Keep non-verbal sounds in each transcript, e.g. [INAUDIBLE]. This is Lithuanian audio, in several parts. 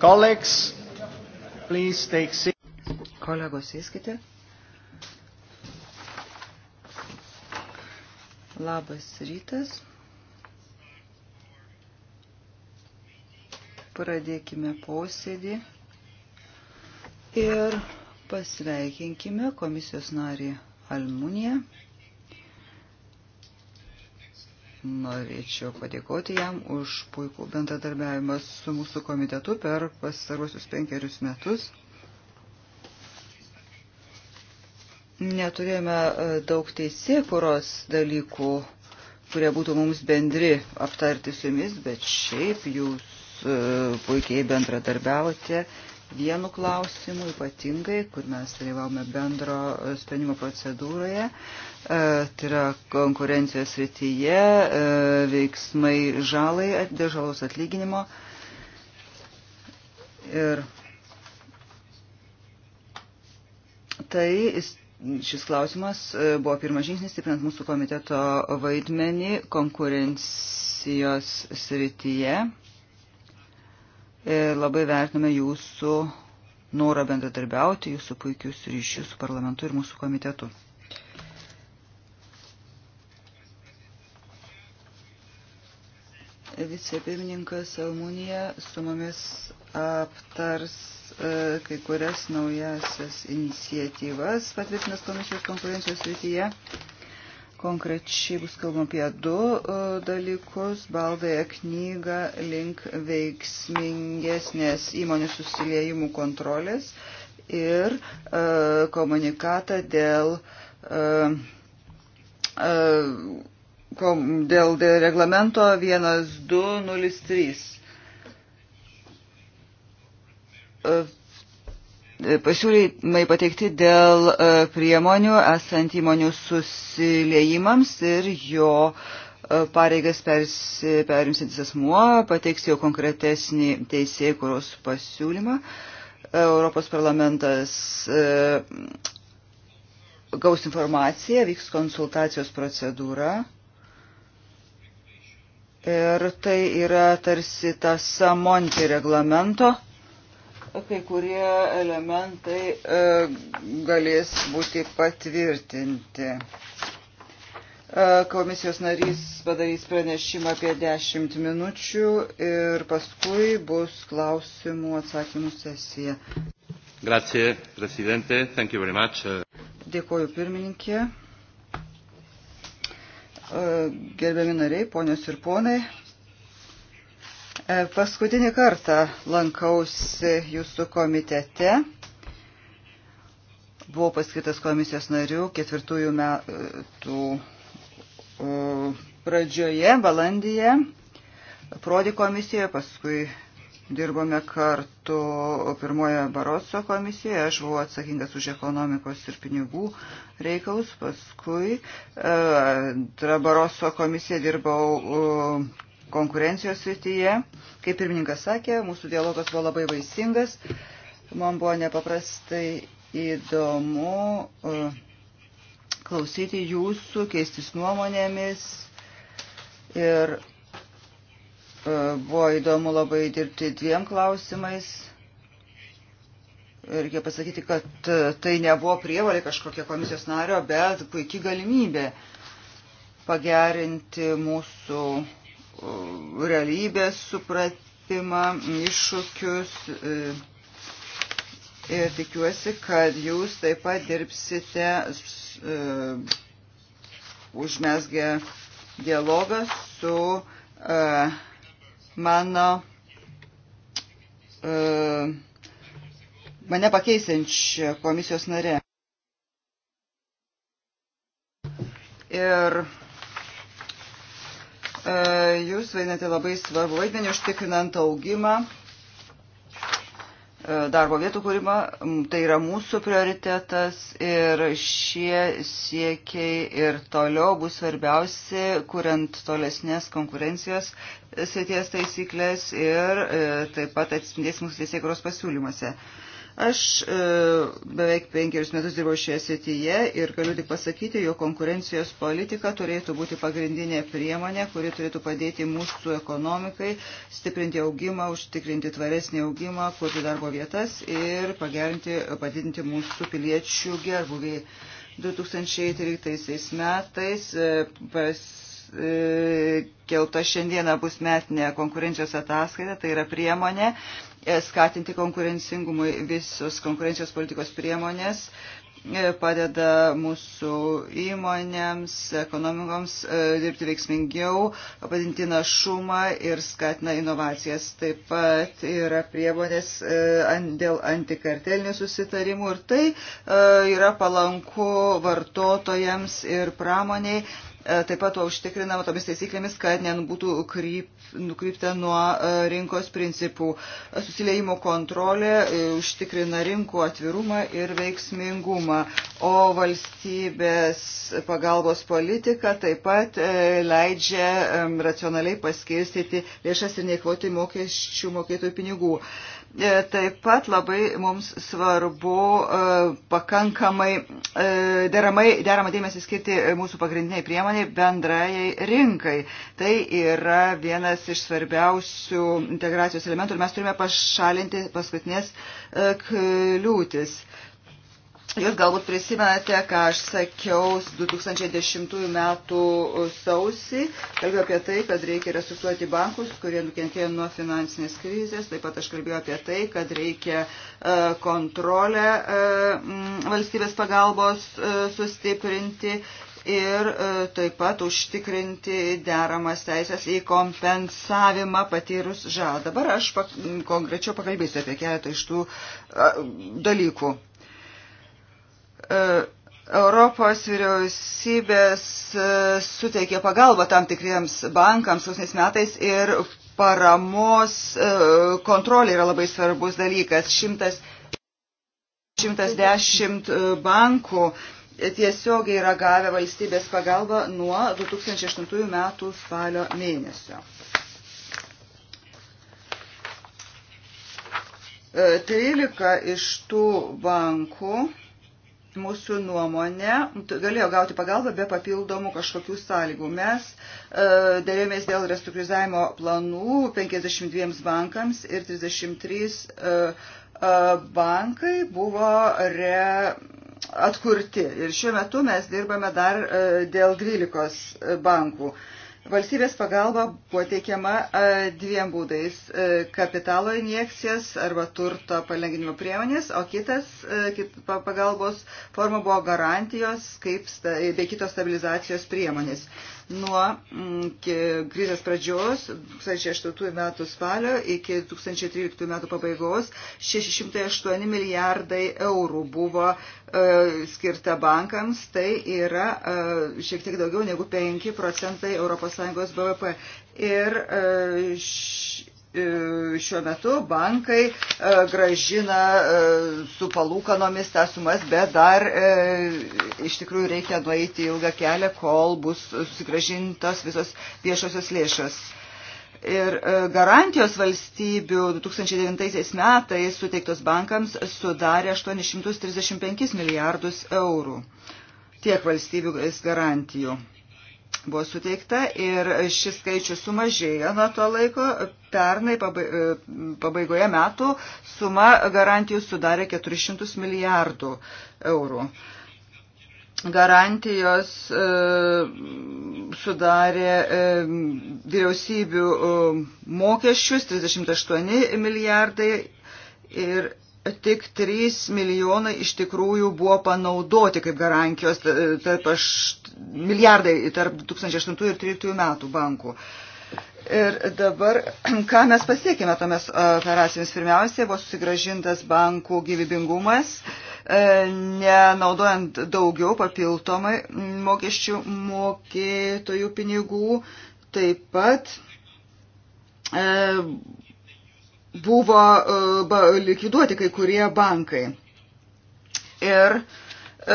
Colleagues, please take seat. Kolegos, sėskite. Labas rytas. Pradėkime posėdį ir pasveikinkime komisijos narį Almuniją. Norėčiau padėkoti jam už puikų bendradarbiavimą su mūsų komitetu per pastaruosius penkerius metus. Neturėjome e, daug teisėkuros dalykų, kurie būtų mums bendri aptarti su jumis, bet šiaip jūs e, puikiai bendradarbiavote. Uh, vienu klausimu ypatingai, kur mes dalyvavome bendro e, sprendimo procedūroje. E, tai yra konkurencijos rytyje e, veiksmai žalai, dėl žalos atlyginimo. Ir tai šis klausimas buvo pirmas žingsnis, stiprinant mūsų komiteto vaidmenį konkurencijos srityje E, labai vertiname jūsų norą bendradarbiauti, jūsų puikius ryšius su parlamentu ir mūsų komitetu. Vicepirmininkas Almunija su mumis aptars e, kai kurias naujasias iniciatyvas patvirtinas komisijos konkurencijos srityje. Konkrečiai bus kalbama apie du e, dalykus - baldąją knygą link veiksmingesnės įmonių susiliejimų kontrolės ir e, komunikatą dėl, e, e, kom, dėl, dėl reglamento 1203 pasiūlymai pateikti dėl e, priemonių esant įmonių susiliejimams ir jo e, pareigas perimsintis asmuo pateiks jau konkretesnį teisėjų kuros pasiūlymą. Europos parlamentas e, gaus informaciją, vyks konsultacijos procedūra. Ir tai yra tarsi tas Monti reglamento kai kurie elementai e, galės būti patvirtinti. E, komisijos narys padarys pranešimą apie 10 minučių ir paskui bus klausimų atsakymų sesija. Grazie, Presidente. Thank you very much. Dėkuoju pirmininkė. E, gerbiami nariai, ponios ir ponai. E, paskutinį kartą lankausi jūsų komitete. Buvau paskirtas komisijos narių ketvirtųjų metų e, pradžioje, balandyje, Prodi komisijoje, paskui dirbome kartu pirmoje Baroso komisijoje, aš buvau atsakingas už ekonomikos ir pinigų reikalus, paskui e, antrą Baroso komisiją dirbau konkurencijos srityje. Kaip pirmininkas sakė, mūsų dialogas buvo labai vaisingas. Man buvo nepaprastai įdomu e, klausyti jūsų, keistis nuomonėmis ir e, buvo įdomu labai dirbti dviem klausimais. Reikia pasakyti, kad e, tai nebuvo prievalė kažkokia komisijos nario, bet puikiai galimybė pagerinti mūsų E, realybės supratimą, iššūkius e, ir tikiuosi, kad jūs taip pat dirbsite e, užmesgę dialogą su mano mane pakeisiančia komisijos nare. Ir E, jūs vaidinate labai svarbu vaidmenį užtikrinant augimą, e, darbo vietų kūrimą. Tai yra mūsų prioritetas ir šie siekiai ir toliau bus svarbiausi, kuriant tolesnės konkurencijos sėties taisyklės ir e, taip pat atspindės mūsų teisėkros pasiūlymuose. pasiūlymuose. Aš e, beveik penkerius metus dirbau šioje srityje ir galiu tik pasakyti, jo konkurencijos politika turėtų būti pagrindinė priemonė, kuri turėtų padėti mūsų ekonomikai stiprinti augimą, užtikrinti tvaresnį augimą, kurti darbo vietas ir pagerinti, padidinti mūsų piliečių gerbuvį. 2013 metais e, pas paskelbta e, šiandieną bus metinė konkurencijos ataskaita, tai yra priemonė e, skatinti konkurencingumui visos konkurencijos politikos priemonės e, padeda mūsų įmonėms, ekonomikoms dirbti veiksmingiau, padinti našumą ir skatina inovacijas. Taip pat yra priemonės dėl antikartelinių susitarimų ir tai yra palanku vartotojams ir pramoniai E, taip pat to užtikrinama tomis taisyklėmis, kad nebūtų kryp, nukrypta nuo e, rinkos principų. E, susiliejimo kontrolė užtikrina rinkų atvirumą ir veiksmingumą, o valstybės pagalbos politika taip pat leidžia racionaliai paskirstyti lėšas ir neikvoti mokesčių mokėtojų pinigų. E, taip pat labai mums svarbu e, pakankamai e, deramai, deramą dėmesį skirti mūsų pagrindiniai priemoniai bendrajai rinkai. Tai yra vienas iš svarbiausių integracijos elementų ir mes turime pašalinti paskutinės kliūtis. Jūs galbūt prisimenate, ką aš sakiau 2010 metų sausį. Kalbėjau apie tai, kad reikia resusuoti bankus, kurie nukentėjo nuo finansinės krizės. Taip pat aš kalbėjau apie tai, kad reikia e, kontrolę e, valstybės pagalbos e, sustiprinti ir taip pat užtikrinti deramas teisės į kompensavimą patyrus žalą. Dabar aš konkrečiau pakalbėsiu apie keletą iš tų dalykų. Europos vyriausybės e, suteikė pagalbą tam tikriems bankams pusnės metais ir paramos e, kontrolė yra labai svarbus dalykas. 100, 110 bankų tiesiogiai yra gavę valstybės pagalbą nuo 2008 metų spalio mėnesio. 13 e, iš tų bankų mūsų nuomonė, galėjo gauti pagalbą be papildomų kažkokių sąlygų. Mes e, dėrėmės dėl restruktūrizavimo planų 52 bankams ir 33 e, e, bankai buvo re, atkurti. Ir šiuo metu mes dirbame dar e, dėl 12 e, bankų. E, Valstybės pagalba buvo teikiama e, dviem būdais e, - kapitalo injekcijas arba turto palengvinimo priemonės, o kitas e, kit, pagalbos forma buvo garantijos kaip, bei kitos stabilizacijos priemonės nuo mm, krizės pradžios 2008 metų spalio iki 2013 metų pabaigos 608 milijardai eurų buvo e, skirta bankams, tai yra e, šiek tiek daugiau negu 5 procentai ES BVP. Ir e, š E, šiuo metu bankai e, gražina e, su palūkanomis tą sumas, bet dar iš tikrųjų reikia nueiti ilgą kelią, kol bus susigražintos visos viešosios lėšos. Ir garantijos valstybių 2009 metais suteiktos bankams sudarė 835 milijardus eurų. Tiek valstybių garantijų buvo suteikta ir šis skaičius sumažėjo nuo to laiko. Pernai e, pabaigoje metų suma garantijų sudarė 400 milijardų eurų. Garantijos e, sudarė e, vyriausybių e, mokesčius 38 milijardai ir tik 3 milijonai iš tikrųjų buvo panaudoti kaip garantijos e, tarp aš, milijardai tarp 2008 ir 2013 metų bankų. Ir dabar, [CLEARS THROAT] ką mes pasiekime tomis operacijomis, pirmiausiai buvo susigražintas bankų gyvybingumas, e, nenaudojant daugiau papildomai mokesčių mokėtojų pinigų, taip pat e, buvo e, likviduoti kai kurie bankai. Ir uh, E,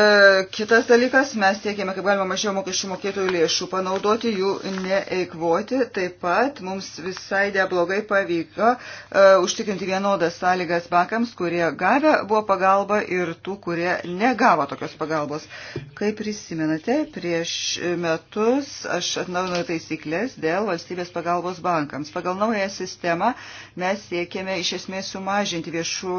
kitas dalykas, mes siekėme, kaip galima mažiau mokesčių mokėtojų lėšų panaudoti, jų neeikvoti. Taip pat mums visai neblogai pavyko uh, užtikrinti vienodas sąlygas bankams, kurie gavę buvo pagalba ir tų, kurie negavo tokios pagalbos. Kaip prisimenate, prieš metus aš atnaujinau taisyklės dėl valstybės pagalbos bankams. Pagal naują sistemą mes siekėme iš esmės sumažinti viešų,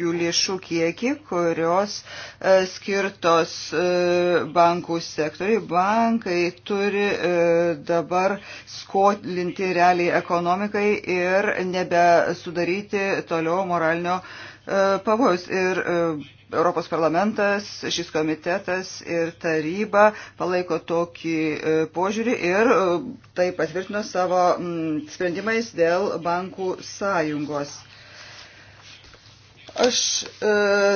jų lėšų kiekį, kurios uh, e, skirti skirtos e, bankų sektoriai. Bankai turi e, dabar skolinti realiai ekonomikai ir nebesudaryti toliau moralinio e, pavojus. Ir Europos parlamentas, šis komitetas ir taryba palaiko tokį požiūrį ir tai patvirtino savo sprendimais dėl bankų sąjungos. Aš e,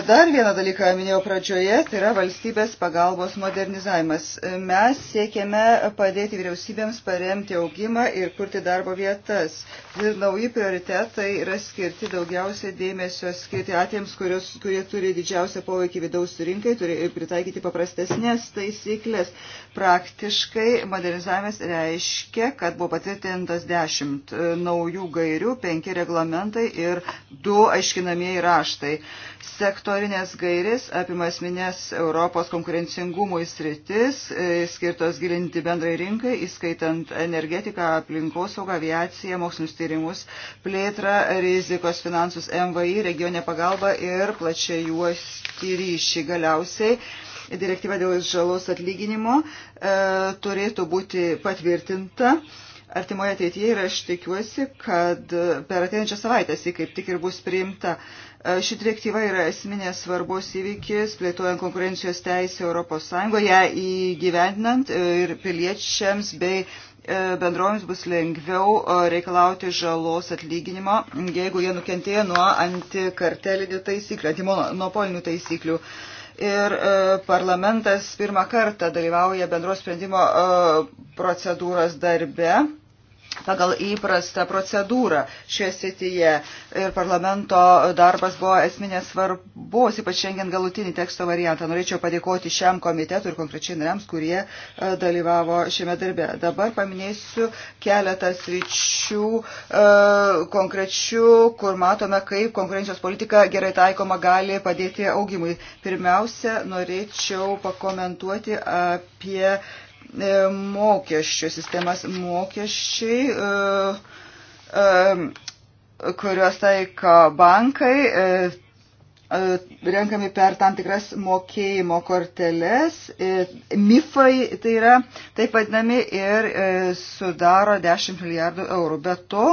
dar vieną dalyką minėjau pradžioje, tai yra valstybės pagalbos modernizavimas. E, mes siekiame padėti vyriausybėms paremti augimą ir kurti darbo vietas. Ir nauji prioritetai yra skirti daugiausia dėmesio skirti atėms, kurios, kurie turi didžiausią poveikį vidaus rinkai, turi pritaikyti paprastesnės taisyklės. Praktiškai modernizavimas reiškia, kad buvo patvirtintas dešimt e, naujų gairių, penki reglamentai ir du aiškinamieji raštai kaštai. Sektorinės gairės apima asmenės Europos konkurencingumui sritis, e, skirtos gilinti bendrai rinkai, įskaitant energetiką, aplinkosaugą, aviaciją, mokslinius tyrimus, plėtrą, rizikos finansus MVI, regionė pagalba ir plačiai juos ryšį galiausiai direktyva dėl žalos atlyginimo e, turėtų būti patvirtinta artimoje ateityje ir aš tikiuosi, kad per ateinančią savaitę jis kaip tik ir bus priimta. E, E, ši direktyva yra esminės svarbos įvykis, plėtojant konkurencijos teisę Europos Sąjungoje, ją įgyvendinant e, ir piliečiams bei e, bendrovėms bus lengviau reikalauti žalos atlyginimo, jeigu jie nukentėjo nuo antikartelinių taisyklių, antimonopolinių taisyklių. Ir parlamentas pirmą kartą dalyvauja bendros sprendimo procedūros darbe pagal įprastą procedūrą šioje srityje. Ir parlamento darbas buvo esminės svarbos, ypač šiandien galutinį teksto variantą. Norėčiau padėkoti šiam komitetui ir konkrečiai nariams, kurie e, dalyvavo šiame darbe. Dabar paminėsiu keletą sričių e, konkrečių, kur matome, kaip konkurencijos politika gerai taikoma gali padėti augimui. Pirmiausia, norėčiau pakomentuoti apie E, mokesčių sistemas. Mokesčiai, e, e, kuriuos taika bankai, renkami per tam tikras mokėjimo korteles. Mifai tai yra taip vadinami ir sudaro 10 milijardų eurų. Be to,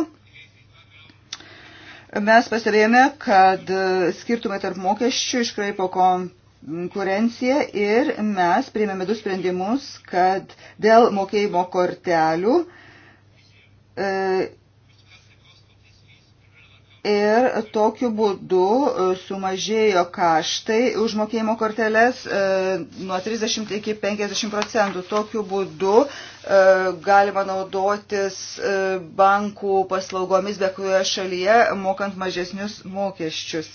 mes pastebėjome, kad skirtumai tarp mokesčių iškraipo kompensacijų konkurenciją ir mes priėmėme du sprendimus, kad dėl mokėjimo kortelių e, ir tokiu būdu e, sumažėjo kaštai už mokėjimo korteles e, nuo 30 iki 50 procentų. Tokiu būdu galima naudotis bankų paslaugomis, be kurioje šalyje mokant mažesnius mokesčius.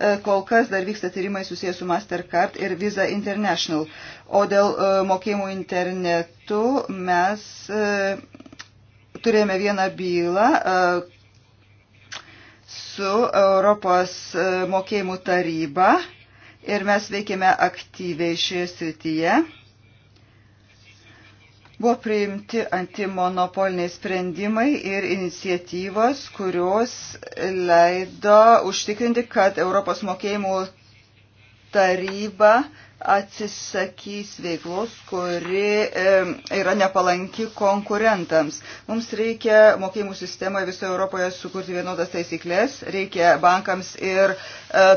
E, kol kas dar vyksta tyrimai susijęs su Mastercard ir Visa International. O dėl e, mokėjimų internetu mes e, turėjome vieną bylą su Europos mokėjimų taryba ir mes veikėme aktyviai šioje srityje. Buvo priimti antimonopoliniai sprendimai ir iniciatyvos, kurios leido užtikrinti, kad Europos mokėjimų taryba atsisakys veiklos, kuri e, yra nepalanki konkurentams. Mums reikia mokėjimų sistemoje visoje Europoje sukurti vienodas taisyklės, reikia bankams ir e,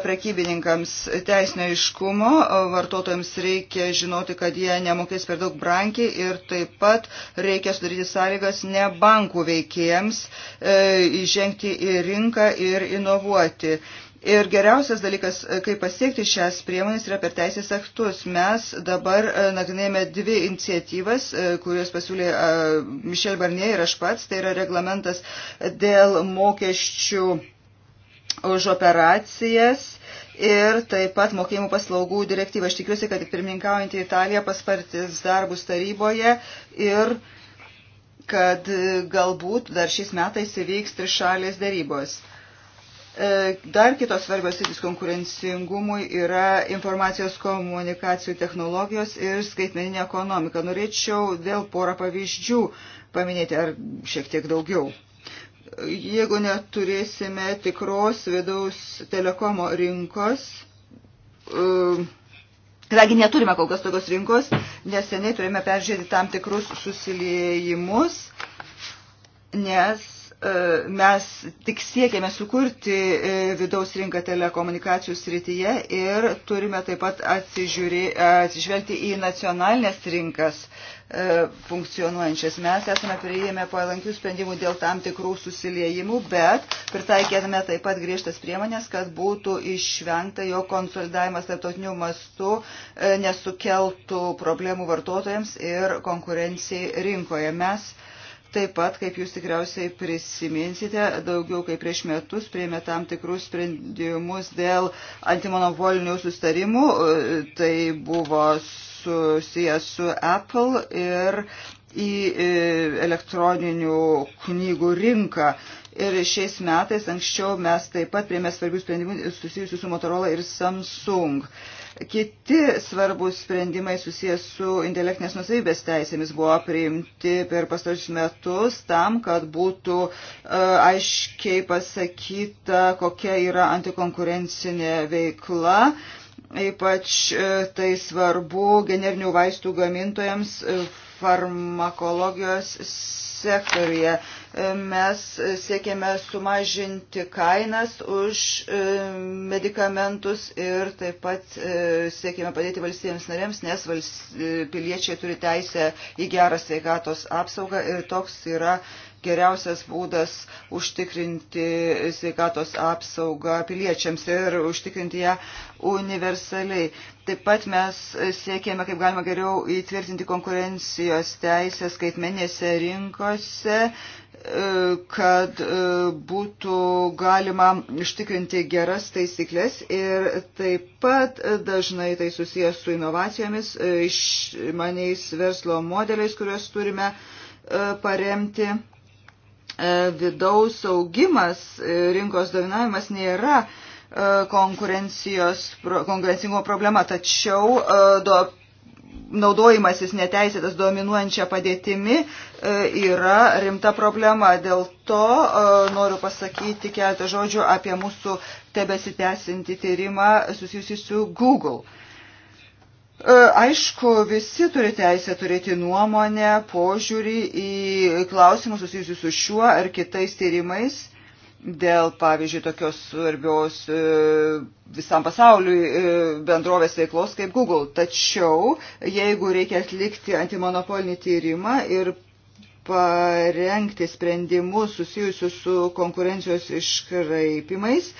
prekybininkams teisinio iškumo, vartotojams reikia žinoti, kad jie nemokės per daug brangiai ir taip pat reikia sudaryti sąlygas ne bankų veikėjams e, įžengti į rinką ir inovuoti. Ir geriausias dalykas, e, kaip pasiekti šias priemonės, yra per teisės aktus. Mes dabar e, nagrinėjame dvi iniciatyvas, e, kurios pasiūlė Mišel Barnė ir aš pats. Tai yra reglamentas dėl mokesčių už operacijas ir taip pat mokėjimų paslaugų direktyva. Aš tikiuosi, kad pirmininkaujantį Italiją paspartis darbus taryboje ir kad galbūt dar šiais metais įvyks trišalės darybos. E, dar kitos svarbios sritis konkurencingumui yra informacijos komunikacijų technologijos ir skaitmeninė ekonomika. Norėčiau vėl porą pavyzdžių paminėti ar šiek tiek daugiau. Jeigu neturėsime tikros vidaus telekomo rinkos, e, kadangi neturime kol kas tokios rinkos, neseniai turime peržiūrėti tam tikrus susiliejimus, nes E, mes tik siekiame sukurti e, vidaus rinką telekomunikacijų srityje ir turime taip pat e, atsižvelgti į nacionalinės rinkas funkcionuojančias. Mes esame prieėmę palankių sprendimų dėl tam tikrų susiliejimų, bet pritaikėme taip pat griežtas priemonės, kad būtų išvengta jo konsolidavimas tarptautiniu mastu, nesukeltų problemų vartotojams ir konkurencijai rinkoje. Mes Taip pat, kaip jūs tikriausiai prisiminsite, daugiau kaip prieš metus prieėmė tam tikrus sprendimus dėl antimonopolinių sustarimų. Tai buvo susijęs su Apple ir į e, elektroninių knygų rinką. Ir šiais metais anksčiau mes taip pat prieėmė svarbių sprendimų susijusių su Motorola ir Samsung. Uh, Kiti svarbus sprendimai susijęs su intelektinės nusavybės teisėmis buvo priimti per pastarčius metus tam, kad būtų e, aiškiai pasakyta, kokia yra antikonkurencinė veikla. Ypač e, tai svarbu generinių vaistų gamintojams e, farmakologijos sektoriuje mes siekėme sumažinti kainas už e, medikamentus ir taip pat e, siekėme padėti valstybėms narėms, nes valst... piliečiai turi teisę į gerą sveikatos apsaugą ir toks yra geriausias būdas užtikrinti sveikatos apsaugą piliečiams ir užtikrinti ją universaliai. Taip pat mes siekėme, kaip galima geriau įtvirtinti konkurencijos teisę skaitmenėse rinkose, e, kad e, būtų galima ištikrinti geras taisyklės ir taip pat dažnai tai susijęs su inovacijomis, e, išmaniais verslo modeliais, kuriuos turime paremti E, vidaus augimas, e, rinkos dominavimas nėra e, konkurencingumo problema, tačiau do, naudojimasis neteisėtas dominuojančia padėtimi yra rimta problema. Dėl to noriu pasakyti keletą žodžių apie mūsų tebesitęsinti tyrimą susijusį su Google E, aišku, visi turi teisę turėti nuomonę, požiūrį į klausimus susijusius su šiuo ar kitais tyrimais dėl, pavyzdžiui, tokios svarbios e, visam pasauliui e, bendrovės veiklos kaip Google. Tačiau, jeigu reikia atlikti antimonopolinį tyrimą ir parengti sprendimus susijusius su konkurencijos iškraipimais,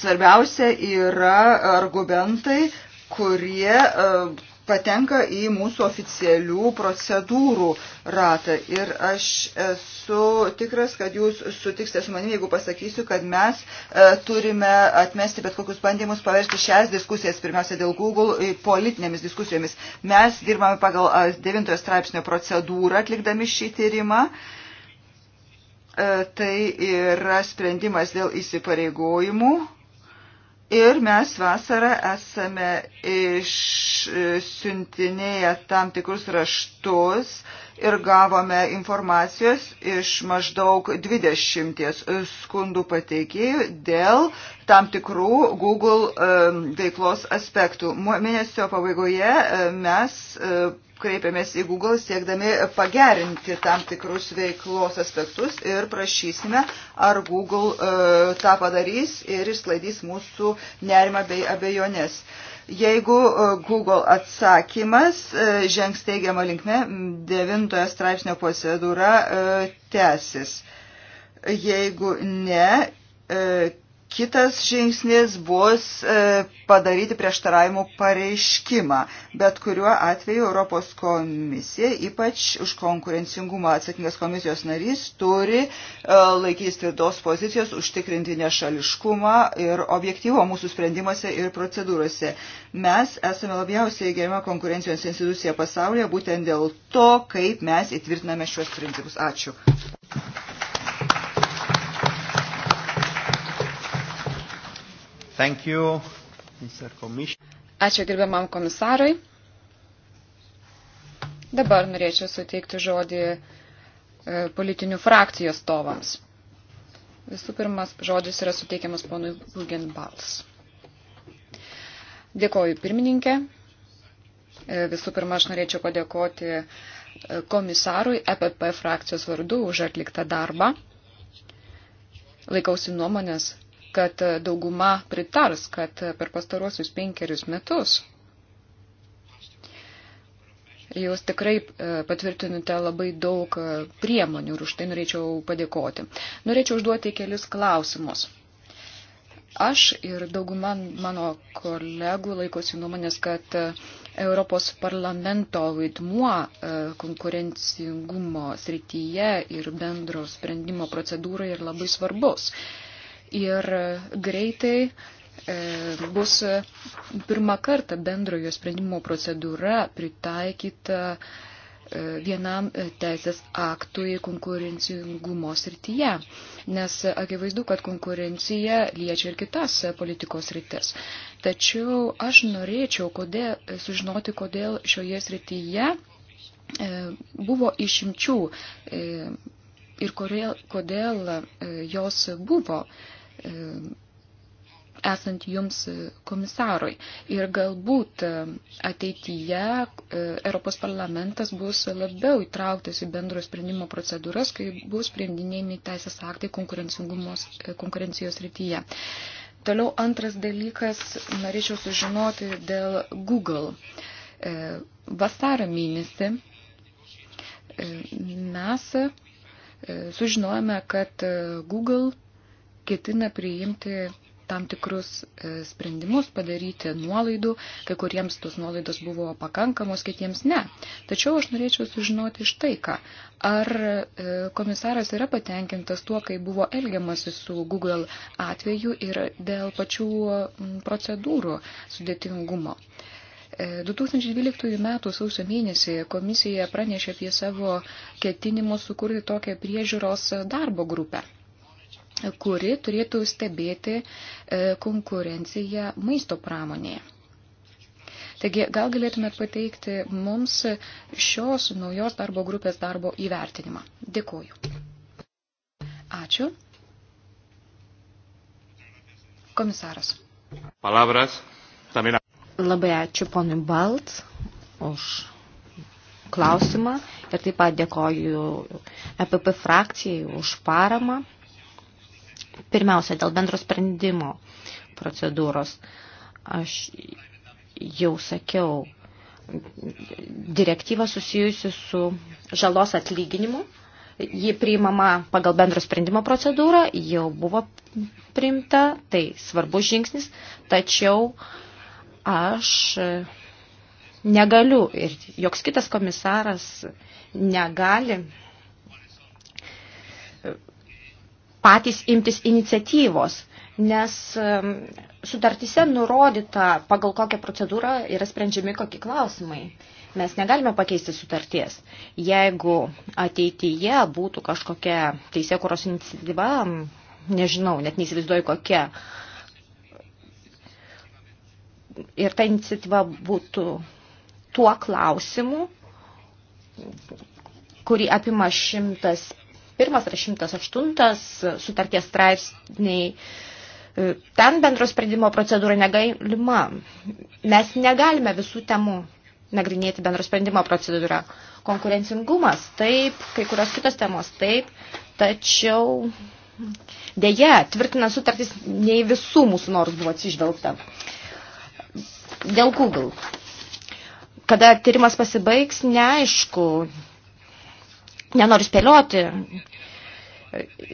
svarbiausia yra argumentai, kurie e, patenka į mūsų oficialių procedūrų ratą. Ir aš esu tikras, kad jūs sutiksite su manimi, jeigu pasakysiu, kad mes e, turime atmesti bet kokius bandymus paversti šias diskusijas, pirmiausia dėl Google, politinėmis diskusijomis. Mes dirbame pagal 9 straipsnio procedūrą atlikdami šį tyrimą. E, tai yra sprendimas dėl įsipareigojimų Ir mes vasarą esame išsiuntinėję tam tikrus raštus ir gavome informacijos iš maždaug 20 skundų pateikėjų dėl tam tikrų Google veiklos aspektų. Mėnesio pabaigoje mes kreipėmės į Google siekdami pagerinti tam tikrus veiklos aspektus ir prašysime, ar Google e, tą padarys ir išsklaidys mūsų nerimą bei abejonės. Jeigu Google atsakymas e, žengs teigiamą linkme, devintojo straipsnio procedūra e, tęsis. Jeigu ne, e, Kitas žingsnis bus e, padaryti prieštaravimų pareiškimą, bet kuriuo atveju Europos komisija, ypač už konkurencingumą atsakingas komisijos narys, turi e, laikytis tvirtos pozicijos, užtikrinti nešališkumą ir objektyvo mūsų sprendimuose ir procedūrose. Mes esame labiausiai gerima konkurencijos institucija pasaulyje, būtent dėl to, kaip mes įtvirtiname šios principus. Ačiū. Thank you, Mr. Ačiū gerbiamam komisarui. Dabar norėčiau suteikti žodį e, politinių frakcijų atstovams. Visų pirmas žodis yra suteikiamas ponui Bugenbals. Dėkoju pirmininkė. E, visų pirma, aš norėčiau padėkoti e, komisarui EPP frakcijos vardu už atliktą darbą. Laikausi nuomonės, kad dauguma pritars, kad per pastaruosius penkerius metus jūs tikrai e, patvirtinote labai daug e, priemonių ir už tai norėčiau padėkoti. Norėčiau užduoti kelis klausimus. Aš ir dauguma mano kolegų laikosi nuomonės, kad e, Europos parlamento vaidmuo konkurencingumo srityje ir bendro sprendimo procedūrai yra labai svarbus ir greitai e, bus pirmą kartą bendrojo sprendimo procedūra pritaikyta e, vienam teisės aktui konkurencingumo srityje, nes akivaizdu, kad konkurencija liečia ir kitas politikos sritis. Tačiau aš norėčiau kodėl, sužinoti, kodėl šioje srityje e, buvo išimčių ir kodėl, kodėl jos buvo. E, esant jums komisarui. Ir galbūt e, ateityje e, Europos parlamentas bus labiau įtrauktas į bendro sprendimo procedūras, kai bus sprendinėjami teisės aktai konkurencijos rytyje. Toliau antras dalykas, norėčiau sužinoti dėl Google. Vasaro mėnesį mes sužinojame, kad Google ketina priimti tam tikrus e, sprendimus, padaryti nuolaidų, kai kuriems tos nuolaidos buvo pakankamos, kitiems ne. Tačiau aš norėčiau sužinoti iš tai, ką. Ar e, komisaras yra patenkintas tuo, kai buvo elgiamasi su Google atveju ir dėl pačių procedūrų sudėtingumo? 2012 e, m. sausio mėnesį komisija pranešė apie savo ketinimus sukurti tokią priežiūros darbo grupę kuri turėtų stebėti e, konkurenciją maisto pramonėje. Taigi, gal galėtumėt pateikti mums šios naujos darbo grupės darbo įvertinimą. Dėkuoju. Ačiū. Komisaras. Palavras. Tamina. Labai ačiū ponui Balt už klausimą ir taip pat dėkoju EPP frakcijai už paramą. Pirmiausia, dėl bendro sprendimo procedūros. Aš jau sakiau, direktyva susijusi su žalos atlyginimu. Ji priimama pagal bendro sprendimo procedūrą, jau buvo priimta, tai svarbus žingsnis, tačiau aš negaliu ir joks kitas komisaras negali patys imtis iniciatyvos, nes sutartise nurodyta, pagal kokią procedūrą yra sprendžiami kokie klausimai. Mes negalime pakeisti sutarties. Jeigu ateityje būtų kažkokia teisėkuros iniciatyva, nežinau, net neįsivaizduoju kokia, ir ta iniciatyva būtų tuo klausimu, kurį apima 101 ar 108 sutarties straipsniai. E, ten bendro sprendimo procedūra negalima. Mes negalime visų temų nagrinėti bendro sprendimo procedūrą. Konkurencingumas, taip, kai kurios kitos temos, taip, tačiau dėja, tvirtinant sutartis, nei visų mūsų norus buvo atsižvelgta. Dėl Google kada tyrimas pasibaigs, neaišku, nenoriu spėlioti,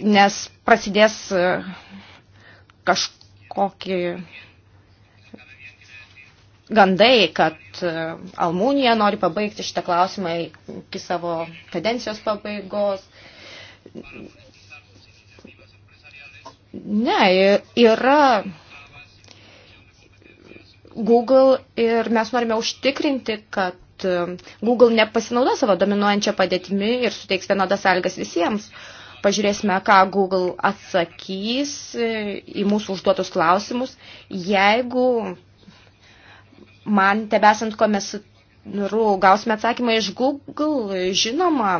nes prasidės e, kažkokie gandai, kad e, Almūnija nori pabaigti šitą klausimą iki savo kadencijos pabaigos. Ne, yra Google ir mes norime užtikrinti, kad kad e, Google nepasinaudo savo dominuojančią padėtimi ir suteiks vienodas sąlygas visiems. Pažiūrėsime, ką Google atsakys e, į mūsų užduotus klausimus, jeigu man tebesant komisaru gausime atsakymą iš Google, žinoma,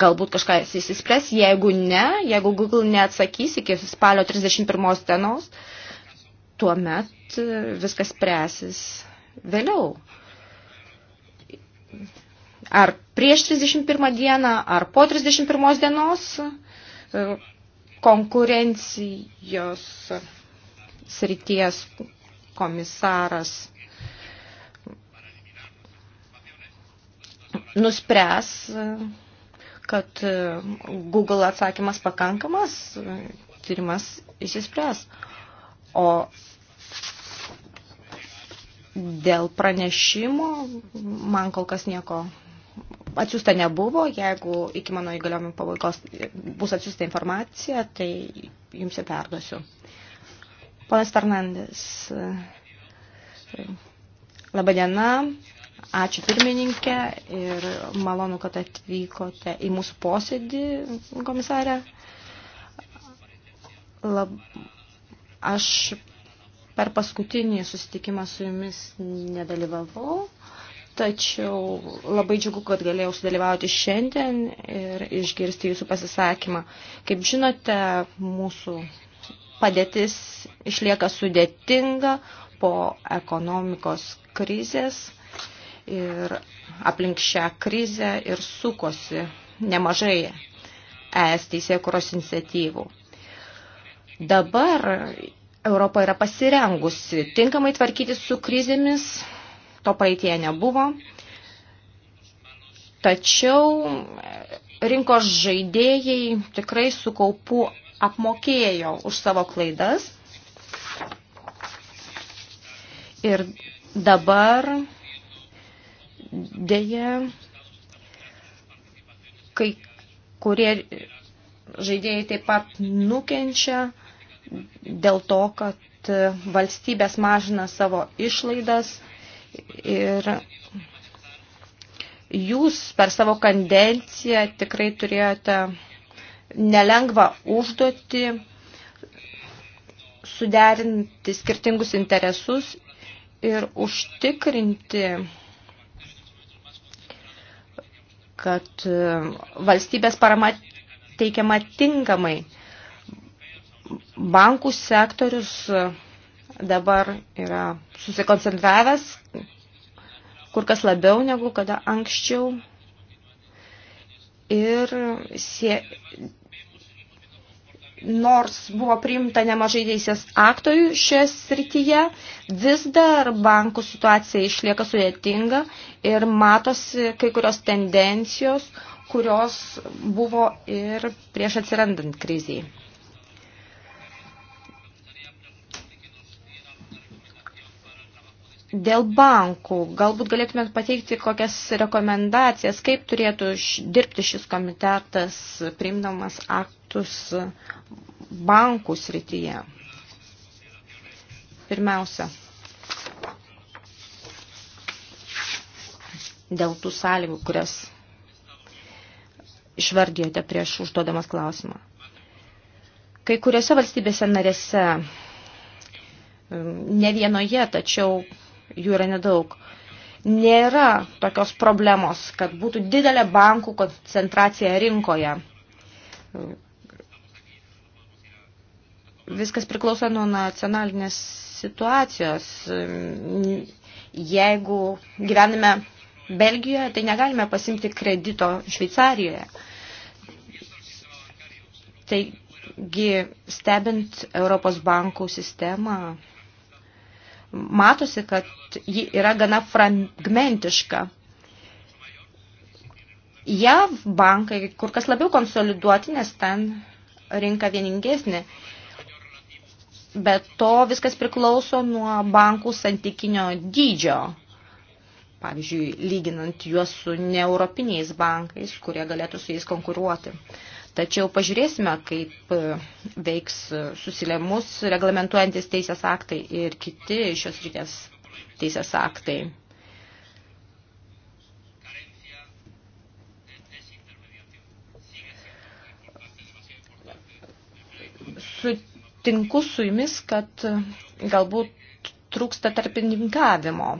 galbūt kažkas įsispręs, jeigu ne, jeigu Google neatsakys iki spalio 31 dienos, tuomet e, viskas presis vėliau. Ar prieš 31 dieną, ar po 31 dienos e, konkurencijos srities komisaras nuspręs, kad Google atsakymas pakankamas, tyrimas įsispręs. O Dėl pranešimo man kol kas nieko atsiųsta nebuvo. Jeigu iki mano įgaliojimų pabaigos bus atsiųsta informacija, tai jums ją perduosiu. Ponas Fernandes. Labadiena. Ačiū pirmininkė ir malonu, kad atvykote į mūsų posėdį, komisarė. Lab... Aš Per paskutinį susitikimą su jumis nedalyvavau, tačiau labai džiugu, kad galėjau sudalyvauti šiandien ir išgirsti jūsų pasisakymą. Kaip žinote, mūsų padėtis išlieka sudėtinga po ekonomikos krizės ir aplink šią krizę ir sukosi nemažai ES teisėkuros iniciatyvų. Dabar Europa yra pasirengusi tinkamai tvarkyti su krizėmis, to praeitie nebuvo. Tačiau rinkos žaidėjai tikrai su kaupu apmokėjo už savo klaidas. Ir dabar dėja kai kurie žaidėjai taip pat nukenčia dėl to, kad valstybės mažina savo išlaidas ir jūs per savo kandenciją tikrai turėjote nelengvą užduotį suderinti skirtingus interesus ir užtikrinti, kad valstybės parama teikiama tinkamai bankų sektorius dabar yra susikoncentravęs kur kas labiau negu kada anksčiau. Ir sie... nors buvo priimta nemažai teisės aktojų šioje srityje, vis dar bankų situacija išlieka sudėtinga ir matosi kai kurios tendencijos, kurios buvo ir prieš atsirandant kriziai. Dėl bankų, galbūt galėtumėt pateikti kokias rekomendacijas, kaip turėtų dirbti šis komitetas, priimdamas aktus bankų srityje. Pirmiausia, dėl tų sąlygų, kurias išvardijote prieš užduodamas klausimą. Kai kuriuose valstybėse narėse, mm, ne vienoje, tačiau jų yra nedaug. Nėra tokios problemos, kad būtų didelė bankų koncentracija rinkoje. Viskas priklauso nuo nacionalinės situacijos. Jeigu gyvenime Belgijoje, tai negalime pasimti kredito Šveicarijoje. Taigi, stebint Europos bankų sistemą, matosi, kad ji yra gana fragmentiška. JAV bankai kur kas labiau konsoliduoti, nes ten rinka vieningesnė. Bet to viskas priklauso nuo bankų santykinio dydžio. Pavyzdžiui, lyginant juos su neeuropiniais bankais, kurie galėtų su jais konkuruoti. Uh, Tačiau pažiūrėsime, kaip e, veiks e, susiliamus reglamentuojantis teisės aktai ir kiti šios rytės teisės aktai. Sutinku su jumis, kad galbūt trūksta tarpininkavimo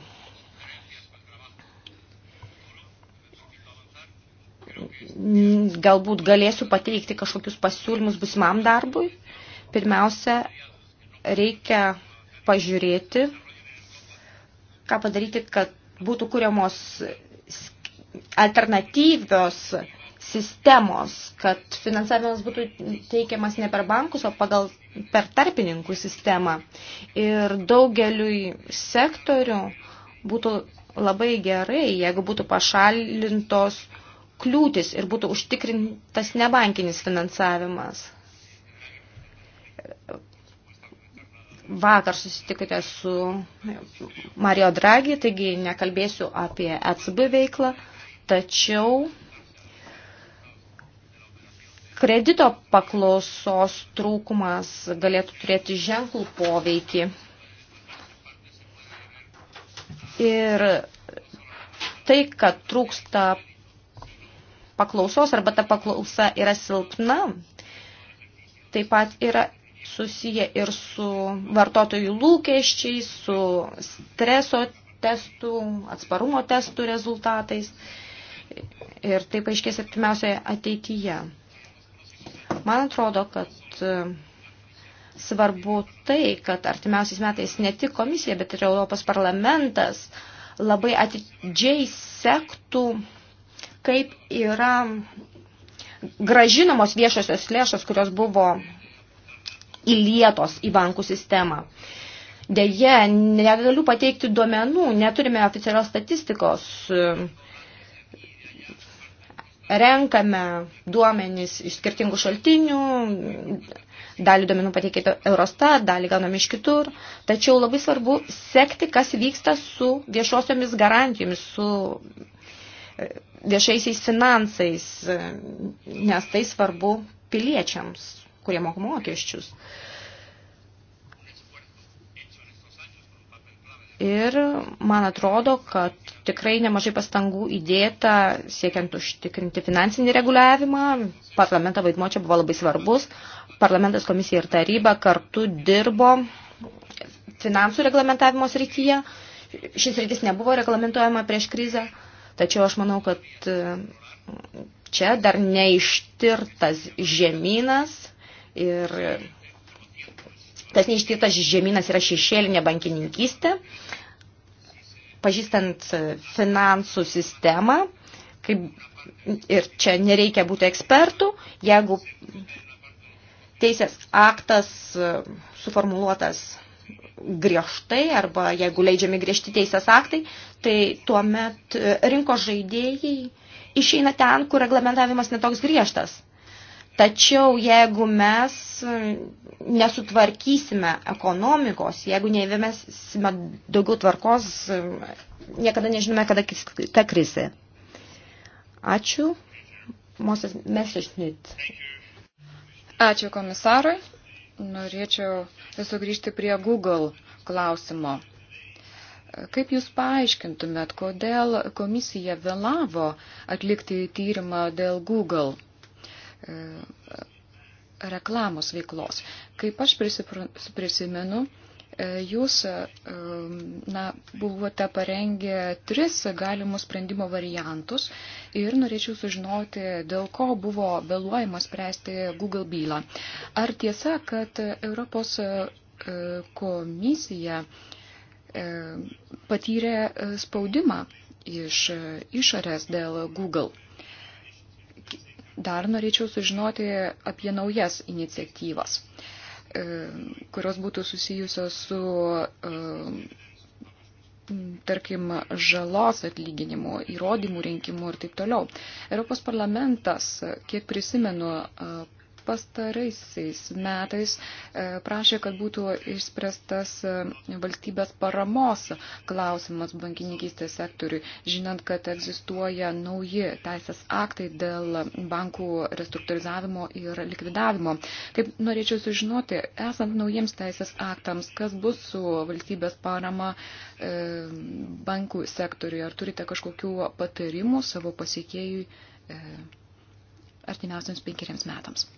galbūt galėsiu pateikti kažkokius pasiūlymus busimam darbui. Pirmiausia, reikia pažiūrėti, ką padaryti, kad būtų kuriamos alternatyvios sistemos, kad finansavimas būtų teikiamas ne per bankus, o pagal per tarpininkų sistemą. Ir daugeliui sektorių būtų labai gerai, jeigu būtų pašalintos uh, kliūtis ir būtų užtikrintas nebankinis finansavimas. Vakar susitikote su Mario Draghi, taigi nekalbėsiu apie ECB veiklą, tačiau kredito paklausos trūkumas galėtų turėti ženklų poveikį. Ir tai, kad trūksta paklausos arba ta paklausa yra silpna, taip pat yra susiję ir su vartotojų lūkesčiais, su streso testų, atsparumo testų rezultatais ir taip aiškės artimiausioje ateityje. Man atrodo, kad e, svarbu tai, kad artimiausiais metais ne tik komisija, bet ir Europos parlamentas labai atidžiai sektų kaip yra gražinamos viešosios lėšos, kurios buvo įlietos į bankų sistemą. Deja, negaliu pateikti duomenų, neturime oficialios statistikos, renkame duomenys iš skirtingų šaltinių, dalį duomenų pateikėte Eurostat, dalį gauname iš kitur, tačiau labai svarbu sekti, kas vyksta su viešosiomis garantijomis, su viešaisiais finansais, nes tai svarbu piliečiams, kurie moka mokesčius. Ir man atrodo, kad tikrai nemažai pastangų įdėta siekiant užtikrinti finansinį reguliavimą. Parlamento vaidmo čia buvo labai svarbus. Parlamentas komisija ir taryba kartu dirbo finansų reglamentavimo srityje. Šis rytis nebuvo reglamentuojama prieš krizę. Tačiau aš manau, kad e, čia dar neištirtas žemynas ir tas neištirtas žemynas yra šešėlinė bankininkystė. Pažįstant e, finansų sistemą, kaip ir čia nereikia būti ekspertų, jeigu teisės aktas e, suformuluotas griežtai arba jeigu leidžiami griežti teisės aktai, tai tuomet e, rinkos žaidėjai išeina ten, kur reglamentavimas netoks griežtas. Tačiau jeigu mes e, nesutvarkysime ekonomikos, jeigu neįvėmėsime daugiau tvarkos, e, niekada nežinome, kada ta krizė. Ačiū. Moses Messerschmidt. Ačiū komisarui norėčiau sugrįžti prie Google klausimo. Kaip Jūs paaiškintumėt, kodėl komisija vėlavo atlikti tyrimą dėl Google e, reklamos veiklos? Kaip aš prisimenu, E, jūs e, na, buvote parengę tris galimus sprendimo variantus ir norėčiau sužinoti, dėl ko buvo vėluojama spręsti Google bylą. Ar tiesa, kad Europos e, komisija patyrė spaudimą iš išorės dėl Google? Dar norėčiau sužinoti apie naujas iniciatyvas. Uh, E, kurios būtų susijusios su, e, tarkim, žalos atlyginimu, įrodymų rinkimu ir taip toliau. Europos parlamentas, kiek prisimenu, e, pastaraisiais metais e, prašė, kad būtų išspręstas e, valstybės paramos klausimas bankininkystės sektoriui, žinant, kad egzistuoja nauji teisės aktai dėl bankų restruktūrizavimo ir likvidavimo. Kaip norėčiau sužinoti, esant naujiems teisės aktams, kas bus su valstybės parama e, bankų sektoriui, ar turite kažkokių patarimų savo pasiekėjui artimiausiams penkeriems metams?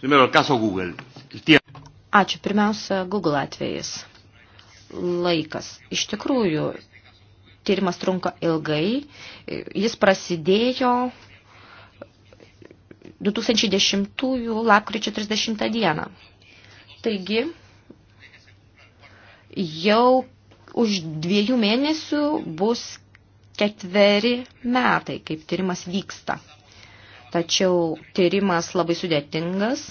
Primero, el caso Google. El tiempo. Ačiū. Pirmiausia, Google atvejis. Laikas. Iš tikrųjų, tyrimas trunka ilgai. Jis prasidėjo 2010 lapkričio 30 dieną. Taigi, jau už dviejų mėnesių bus ketveri metai, kaip tyrimas vyksta. Tačiau tyrimas labai sudėtingas.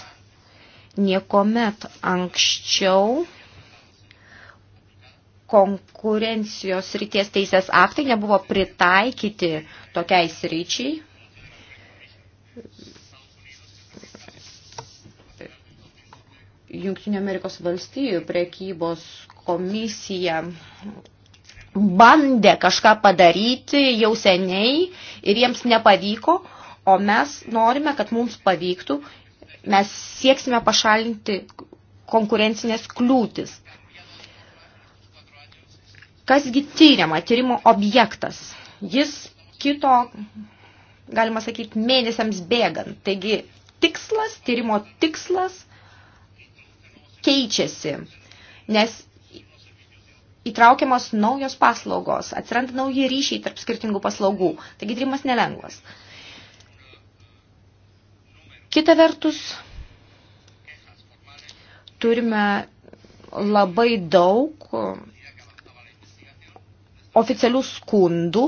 Niekuomet anksčiau konkurencijos ryties teisės aktai nebuvo pritaikyti tokiai sryčiai. Junktinio Amerikos valstijų prekybos komisija bandė kažką padaryti jau seniai ir jiems nepavyko, O mes norime, kad mums pavyktų, mes sieksime pašalinti konkurencinės kliūtis. Kasgi tyriama, tyrimo objektas. Jis kito, galima sakyti, mėnesiams bėgant. Taigi tikslas, tyrimo tikslas keičiasi, nes įtraukiamos naujos paslaugos, atsiranda nauji ryšiai tarp skirtingų paslaugų. Taigi tyrimas nelengvas. Kita vertus, turime labai daug oficialių skundų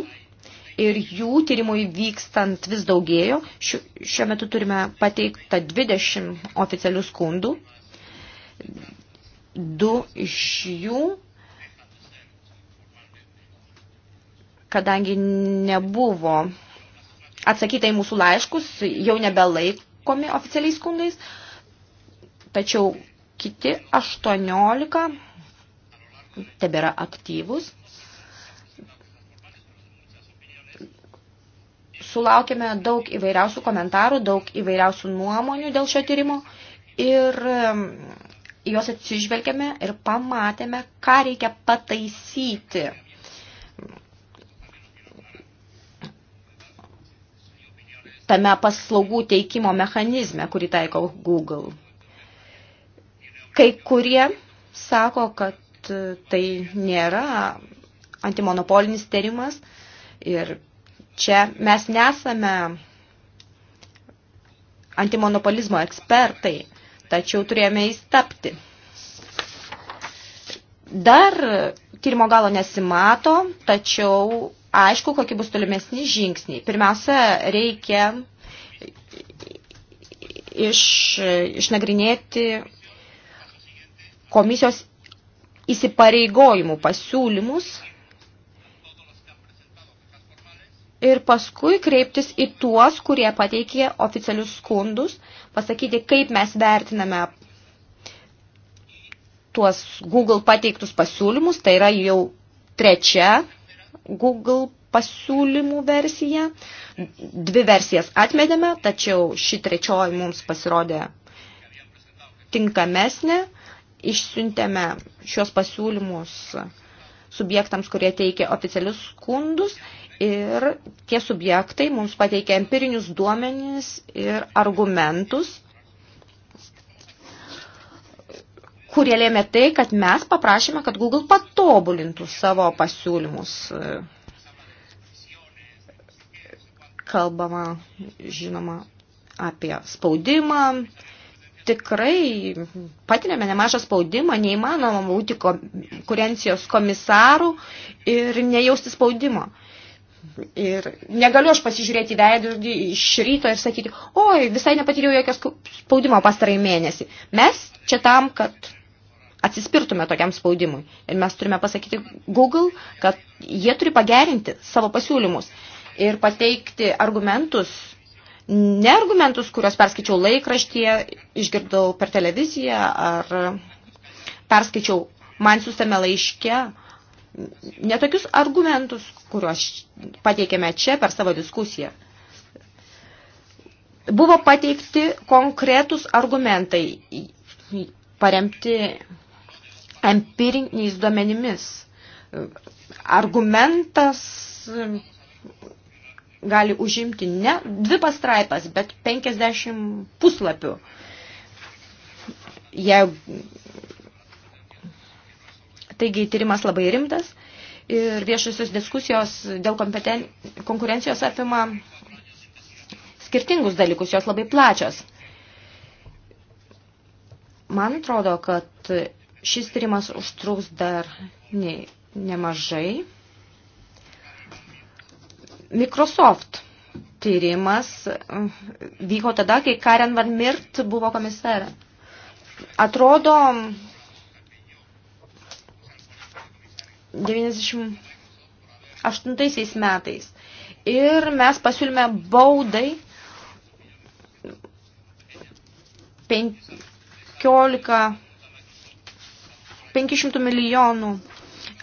ir jų tyrimui vykstant vis daugėjo. Šiuo metu turime pateiktą 20 oficialių skundų. Du iš jų, kadangi nebuvo atsakyta į mūsų laiškus, jau nebelaik laikomi oficialiais skundais, tačiau kiti 18 tebėra aktyvus. Sulaukėme daug įvairiausių komentarų, daug įvairiausių nuomonių dėl šio tyrimo ir um, juos atsižvelgėme ir pamatėme, ką reikia pataisyti tame paslaugų teikimo mechanizme, kurį taiko Google. Kai kurie sako, kad tai nėra antimonopolinis terimas ir čia mes nesame antimonopolizmo ekspertai, tačiau turėjome įstapti. Dar tyrimo galo nesimato, tačiau aišku, kokie bus tolimesni žingsniai. Pirmiausia, reikia iš, išnagrinėti komisijos įsipareigojimų pasiūlymus ir paskui kreiptis į tuos, kurie pateikė oficialius skundus, pasakyti, kaip mes vertiname tuos Google pateiktus pasiūlymus, tai yra jau trečia Google pasiūlymų versija. Dvi versijas atmedėme, tačiau ši trečioji mums pasirodė tinkamesnė. Išsiuntėme šios pasiūlymus subjektams, kurie teikia oficialius skundus ir tie subjektai mums pateikia empirinius duomenys ir argumentus kurie lėmė tai, kad mes paprašėme, kad Google patobulintų savo pasiūlymus. Kalbama, žinoma, apie spaudimą. Tikrai patirėme nemažą spaudimą, neįmanoma būti konkurencijos komisarų ir nejausti spaudimo. Ir negaliu aš pasižiūrėti veidrodį iš ryto ir sakyti, oi, visai nepatyriau jokios spaudimo pastarai mėnesį. Mes čia tam, kad atsispirtume tokiam spaudimui. Ir mes turime pasakyti Google, kad jie turi pagerinti savo pasiūlymus ir pateikti argumentus, ne argumentus, kuriuos perskaičiau laikraštyje, išgirdau per televiziją ar perskaičiau man siūstame laiške, netokius argumentus, kuriuos pateikėme čia per savo diskusiją. Buvo pateikti konkretus argumentai, paremti empiriniais duomenimis. Argumentas gali užimti ne dvi pastraipas, bet 50 puslapių. Je... Taigi tyrimas labai rimtas ir viešosios diskusijos dėl kompeten... konkurencijos apima skirtingus dalykus, jos labai plačios. Man atrodo, kad Šis tyrimas užtruks dar ne, nemažai. Microsoft tyrimas mm, vyko tada, kai Karen Van Mirt buvo komisarė. Atrodo, 98 metais. Ir mes pasiūlėme baudai 15 500 milijonų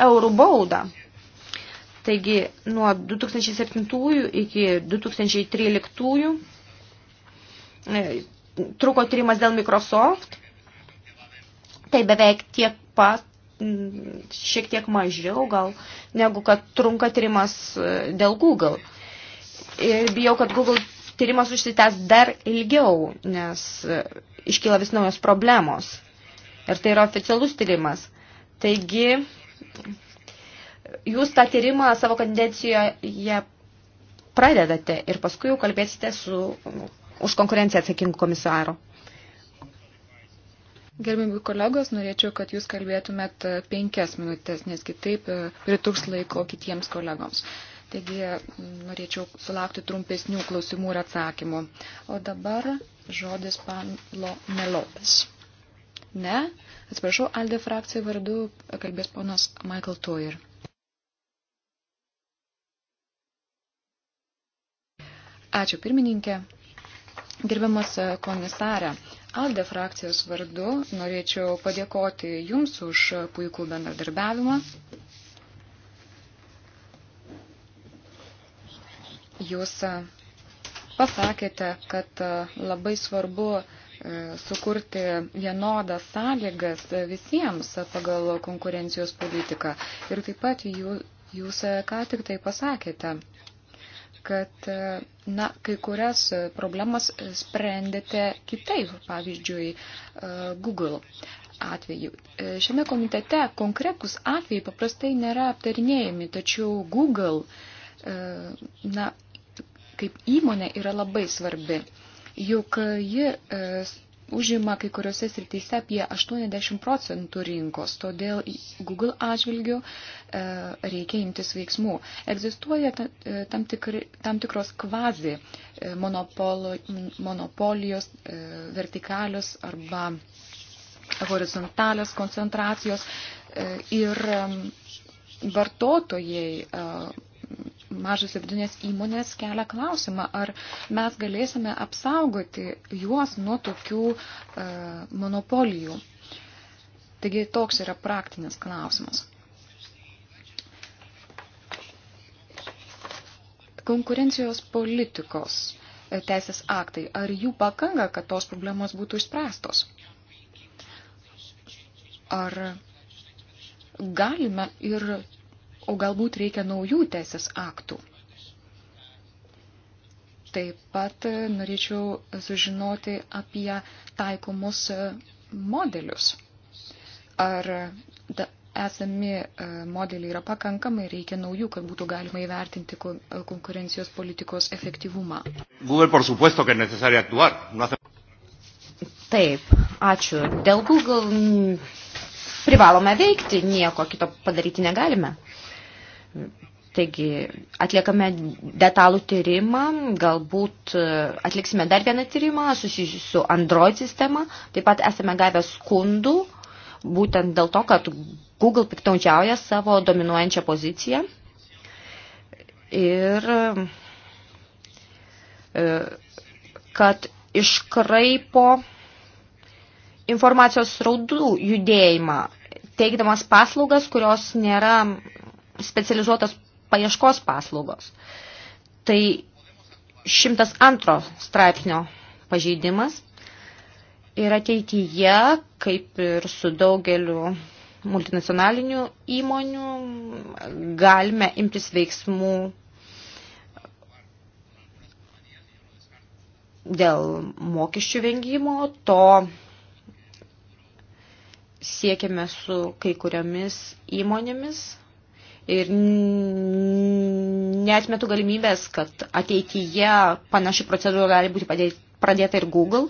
eurų baudą. Taigi nuo 2007 iki 2013 e, truko tyrimas dėl Microsoft. Tai beveik tiek pat, šiek tiek mažiau gal, negu kad trunka tyrimas e, dėl Google. Ir bijau, kad Google tyrimas užsitęs dar ilgiau, nes e, iškyla vis naujos problemos. Ir tai yra oficialus tyrimas. Taigi, jūs tą tyrimą savo kandidacijoje pradedate ir paskui jau kalbėsite su, už konkurenciją atsakingų komisaro. Gerbimi kolegos, norėčiau, kad jūs kalbėtumėt penkias minutės, nes kitaip e, pritruks laiko kitiems kolegoms. Taigi norėčiau sulaukti trumpesnių klausimų ir atsakymų. O dabar žodis Pablo Melopes. Ne. Atsiprašau, Alde frakcijų vardu kalbės ponas Michael Toyer. Ačiū pirmininkė. Gerbiamas komisarė, Alde frakcijos vardu norėčiau padėkoti Jums už puikų bendradarbiavimą. Jūs pasakėte, kad labai svarbu E, sukurti vienodas sąlygas visiems pagal konkurencijos politiką. Ir taip pat jų, jūs e, ką tik tai pasakėte, kad e, na, kai kurias problemas sprendėte kitaip, pavyzdžiui, Google atveju. Šiame komitete konkretus atvejai paprastai nėra aptarinėjami, tačiau Google na, kaip įmonė yra labai svarbi juk ji e, užima kai kuriuose srityse apie 80 procentų rinkos, todėl Google atžvilgių e, reikia imtis veiksmų. Egzistuoja e, tam, tikri, tam tikros kvazi monopolo, monopolijos, vertikalios arba horizontalios koncentracijos ir vartotojai mažas ir vidinės įmonės kelia klausimą, ar mes galėsime apsaugoti juos nuo tokių e, monopolijų. Taigi toks yra praktinis klausimas. Konkurencijos politikos e, teisės aktai, ar jų pakanka, kad tos problemos būtų išspręstos? Ar galime ir o galbūt reikia naujų teisės aktų. Taip pat e, norėčiau sužinoti apie taikomus e, modelius. Ar e, da, esami modeliai yra pakankamai, reikia naujų, kad būtų galima įvertinti konkurencijos politikos efektyvumą. Google, por supuesto, que es necesario actuar. No hace... Taip, ačiū. Dėl Google privalome veikti, nieko kito padaryti negalime. Taigi atliekame detalų tyrimą, galbūt e, atliksime dar vieną tyrimą susijusiu su Android sistema. Taip pat esame gavę skundų būtent dėl to, kad Google piktaudžiauja savo dominuojančią poziciją. Ir e, kad iškraipo informacijos raudų judėjimą, teikdamas paslaugas, kurios nėra specializuotos paieškos paslaugos. Tai 102 straipsnio pažeidimas ir ateityje, kaip ir su daugeliu multinacionalinių įmonių, galime imtis veiksmų dėl mokesčių vengimo, to siekiame su kai kuriomis įmonėmis ir netmetu galimybės, kad ateityje panaši procedūra gali būti padėti, pradėta ir Google.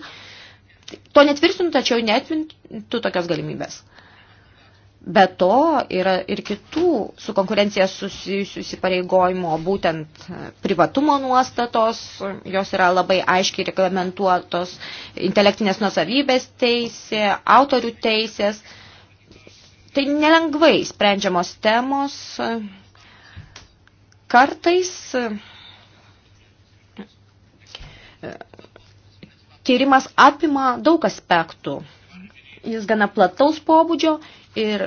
To netvirtinu, tačiau netvirtinu tokios galimybės. Be to yra ir kitų su konkurencija susijusių įsipareigojimo, būtent privatumo nuostatos, jos yra labai aiškiai reglamentuotos, intelektinės nusavybės teisė, autorių teisės. Uh, Tai nelengvai sprendžiamos temos. Kartais tyrimas apima daug aspektų. Jis gana plataus pobūdžio ir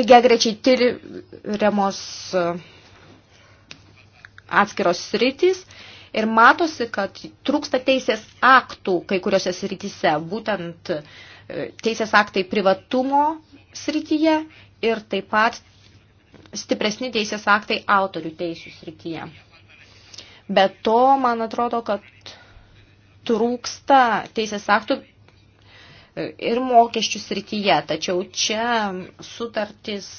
lygiai grečiai tyriamos atskiros sritys ir matosi, kad trūksta teisės aktų kai kuriuose srityse, būtent e, teisės aktai privatumo srityje ir taip pat stipresni teisės aktai autorių teisų srityje. Bet to, man atrodo, kad trūksta teisės aktų e, ir mokesčių srityje, tačiau čia sutartis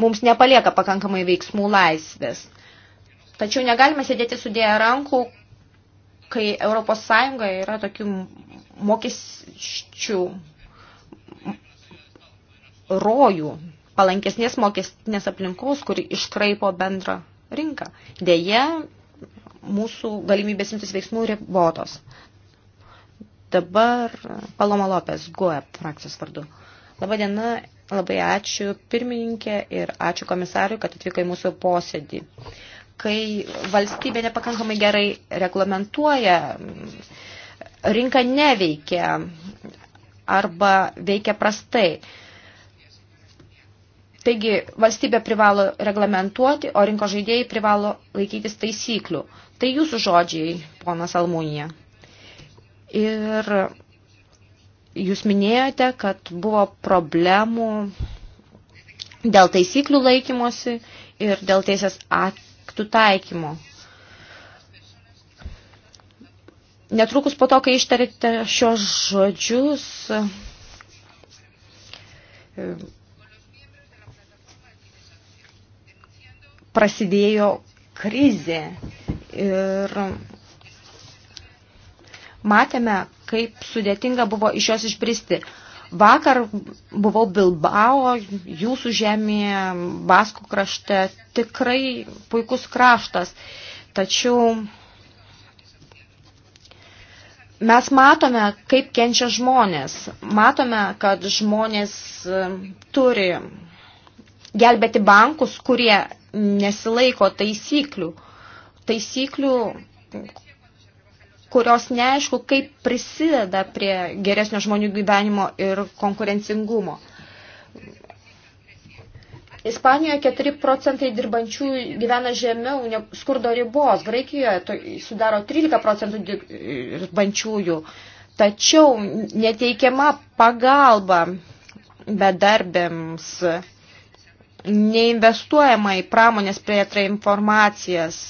mums nepalieka pakankamai veiksmų laisvės. Tačiau negalime sėdėti sudėję rankų, kai Europos Sąjungoje yra tokių mokesčių rojų, palankesnės mokestinės aplinkos, kuri iškraipo bendrą rinką. Deja, mūsų galimybės imtis veiksmų ribotos. Dabar Paloma Lopes, GOE frakcijos vardu. Labą dieną, labai ačiū pirmininkė ir ačiū komisariui, kad atvyko į mūsų posėdį. Uh, kai valstybė nepakankamai gerai reglamentuoja, rinka neveikia arba veikia prastai. Taigi valstybė privalo reglamentuoti, o rinko žaidėjai privalo laikytis taisyklių. Tai jūsų žodžiai, ponas Almūnija. Ir jūs minėjote, kad buvo problemų dėl taisyklių laikymosi ir dėl teisės aktų aktų taikymo. Netrukus po to, kai ištarėte šios žodžius, prasidėjo krizė ir matėme, kaip sudėtinga buvo iš jos išbristi. Vakar buvau Bilbao, jūsų žemėje, Baskų krašte, tikrai puikus kraštas. Tačiau mes matome, kaip kenčia žmonės. Matome, kad žmonės e, turi gelbėti bankus, kurie nesilaiko taisyklių. Taisyklių, kurios neaišku, kaip prisideda prie geresnio žmonių gyvenimo ir konkurencingumo. Ispanijoje 4 procentai dirbančių gyvena žemiau skurdo ribos, Graikijoje to sudaro 13 procentų dirbančiųjų, tačiau neteikiama pagalba bedarbėms, neinvestuojama į pramonės plėtrą informacijas,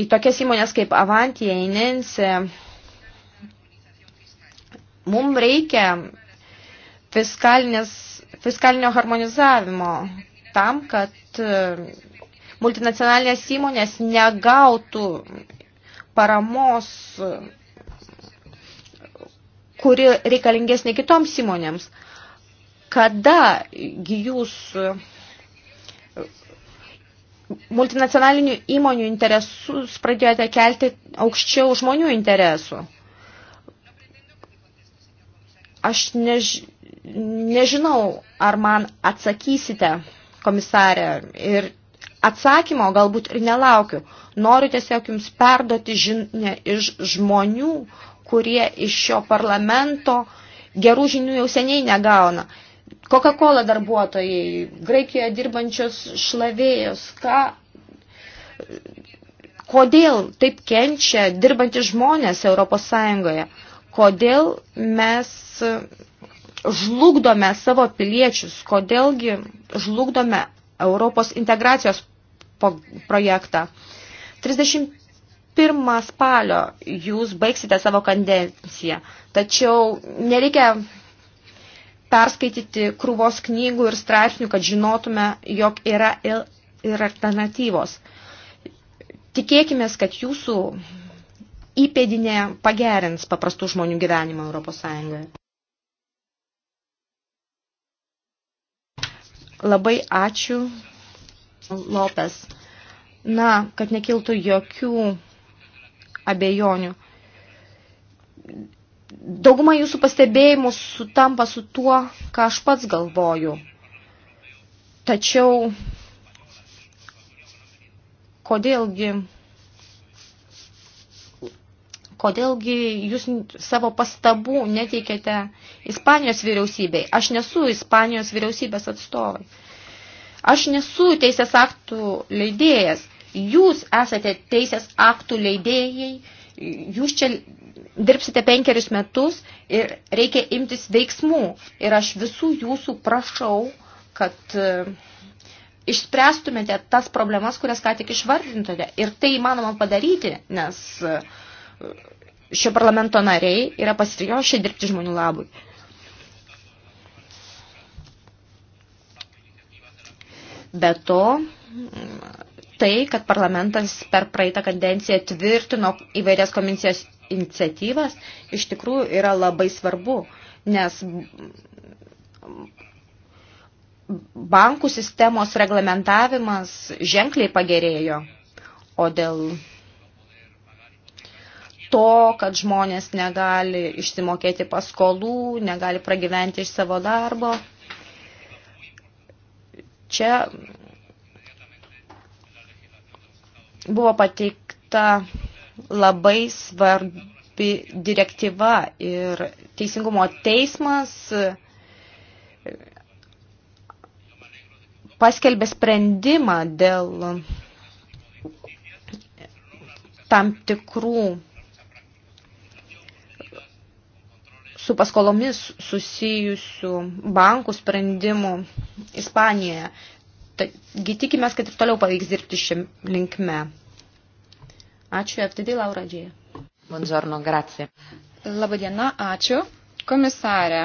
į tokias įmonės kaip Avantija, Inense, mums reikia fiskalinio harmonizavimo tam, kad e, multinacionalinės įmonės negautų paramos, kuri reikalingesnė kitoms įmonėms. Kada jūs multinacionalinių įmonių interesus pradėjote kelti aukščiau žmonių interesų. Aš než, nežinau, ar man atsakysite, komisarė, ir atsakymo galbūt ir nelaukiu. Noriu tiesiog jums perduoti žinę iš žmonių, kurie iš šio parlamento gerų žinių jau seniai negauna. Coca-Cola darbuotojai, Graikijoje dirbančios šlavėjos, ką, kodėl taip kenčia dirbantys žmonės Europos Sąjungoje, kodėl mes žlugdome savo piliečius, kodėlgi žlugdome Europos integracijos projektą. 31 spalio jūs baigsite savo kandenciją, tačiau nereikia perskaityti krūvos knygų ir straipsnių, kad žinotume, jog yra ir alternatyvos. Tikėkime, kad jūsų įpėdinė pagerins paprastų žmonių gyvenimą Europos Sąjungoje. Labai ačiū, Lopes. Na, kad nekiltų jokių abejonių Dauguma jūsų pastebėjimų sutampa su tuo, ką aš pats galvoju. Tačiau kodėlgi, kodėlgi jūs savo pastabų neteikėte Ispanijos vyriausybei? Aš nesu Ispanijos vyriausybės atstovai. Aš nesu teisės aktų leidėjas. Jūs esate teisės aktų leidėjai jūs čia dirbsite penkerius metus ir reikia imtis veiksmų. Ir aš visų jūsų prašau, kad e, išspręstumėte tas problemas, kurias ką tik išvardintote. Ir tai įmanoma padaryti, nes e, šio parlamento nariai yra pasirinkę dirbti žmonių labui. Be to, tai, kad parlamentas per praeitą kadenciją tvirtino įvairias komisijos iniciatyvas, iš tikrųjų yra labai svarbu, nes bankų sistemos reglamentavimas ženkliai pagerėjo, o dėl to, kad žmonės negali išsimokėti paskolų, negali pragyventi iš savo darbo. Čia Buvo pateikta labai svarbi direktyva ir teisingumo teismas e, paskelbė sprendimą dėl tam tikrų su paskolomis susijusių bankų sprendimų Ispanijoje. Taigi tikimės, kad ir toliau pavyks dirbti šiam linkme. Ačiū, FTD Laura Džėja. Buongiorno, grazie. Labadiena, ačiū. Komisarė,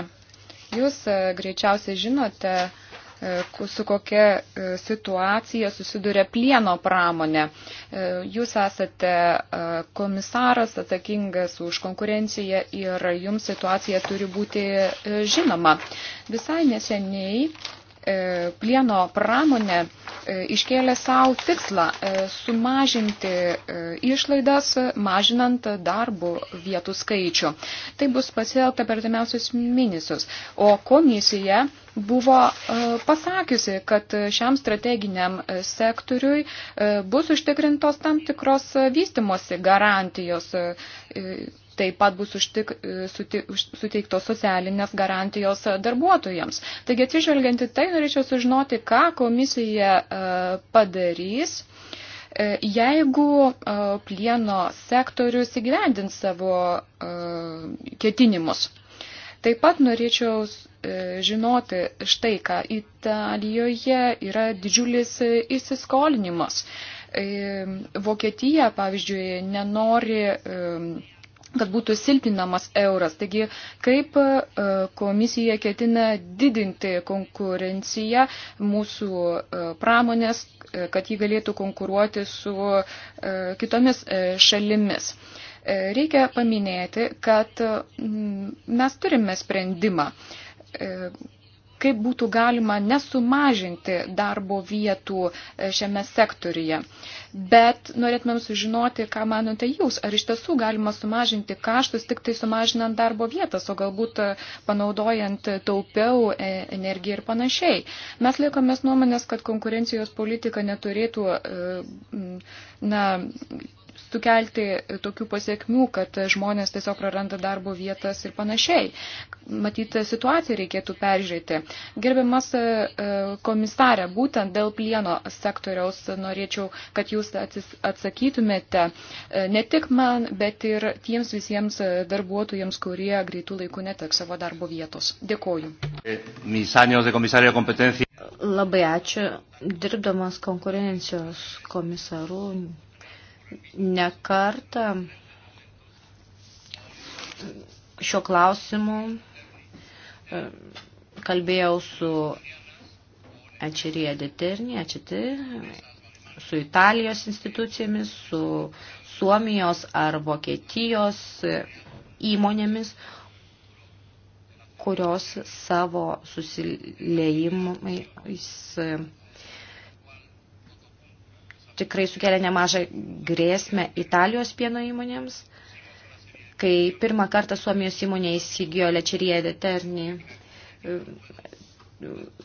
jūs e, greičiausiai žinote, e, su kokia e, situacija susiduria plieno pramonė. Jūs esate komisaras atsakingas už konkurenciją ir jums situacija turi būti žinoma. Visai neseniai E, plieno pramonė e, iškėlė savo tikslą e, sumažinti išlaidas, mažinant darbų vietų skaičių. Tai bus pasielgta per temiausius mėnesius. O komisija buvo pasakiusi, kad šiam strateginiam sektoriui bus užtikrintos tam tikros vystimosi garantijos Taip pat bus užtik, suti, suteiktos socialinės garantijos darbuotojams. Taigi atsižvelgianti tai, norėčiau sužinoti, ką komisija e, padarys e, jeigu e, plieno sektorius įgyvendins savo ketinimus. Taip pat norėčiau žinoti štai, ką Italijoje yra didžiulis įsiskolinimas. Vokietija, pavyzdžiui, nenori kad būtų silpinamas euras. Taigi, kaip e, komisija ketina didinti konkurenciją mūsų e, pramonės, e, kad jį galėtų konkuruoti su kitomis šalimis. Reikia paminėti, kad mes turime sprendimą kaip būtų galima nesumažinti darbo vietų e, šiame sektoriuje. Bet norėtumėm sužinoti, ką manote jūs, ar iš tiesų galima sumažinti kaštus tik tai sumažinant darbo vietas, o galbūt e, panaudojant taupiau e, energiją ir panašiai. Mes laikomės nuomonės, kad konkurencijos politika neturėtų na, sukelti tokių pasiekmių, kad žmonės tiesiog praranda darbo vietas ir panašiai. Matyt, situaciją reikėtų peržiūrėti. Gerbiamas e, komisarė, būtent dėl plieno sektoriaus norėčiau, kad jūs atsakytumėte e, ne tik man, bet ir tiems visiems darbuotojams, kurie greitų laikų neteks savo darbo vietos. Dėkoju. Labai ačiū. Dirbdamas konkurencijos komisaru nekartą šio klausimu e, kalbėjau su Ečirija Deterni, Ečiti, su Italijos institucijomis, su Suomijos ar Vokietijos įmonėmis, kurios savo susilėjimais tikrai sukelia nemažą grėsmę Italijos pieno įmonėms, kai pirmą kartą Suomijos įmonė įsigijo Lečerie Deternį,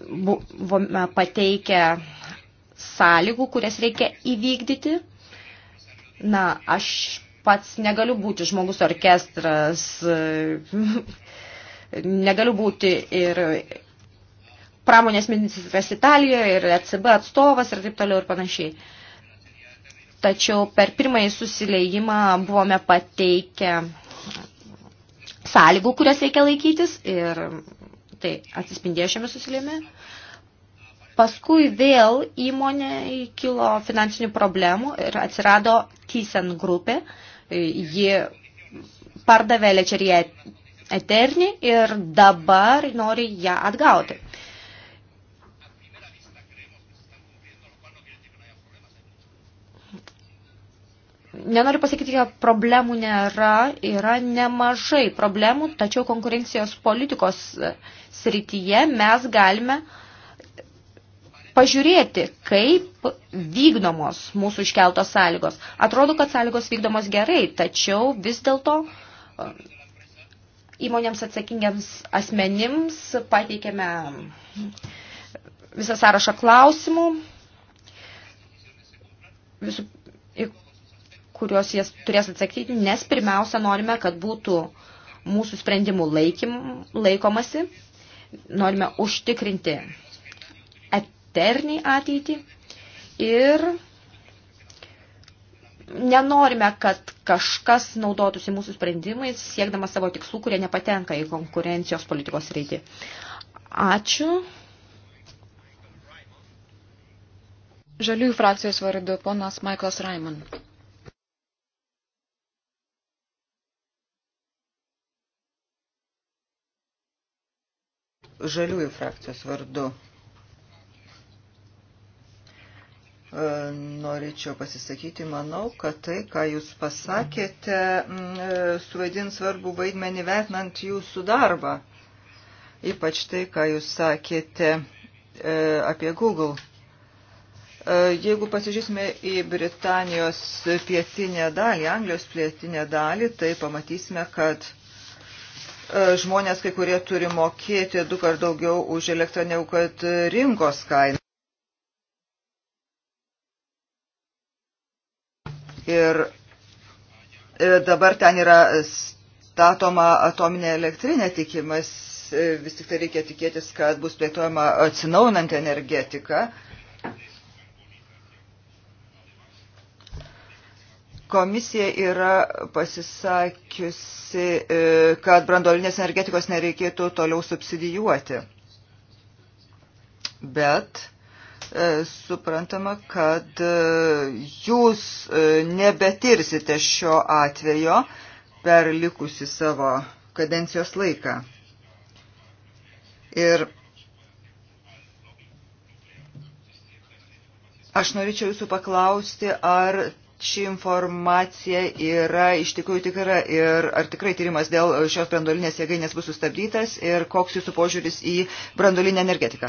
buvome pateikę sąlygų, kurias reikia įvykdyti. Na, aš pats negaliu būti žmogus orkestras, negaliu būti ir pramonės ministras Italijoje, ir ECB atstovas, ir taip toliau, ir panašiai. Uh, Tačiau per pirmąjį susileimą buvome pateikę sąlygų, kurias reikia laikytis ir tai atsispindėjo šiame susileime. Paskui vėl įmonė kilo finansinių problemų ir atsirado Tysen grupė. Ji pardavė lečeriją eternį ir dabar nori ją atgauti. Nenoriu pasakyti, kad problemų nėra, yra nemažai problemų, tačiau konkurencijos politikos e, srityje mes galime pažiūrėti, kaip vykdomos mūsų iškeltos sąlygos. Atrodo, kad sąlygos vykdomos gerai, tačiau vis dėlto e, įmonėms atsakingiams asmenims pateikėme visą sąrašą klausimų, visų, į kuriuos jas turės atsakyti, nes pirmiausia norime, kad būtų mūsų sprendimų laikym, laikomasi, norime užtikrinti eternį ateitį ir nenorime, kad kažkas naudotųsi mūsų sprendimais, siekdama savo tikslų, kurie nepatenka į konkurencijos politikos reitį. Ačiū. Žaliųjų frakcijos vardu ponas Michaelas Raimond. žaliųjų frakcijos vardu. E, norėčiau pasisakyti, manau, kad tai, ką Jūs pasakėte, e, suvaidins svarbu vaidmenį vertinant Jūsų darbą. Ypač tai, ką Jūs sakėte e, apie Google. Jeigu pasižiūrėsime į Britanijos pietinę dalį, Anglijos pietinę dalį, tai pamatysime, kad E, žmonės kai kurie turi mokėti du kart daugiau už elektrą negu kad rinkos kaina. Ir dabar ten yra statoma atominė elektrinė tikimas, e, vis tik tai reikia tikėtis, kad bus plėtojama atsinaunanti energetika. Uh, Komisija yra pasisakiusi, e, kad brandolinės energetikos nereikėtų toliau subsidijuoti. Bet e, suprantama, kad e, jūs nebetirsite šio atvejo per likusi savo kadencijos laiką. Ir aš norėčiau jūsų paklausti, ar ši informacija yra iš tikrųjų tikra ir ar tikrai tyrimas dėl šios brandolinės jėgainės bus sustabdytas ir koks jūsų požiūris į brandolinę energetiką?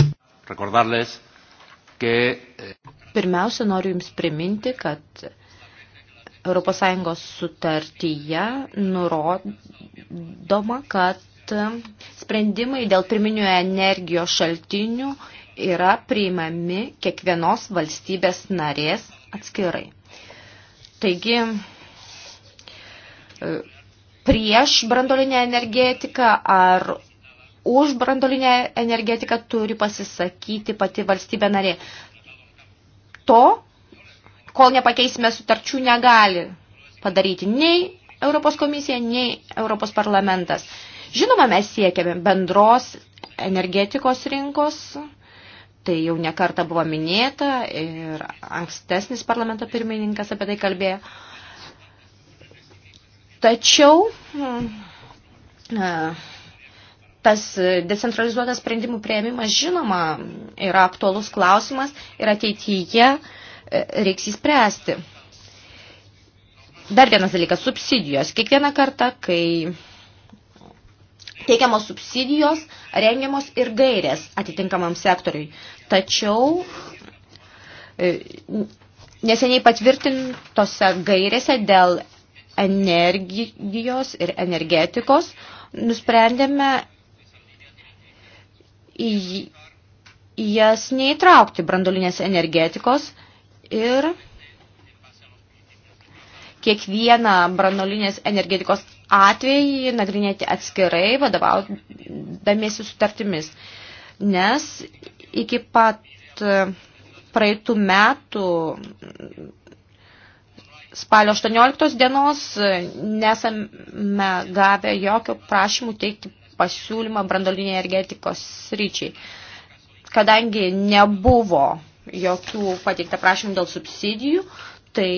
Eh, Pirmiausia, noriu Jums priminti, kad ES sutartyje nurodoma, kad sprendimai dėl pirminių energijos šaltinių yra priimami kiekvienos valstybės narės atskirai. Taigi, e, prieš brandolinę energetiką ar už brandolinę energetiką turi pasisakyti pati valstybė narė. To, kol nepakeisime sutarčių, negali padaryti nei Europos komisija, nei Europos parlamentas. Žinoma, mes siekiame bendros energetikos rinkos, Tai jau nekarta buvo minėta ir ankstesnis parlamento pirmininkas apie tai kalbėjo. Tačiau mm, e, tas decentralizuotas sprendimų prieimimas žinoma yra aktualus klausimas ir ateityje e, reiks įspręsti. Dar vienas dalykas – subsidijos. Kiekvieną kartą, kai teikiamos subsidijos, rengiamos ir gairės atitinkamam sektoriui. Tačiau e, neseniai patvirtintose gairėse dėl energijos ir energetikos nusprendėme į jas neįtraukti brandolinės energetikos ir kiekvieną brandolinės energetikos atvejį nagrinėti atskirai, vadovaudamiesi sutartimis. Nes iki pat e, praeitų metų spalio 18 dienos e, nesame gavę jokio prašymų teikti pasiūlymą brandolinėje energetikos sryčiai. Kadangi nebuvo jokių pateikta prašymų dėl subsidijų, tai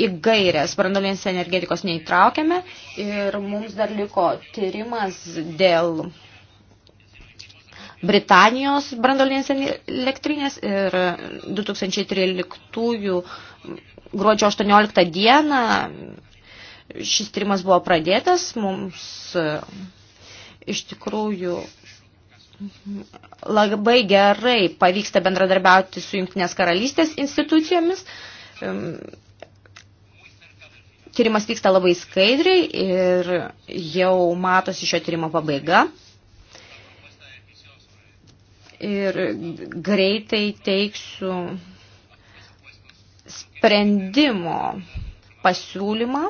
į gairias brandolinės energetikos neįtraukėme ir mums dar liko tyrimas dėl Britanijos brandolinės elektrinės ir 2013 gruodžio 18 dieną šis tyrimas buvo pradėtas, mums e, iš tikrųjų labai gerai pavyksta bendradarbiauti su Junktinės karalystės institucijomis Tyrimas vyksta labai skaidriai ir jau matosi šio tyrimo pabaiga. Ir greitai teiksiu sprendimo pasiūlymą.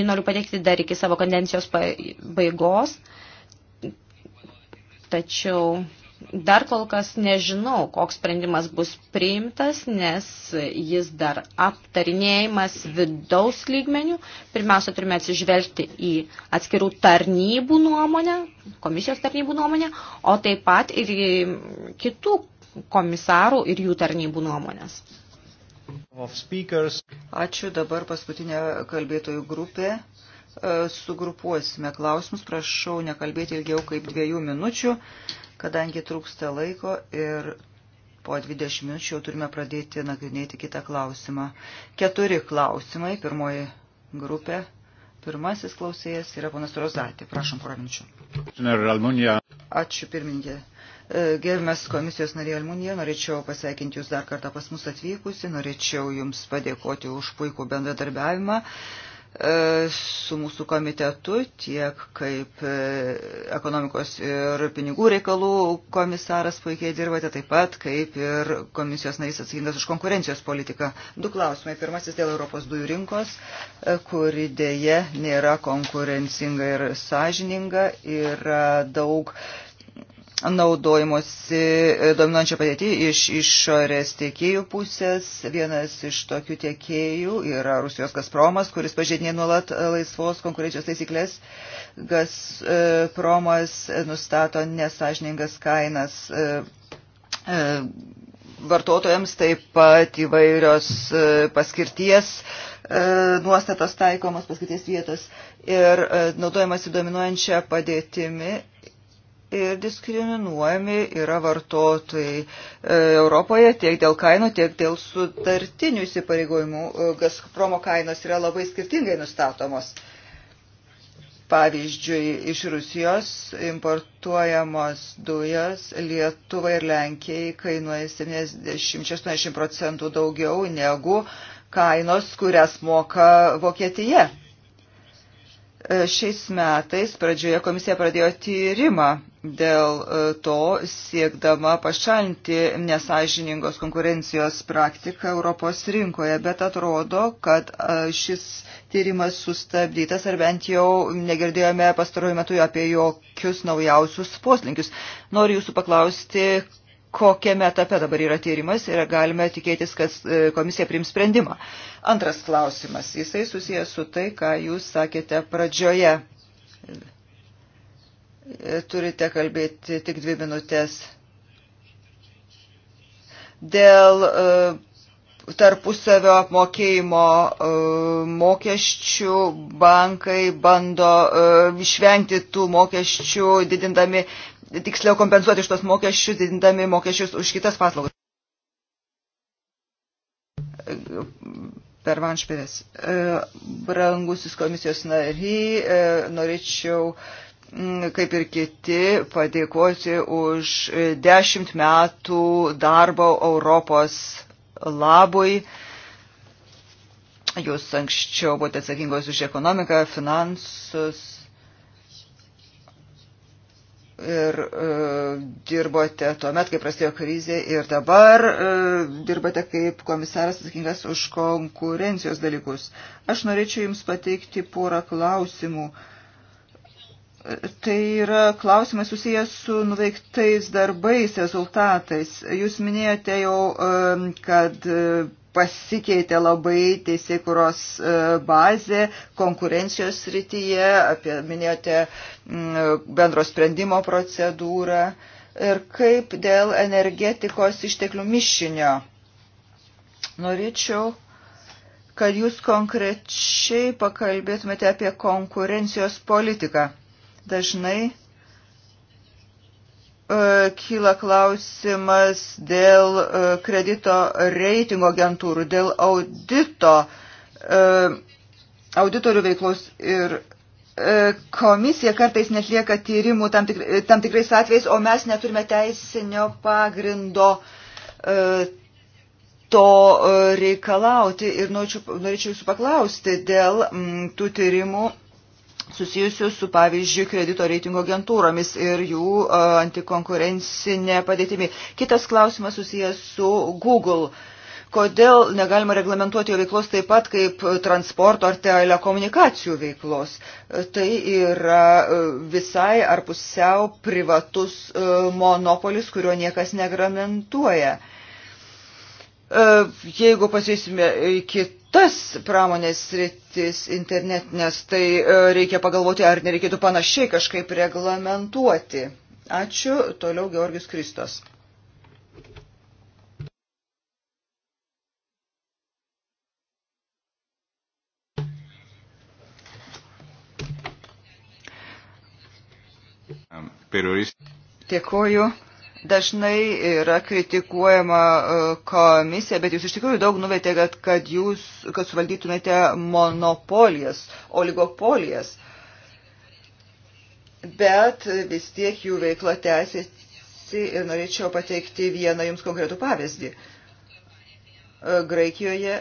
Jį noriu pateikti dar iki savo kandencijos baigos. Tačiau Dar kol kas nežinau, koks sprendimas bus priimtas, nes jis dar aptarinėjimas vidaus lygmenių. Pirmiausia, turime atsižvelgti į atskirų tarnybų nuomonę, komisijos tarnybų nuomonę, o taip pat ir į kitų komisarų ir jų tarnybų nuomonės. Ačiū dabar paskutinė kalbėtojų grupė. E, sugrupuosime klausimus, prašau nekalbėti ilgiau kaip dviejų minučių. Kadangi trūksta laiko ir po 20 minučių jau turime pradėti nagrinėti kitą klausimą. Keturi klausimai, pirmoji grupė. Pirmasis klausėjas yra ponas Rozatė. Prašom, porą minučių. Ačiū, pirmininkė. E, gerbiamas komisijos narė Almunija, norėčiau pasveikinti Jūs dar kartą pas mus atvykusi, norėčiau Jums padėkoti už puikų bendradarbiavimą. E, su mūsų komitetu, tiek kaip e, ekonomikos ir pinigų reikalų komisaras puikiai dirbate, taip pat kaip ir komisijos narys atsakingas už konkurencijos politiką. Du klausimai. Pirmasis dėl Europos dujų rinkos, e, kuri dėje nėra konkurencinga ir sąžininga, yra daug naudojimuosi e, dominuojančią padėtį iš išorės tiekėjų pusės. Vienas iš tokių tiekėjų yra Rusijos Gazpromas, kuris pažeidinė nuolat e, laisvos konkurencijos taisyklės. Gazpromas e, nustato nesažiningas kainas vartotojams, taip pat įvairios paskirties nuostatos taikomos paskirties vietos ir naudojamasi dominuojančią padėtimi ir diskriminuojami yra vartotojai e, Europoje tiek dėl kainų, tiek dėl sutartinių įsipareigojimų. E, Gazpromo kainos yra labai skirtingai nustatomos. Pavyzdžiui, iš Rusijos importuojamos dujos Lietuvai ir Lenkijai kainuoja 70-80 procentų daugiau negu kainos, kurias moka Vokietija. E, šiais metais pradžioje komisija pradėjo tyrimą dėl e, to siekdama pašalinti nesažiningos konkurencijos praktiką Europos rinkoje, bet atrodo, kad e, šis tyrimas sustabdytas ar bent jau negirdėjome pastaruoju metu apie jokius naujausius poslinkius. Noriu jūsų paklausti, kokiame etape dabar yra tyrimas ir galime tikėtis, kad e, komisija prims sprendimą. Antras klausimas. Jisai susijęs su tai, ką jūs sakėte pradžioje. E, turite kalbėti tik dvi minutės. Dėl e, tarpusavio apmokėjimo mokesčių bankai bando išvengti tų mokesčių didindami tiksliau kompensuoti iš tos mokesčius, didindami mokesčius už kitas paslaugas. Per Vanšpėdės. E, brangusis komisijos nariai, e, norėčiau kaip ir kiti, padėkoti už dešimt metų darbo Europos labui. Jūs anksčiau buvote atsakingos už ekonomiką, finansus, ir e, dirbote tuo met, kai prasidėjo krizė ir dabar e, dirbate kaip komisaras atsakingas už konkurencijos dalykus. Aš norėčiau Jums pateikti porą klausimų. Tai yra klausimai susijęs su nuveiktais darbais, rezultatais. Jūs minėjote jau, e, kad e, pasikeitė labai teisėkuros e, bazė konkurencijos srityje, apie minėjote mm, bendro sprendimo procedūrą ir kaip dėl energetikos išteklių mišinio. Norėčiau, kad jūs konkrečiai pakalbėtumėte apie konkurencijos politiką. Dažnai E, kyla klausimas dėl e, kredito reitingo agentūrų, dėl audito, e, auditorių veiklos ir komisija kartais netlieka tyrimų tam, tikr, tam tikrais atvejais, o mes neturime teisinio pagrindo to reikalauti ir norėčiau, norėčiau jūsų paklausti dėl m, tų tyrimų susijusių su, pavyzdžiui, kredito reitingo agentūromis ir jų antikonkurencinė padėtimi. Kitas klausimas susijęs su Google. Kodėl negalima reglamentuoti jo veiklos taip pat kaip transporto ar telekomunikacijų veiklos? Tai yra visai ar pusiau privatus monopolis, kurio niekas negramentuoja. Jeigu pasėsime į kitą kitas pramonės sritis internetinės, tai e, reikia pagalvoti, ar nereikėtų panašiai kažkaip reglamentuoti. Ačiū. Toliau Georgius Kristos. Dėkoju. Dažnai yra kritikuojama e, komisija, bet jūs iš tikrųjų daug nuveitė, kad, kad jūs, kad suvaldytumėte monopolijas, oligopolijas. Bet vis tiek jų veikla tęsiasi ir norėčiau pateikti vieną jums konkretų pavyzdį. E, Graikijoje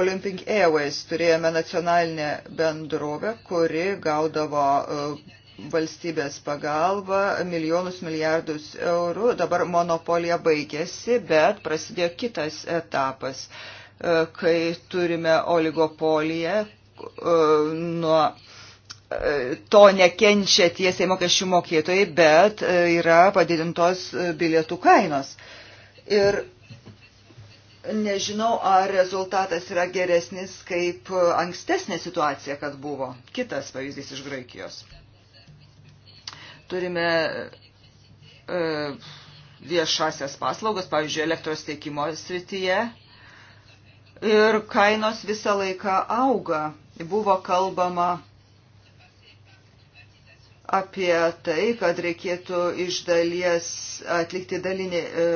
Olympic Airways turėjome nacionalinę bendrovę, kuri gaudavo e, valstybės pagalba milijonus milijardus eurų. Dabar monopolija baigėsi, bet prasidėjo kitas etapas, e, kai turime oligopoliją e, nuo e, to nekenčia tiesiai mokesčių mokėtojai, bet yra padidintos bilietų kainos. Ir nežinau, ar rezultatas yra geresnis kaip ankstesnė situacija, kad buvo. Kitas pavyzdys iš Graikijos. Turime e, viešasias paslaugas, pavyzdžiui, elektros tiekimo srityje. Ir kainos visą laiką auga. Buvo kalbama apie tai, kad reikėtų iš dalies atlikti dalinį e,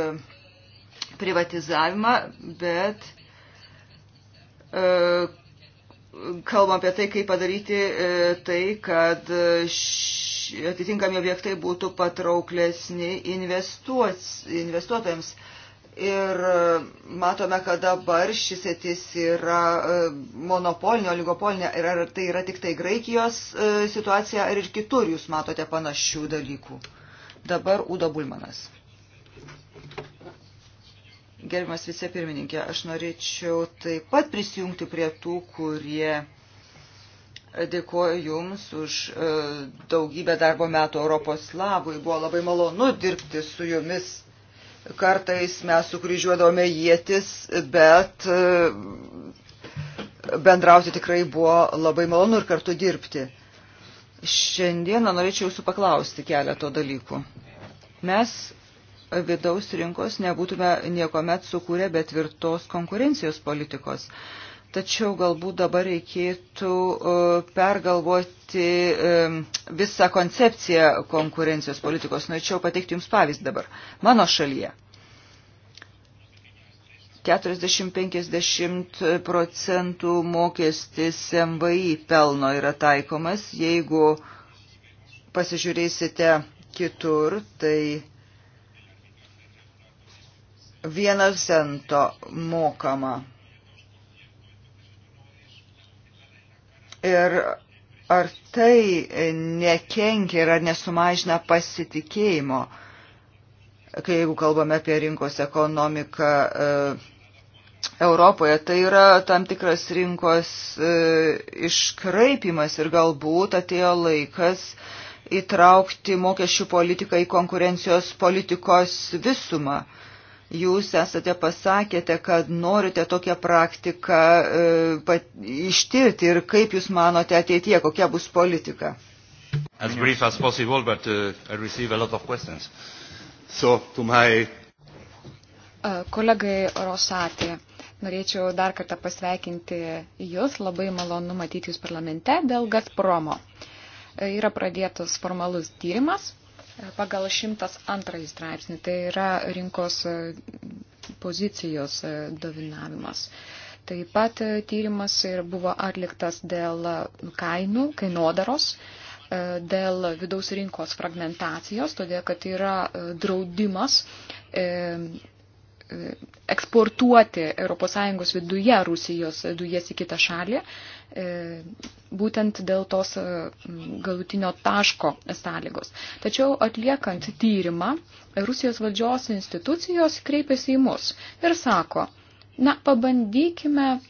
privatizavimą, bet e, kalbam apie tai, kaip padaryti e, tai, kad š, atitinkami objektai būtų patrauklesni investuotojams. Ir e, matome, kad dabar šis etis yra e, monopolinė, oligopolinė, ir ar tai yra tik tai Graikijos e, situacija, ar ir kitur jūs matote panašių dalykų. Dabar Udo Bulmanas. Gerbimas vicepirmininkė, aš norėčiau taip pat prisijungti prie tų, kurie Dėkuoju Jums už e, daugybę darbo metų Europos labui. Buvo labai malonu dirbti su Jumis. Kartais mes sukryžiuodavome jėtis, bet e, bendrauti tikrai buvo labai malonu ir kartu dirbti. Šiandieną norėčiau Jūsų paklausti keleto dalykų. Mes vidaus rinkos nebūtume niekuomet sukūrę be tvirtos konkurencijos politikos tačiau galbūt dabar reikėtų e, pergalvoti e, visą koncepciją konkurencijos politikos. Norėčiau pateikti Jums pavyzdį dabar. Mano šalyje 40-50 procentų mokestis MVI pelno yra taikomas. Jeigu pasižiūrėsite kitur, tai vienas cento mokama Ir ar tai nekenkia ir ar nesumažina pasitikėjimo, kai jeigu kalbame apie rinkos ekonomiką e, Europoje, tai yra tam tikras rinkos e, iškraipimas ir galbūt atėjo laikas įtraukti mokesčių politiką į konkurencijos politikos visumą. E, Jūs esate pasakėte, kad norite tokią praktiką e, pat, ištirti ir kaip jūs manote ateitie, kokia bus politika? As brief as possible, but uh, I receive a lot of questions. So, to my... Kolegai Rosatė, norėčiau dar kartą pasveikinti Jūs, labai malonu matyti Jūs parlamente dėl Gazpromo. E, yra pradėtas formalus tyrimas pagal 102 straipsnį, tai yra rinkos e, pozicijos e, dovinavimas. Taip pat e, tyrimas ir buvo atliktas dėl kainų, kainodaros, dėl vidaus rinkos fragmentacijos, todėl kad yra draudimas eksportuoti ES viduje Rusijos dujas į kitą šalį, e, būtent dėl tos e, galutinio taško sąlygos. Tačiau atliekant tyrimą, Rusijos valdžios institucijos kreipiasi į mus ir sako, na, pabandykime e,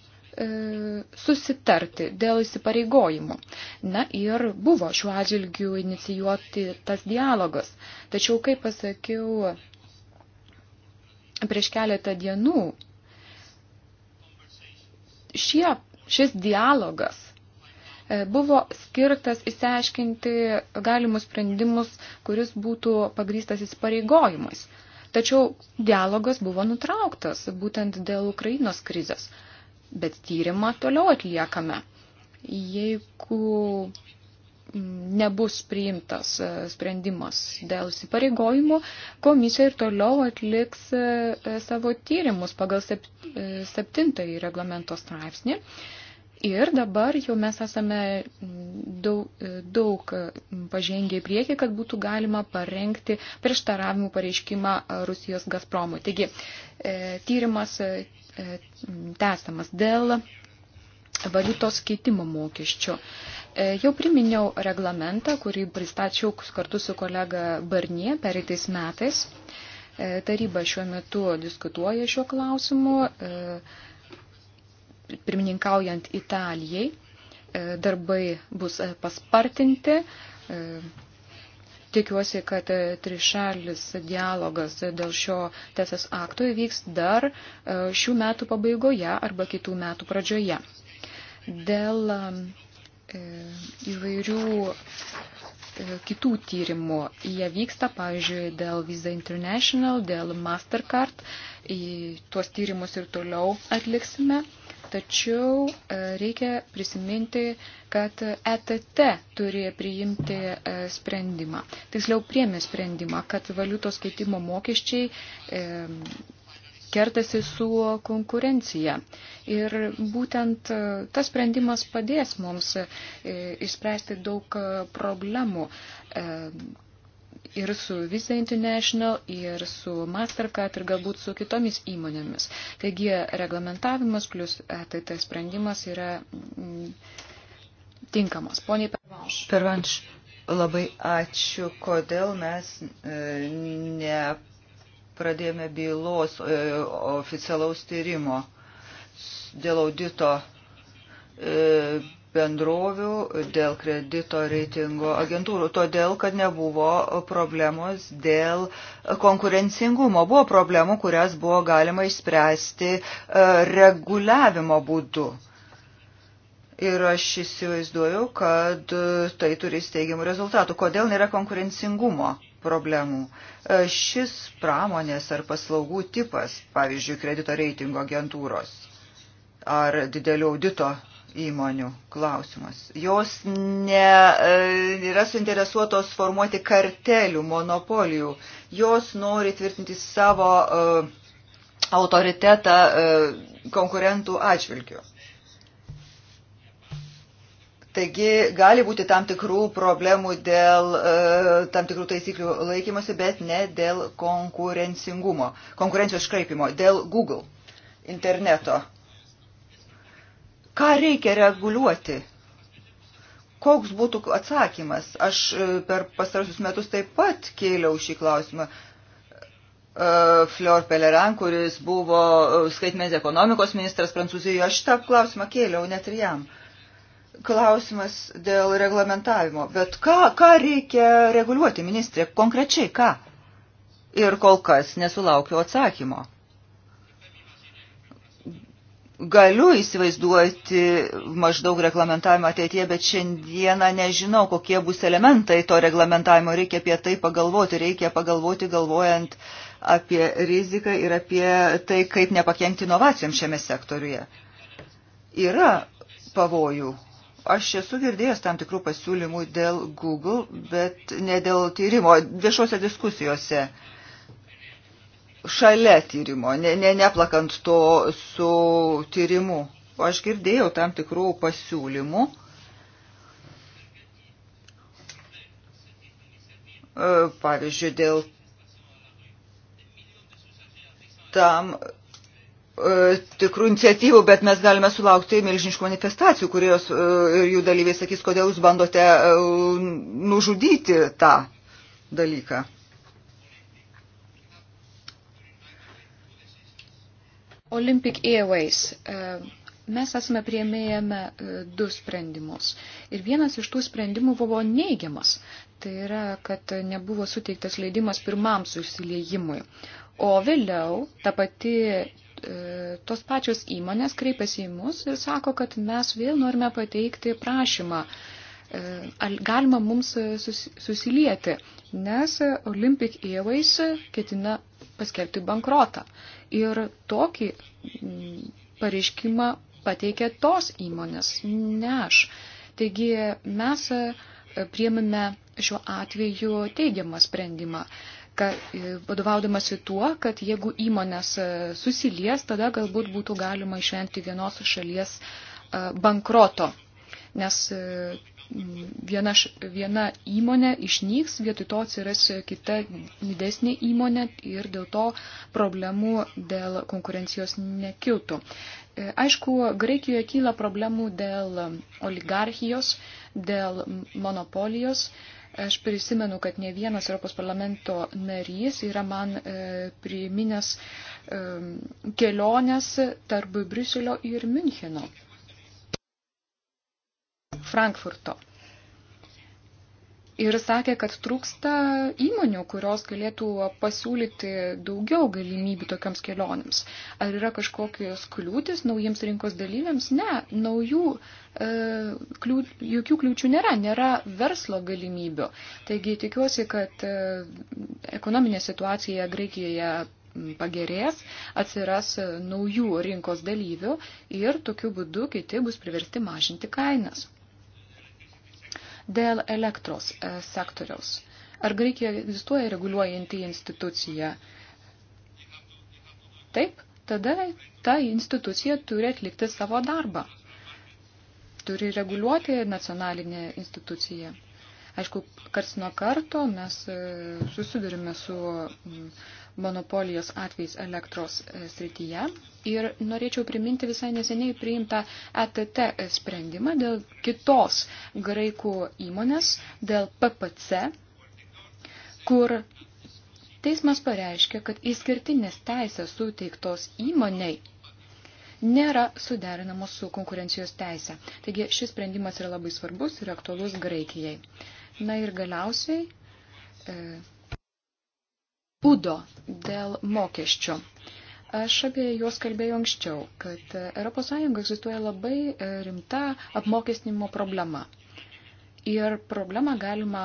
susitarti dėl įsipareigojimų. Na ir buvo šiuo atžvilgiu inicijuoti tas dialogas. Tačiau, kaip pasakiau prieš keletą dienų šie, šis dialogas e, buvo skirtas įsiaiškinti galimus sprendimus, kuris būtų pagrystas įsipareigojimais. Tačiau dialogas buvo nutrauktas būtent dėl Ukrainos krizės, bet tyrimą toliau atliekame. Jeigu nebus priimtas e, sprendimas dėl įsipareigojimų, komisija ir toliau atliks e, e, savo tyrimus pagal septintąjį reglamento straipsnį. Ir dabar jau mes esame mm, daug, daug pažengę į priekį, kad būtų galima parengti prieštaravimų pareiškimą Rusijos Gazpromui. Taigi, tyrimas tęsiamas dėl valiutos keitimo mokesčio. E, jau priminiau reglamentą, kurį pristačiau kartu su kolega Barnie pereitais metais. E, taryba šiuo metu diskutuoja šiuo klausimu, e, pirmininkaujant Italijai. Darbai bus paspartinti. Tikiuosi, kad trišalis dialogas dėl šio teisės akto įvyks dar šių metų pabaigoje arba kitų metų pradžioje dėl um, e, įvairių e, kitų tyrimų. Jie vyksta, pavyzdžiui, dėl Visa International, dėl Mastercard. Į tuos tyrimus ir toliau atliksime. Tačiau e, reikia prisiminti, kad ETT turi priimti sprendimą. Tiksliau, priemi sprendimą, kad valiutos keitimo mokesčiai kertasi su konkurencija. Ir būtent e, tas sprendimas padės mums e, išspręsti daug e, problemų ir su Visa International, ir su Mastercard, ir galbūt su kitomis įmonėmis. Taigi reglamentavimas plus ATT sprendimas yra mm, tinkamas. Poniai Pervanš. Pervanš, labai ačiū, kodėl mes e, ne pradėjome bylos e, oficialaus tyrimo dėl audito e, bendrovių, dėl kredito reitingo agentūrų, todėl, kad nebuvo problemos dėl konkurencingumo. Buvo problemų, kurias buvo galima išspręsti e, reguliavimo būdu. Ir aš įsivaizduoju, kad e, tai turi steigiamų rezultatų. Kodėl nėra konkurencingumo? problemų. E, šis pramonės ar paslaugų tipas, pavyzdžiui, kredito reitingo agentūros ar didelio audito įmonių klausimas. Jos ne, e, yra suinteresuotos formuoti kartelių, monopolijų. Jos nori tvirtinti savo e, autoritetą konkurentų atžvilgių. Taigi gali būti tam tikrų problemų dėl e, tam tikrų taisyklių laikymosi, bet ne dėl konkurencingumo, konkurencijos škraipimo, dėl Google interneto. Ką reikia reguliuoti? Koks būtų atsakymas? Aš e, per pastarosius metus taip pat kėliau šį klausimą. E, Fleur Pellerin, kuris buvo e, skaitmės ekonomikos ministras Prancūzijoje, aš tą klausimą kėliau net ir jam. Uh, klausimas dėl reglamentavimo. Bet ką, ką reikia reguliuoti, ministrė? Konkrečiai ką? Ir kol kas nesulaukiu atsakymo. Galiu įsivaizduoti maždaug reglamentavimą ateityje, bet šiandieną nežinau, kokie bus elementai to reglamentavimo. Reikia apie tai pagalvoti, reikia pagalvoti galvojant apie riziką ir apie tai, kaip nepakengti inovacijom šiame sektoriuje. Yra pavojų Aš esu girdėjęs tam tikrų pasiūlymų dėl Google, bet ne dėl tyrimo, viešose diskusijose. Šalia tyrimo, ne, ne, neplakant to su tyrimu. Aš girdėjau tam tikrų pasiūlymų. E, pavyzdžiui, dėl tam E, tikrų iniciatyvų, bet mes galime sulaukti milžiniškų manifestacijų, kurios e, ir jų dalyviai sakys, kodėl jūs bandote e, nužudyti tą dalyką. Olympic Airways. Mes esame prieimėjame du sprendimus. Ir vienas iš tų sprendimų buvo neigiamas. Tai yra, kad nebuvo suteiktas leidimas pirmam susiliejimui. O vėliau ta pati E, tos pačios įmonės kreipiasi į mus ir sako, kad mes vėl norime pateikti prašymą. E, galima mums e, susilieti, nes Olympic Airways ketina paskelbti bankrotą. Ir tokį mm, pareiškimą pateikė tos įmonės, ne aš. Taigi mes priemime šiuo atveju teigiamą sprendimą ka, e, vadovaudamasi tuo, kad jeigu įmonės e, susilies, tada galbūt būtų galima išvengti vienos šalies e, bankroto. Nes viena, viena įmonė išnyks, vietoj to atsiras kita didesnė įmonė ir dėl to problemų dėl konkurencijos nekiltų. Aišku, Graikijoje kyla problemų dėl oligarchijos, dėl monopolijos Aš prisimenu, kad ne vienas Europos parlamento narys yra man e, priminęs e, keliones tarp Briuselio ir Müncheno, Frankfurto ir sakė, kad trūksta įmonių, kurios galėtų pasiūlyti daugiau galimybių tokiams kelionėms. Ar yra kažkokios kliūtis naujiems rinkos dalyviams? Ne, naujų, e, kliū, jokių kliūčių nėra, nėra verslo galimybių. Taigi tikiuosi, kad e, ekonominė situacija Graikijoje pagerės, atsiras e, naujų rinkos dalyvių ir tokiu būdu kiti bus priversti mažinti kainas. Dėl elektros e, sektoriaus. Ar Graikijoje egzistuoja reguliuojanti institucija? Taip, tada ta institucija turi atlikti savo darbą. Turi reguliuoti nacionalinė institucija. Aišku, kars nuo karto mes e, susidurime su monopolijos atvejais elektros e, srityje. Ir norėčiau priminti visai neseniai priimtą ETT sprendimą dėl kitos graikų įmonės, dėl PPC, kur teismas pareiškia, kad įskirtinės teisės suteiktos įmoniai nėra suderinamos su konkurencijos teise. Taigi šis sprendimas yra labai svarbus ir aktualus Graikijai. Na ir galiausiai e, Udo dėl mokesčio. Aš apie juos kalbėjau anksčiau, kad ES egzistuoja labai rimta apmokestinimo problema. Ir problemą galima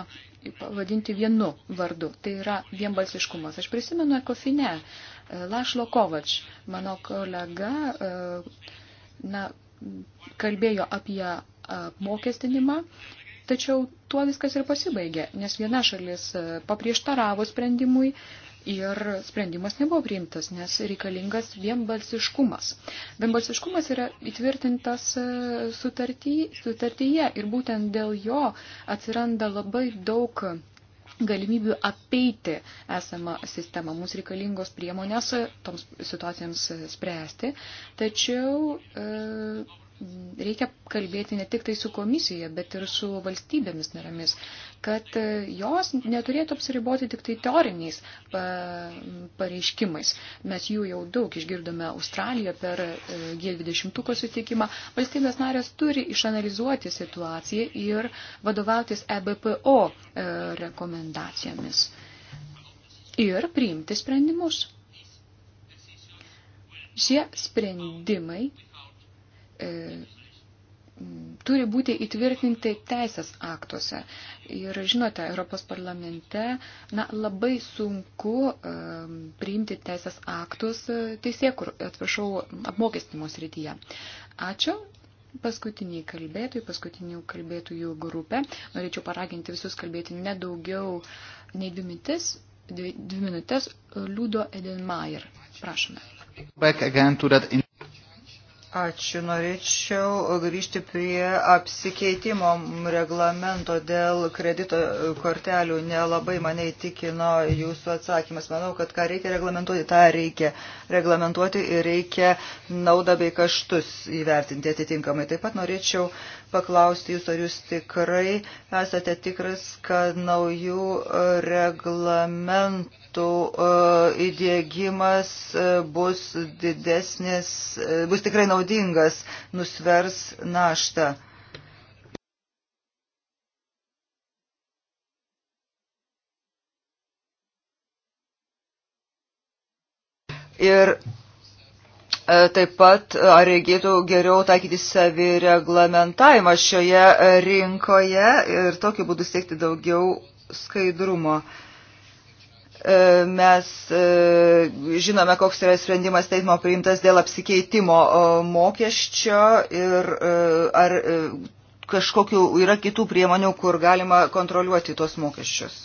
pavadinti vienu vardu, tai yra vienbalsiškumas. Aš prisimenu Ekofine, Lašlo Kovač, mano kolega, na, kalbėjo apie apmokestinimą Tačiau tuo viskas ir pasibaigė, nes viena šalis paprieštaravo sprendimui, ir sprendimas nebuvo priimtas, nes reikalingas vienbalsiškumas. Vienbalsiškumas yra įtvirtintas e, sutarty, sutartyje ir būtent dėl jo atsiranda labai daug galimybių apeiti esamą sistemą. Mums reikalingos priemonės toms situacijoms spręsti, tačiau e, reikia kalbėti ne tik tai su komisija, bet ir su valstybėmis naramis, kad e, jos neturėtų apsiriboti tik tai teoriniais pareiškimais. Mes jų jau daug išgirdome Australiją per e, G20 sutikimą. Valstybės narės turi išanalizuoti situaciją ir vadovautis EBPO e, rekomendacijomis ir priimti sprendimus. Šie sprendimai E, turi būti įtvirtinti teisės aktuose. Ir žinote, Europos parlamente na, labai sunku um, priimti teisės aktus e, teisėkur, atvašau, apmokestimo srityje. Ačiū. Paskutiniai kalbėtojai, paskutinių kalbėtojų grupė. Norėčiau paraginti visus kalbėti nedaugiau nei dvi mintis, dvi, dvi minutės. Liudo Edenmayer. Prašome. Back again to that in Ačiū. Norėčiau grįžti prie apsikeitimo reglamento dėl kredito kortelių. Nelabai mane įtikino jūsų atsakymas. Manau, kad ką reikia reglamentuoti, tą reikia reglamentuoti ir reikia naudą bei kaštus įvertinti atitinkamai. Taip pat norėčiau paklausti jūs, ar jūs tikrai esate tikras, kad naujų e, reglamentų e, įdėgymas e, bus didesnis, bus tikrai naudingas, nusvers naštą. Ir E, taip pat, e, ar reikėtų geriau taikyti savireglamentavimą šioje e, rinkoje ir tokiu būdu siekti daugiau skaidrumo. Mes žinome, koks yra sprendimas teismo priimtas dėl apsikeitimo mokesčio ir ar kažkokiu yra kitų priemonių, kur galima kontroliuoti tuos mokesčius.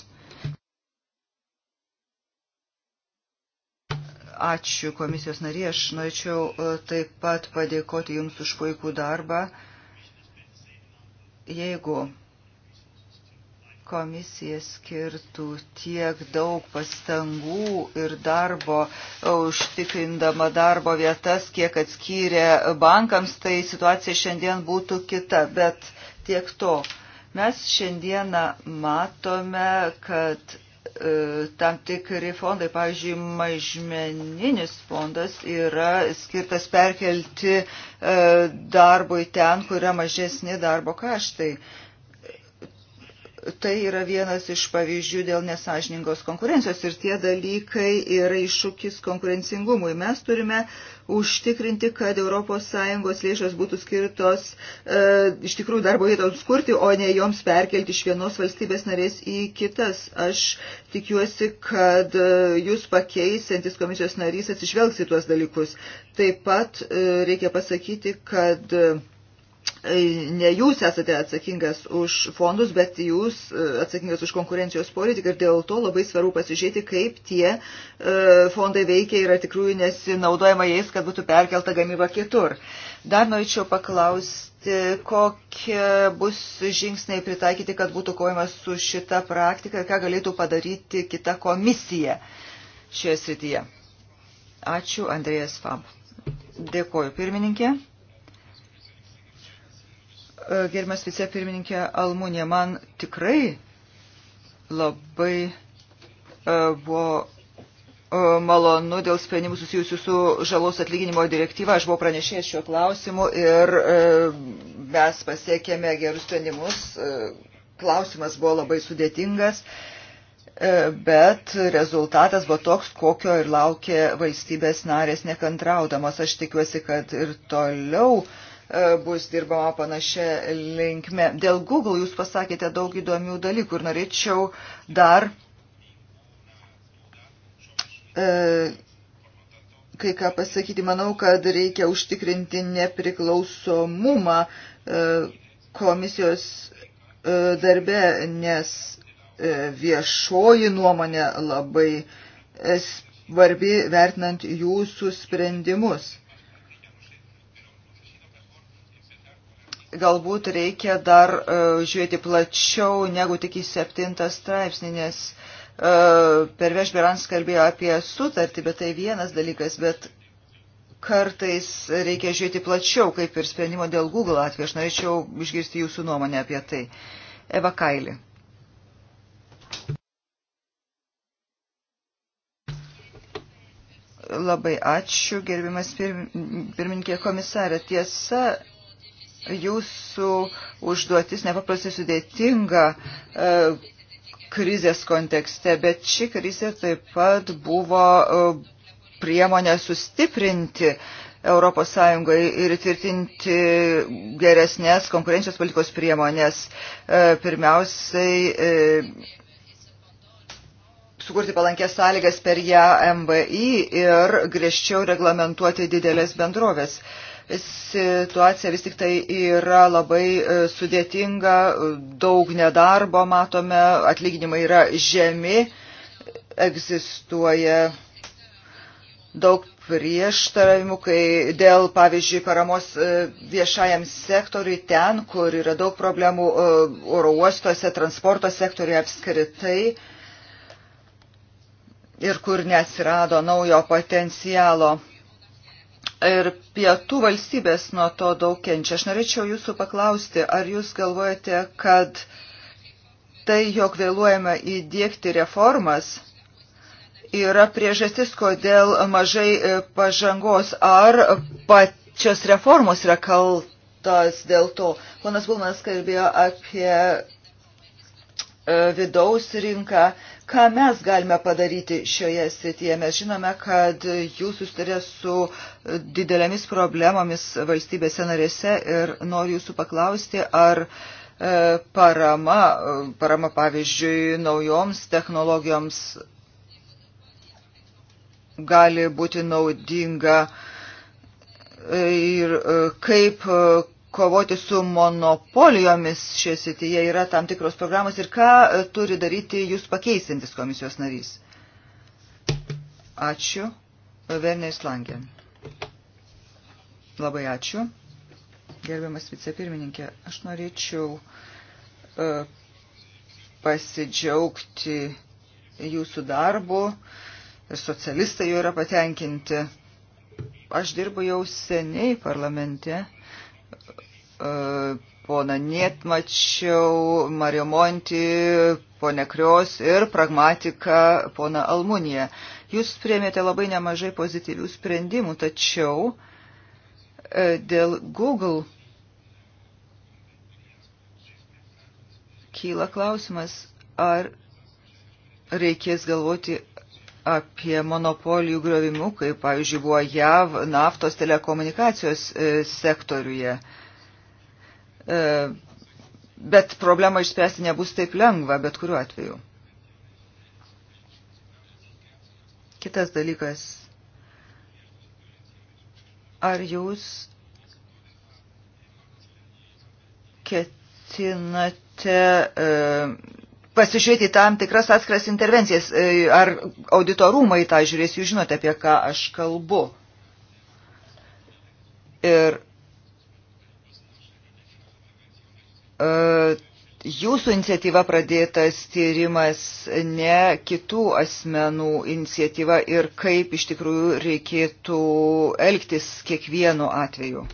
Ačiū komisijos narė, aš norėčiau e, taip pat padėkoti Jums už puikų darbą. Jeigu komisija skirtų tiek daug pastangų ir darbo, e, užtikrindama darbo vietas, kiek atskyrė bankams, tai situacija šiandien būtų kita, bet tiek to. Mes šiandieną matome, kad E, tam tikri fondai, pavyzdžiui, mažmeninis fondas yra skirtas perkelti e, darbui ten, kur yra mažesni darbo kaštai. Tai yra vienas iš pavyzdžių dėl nesažiningos konkurencijos ir tie dalykai yra iššūkis konkurencingumui. Mes turime užtikrinti, kad ES lėšos būtų skirtos e, iš tikrųjų darbo vietoms kurti, o ne joms perkelti iš vienos valstybės narės į kitas. Aš tikiuosi, kad e, jūs pakeisantis komisijos narys atsižvelgs į tuos dalykus. Taip pat e, reikia pasakyti, kad. E, E, ne jūs esate atsakingas už fondus, bet jūs e, atsakingas už konkurencijos politiką ir dėl to labai svarbu pasižiūrėti, kaip tie e, fondai veikia ir ar tikrųjų nesinaudojama jais, kad būtų perkelta gamyba kitur. Dar norėčiau paklausti, kokie bus žingsniai pritaikyti, kad būtų kojama su šita praktika ir ką galėtų padaryti kita komisija šioje srityje. Ačiū, Andrėjas Fab. Dėkoju, pirmininkė. E, Gerimas vicepirmininkė Almūnė, man tikrai labai e, buvo e, malonu dėl sprendimų susijusių su žalos atlyginimo direktyva. Aš buvau pranešėjęs šiuo klausimu ir mes pasiekėme gerus sprendimus. Klausimas buvo labai sudėtingas, bet rezultatas buvo toks, kokio ir laukė valstybės narės nekantraudamas. Aš tikiuosi, kad ir toliau uh, E, bus dirbama panašia linkme. Dėl Google jūs pasakėte daug įdomių dalykų ir norėčiau dar e, kai ką pasakyti. Manau, kad reikia užtikrinti nepriklausomumą e, komisijos e, darbe, nes e, viešoji nuomonė labai e, svarbi vertinant jūsų sprendimus galbūt reikia dar e, žiūrėti plačiau negu tik į septintą straipsnį, nes e, Perveš Berans kalbėjo apie sutartį, bet tai vienas dalykas, bet kartais reikia žiūrėti plačiau, kaip ir sprendimo dėl Google atveju. Aš norėčiau išgirsti jūsų nuomonę apie tai. Eva Kaili. Labai ačiū, gerbimas pirmininkė komisarė. Tiesa, Jūsų užduotis nepaprastai sudėtinga e, krizės kontekste, bet ši krizė taip pat buvo e, priemonė sustiprinti ES ir tvirtinti geresnės konkurencijos politikos priemonės. E, pirmiausiai sukurti palankės sąlygas per ją MBI ir griežčiau reglamentuoti didelės bendrovės situacija vis tik tai yra labai e, sudėtinga, e, daug nedarbo matome, atlyginimai yra žemi, egzistuoja daug prieštaravimų, kai dėl, pavyzdžiui, paramos e, viešajam sektoriui ten, kur yra daug problemų oro uostuose, transporto sektoriuje apskritai ir kur neatsirado naujo potencialo Ir pietų valstybės nuo to daug kenčia. Aš norėčiau jūsų paklausti, ar jūs galvojate, kad tai, jog vėluojama įdėkti reformas, yra priežastis, kodėl mažai e, pažangos, ar pačios reformos yra kaltas dėl to. Ponas Bulmanas kalbėjo apie e, vidaus rinką, Ką mes galime padaryti šioje srityje? Mes žinome, kad jūs susitarė su didelėmis problemomis valstybėse narėse ir noriu jūsų paklausti, ar e, parama, parama pavyzdžiui naujoms technologijoms gali būti naudinga e, ir e, kaip kovoti su monopolijomis šioje srityje yra tam tikros programos ir ką e, turi daryti jūs pakeisintis komisijos narys? Ačiū. Verneris Langen. Labai ačiū. Gerbiamas vicepirmininkė, aš norėčiau uh, pasidžiaugti jūsų darbu ir socialistai jau yra patenkinti. Aš dirbu jau seniai parlamente pona Nietmačiau, Mario Monti, pone Krios ir pragmatika pona Almunija. Jūs priemėte labai nemažai pozityvių sprendimų, tačiau e, dėl Google kyla klausimas, ar reikės galvoti apie monopolijų grovimų, kaip pavyzdžiui buvo JAV naftos telekomunikacijos e, sektoriuje. E, E, bet problemą išspręsti nebus taip lengva, bet kuriuo atveju. Kitas dalykas. Ar jūs ketinate e, pasižiūrėti tam tikras atskiras intervencijas. E, ar auditorumai tą žiūrės, jūs žinote, apie ką aš kalbu. Ir E, jūsų iniciatyva pradėtas tyrimas, ne kitų asmenų iniciatyva ir kaip iš tikrųjų reikėtų elgtis kiekvienu atveju.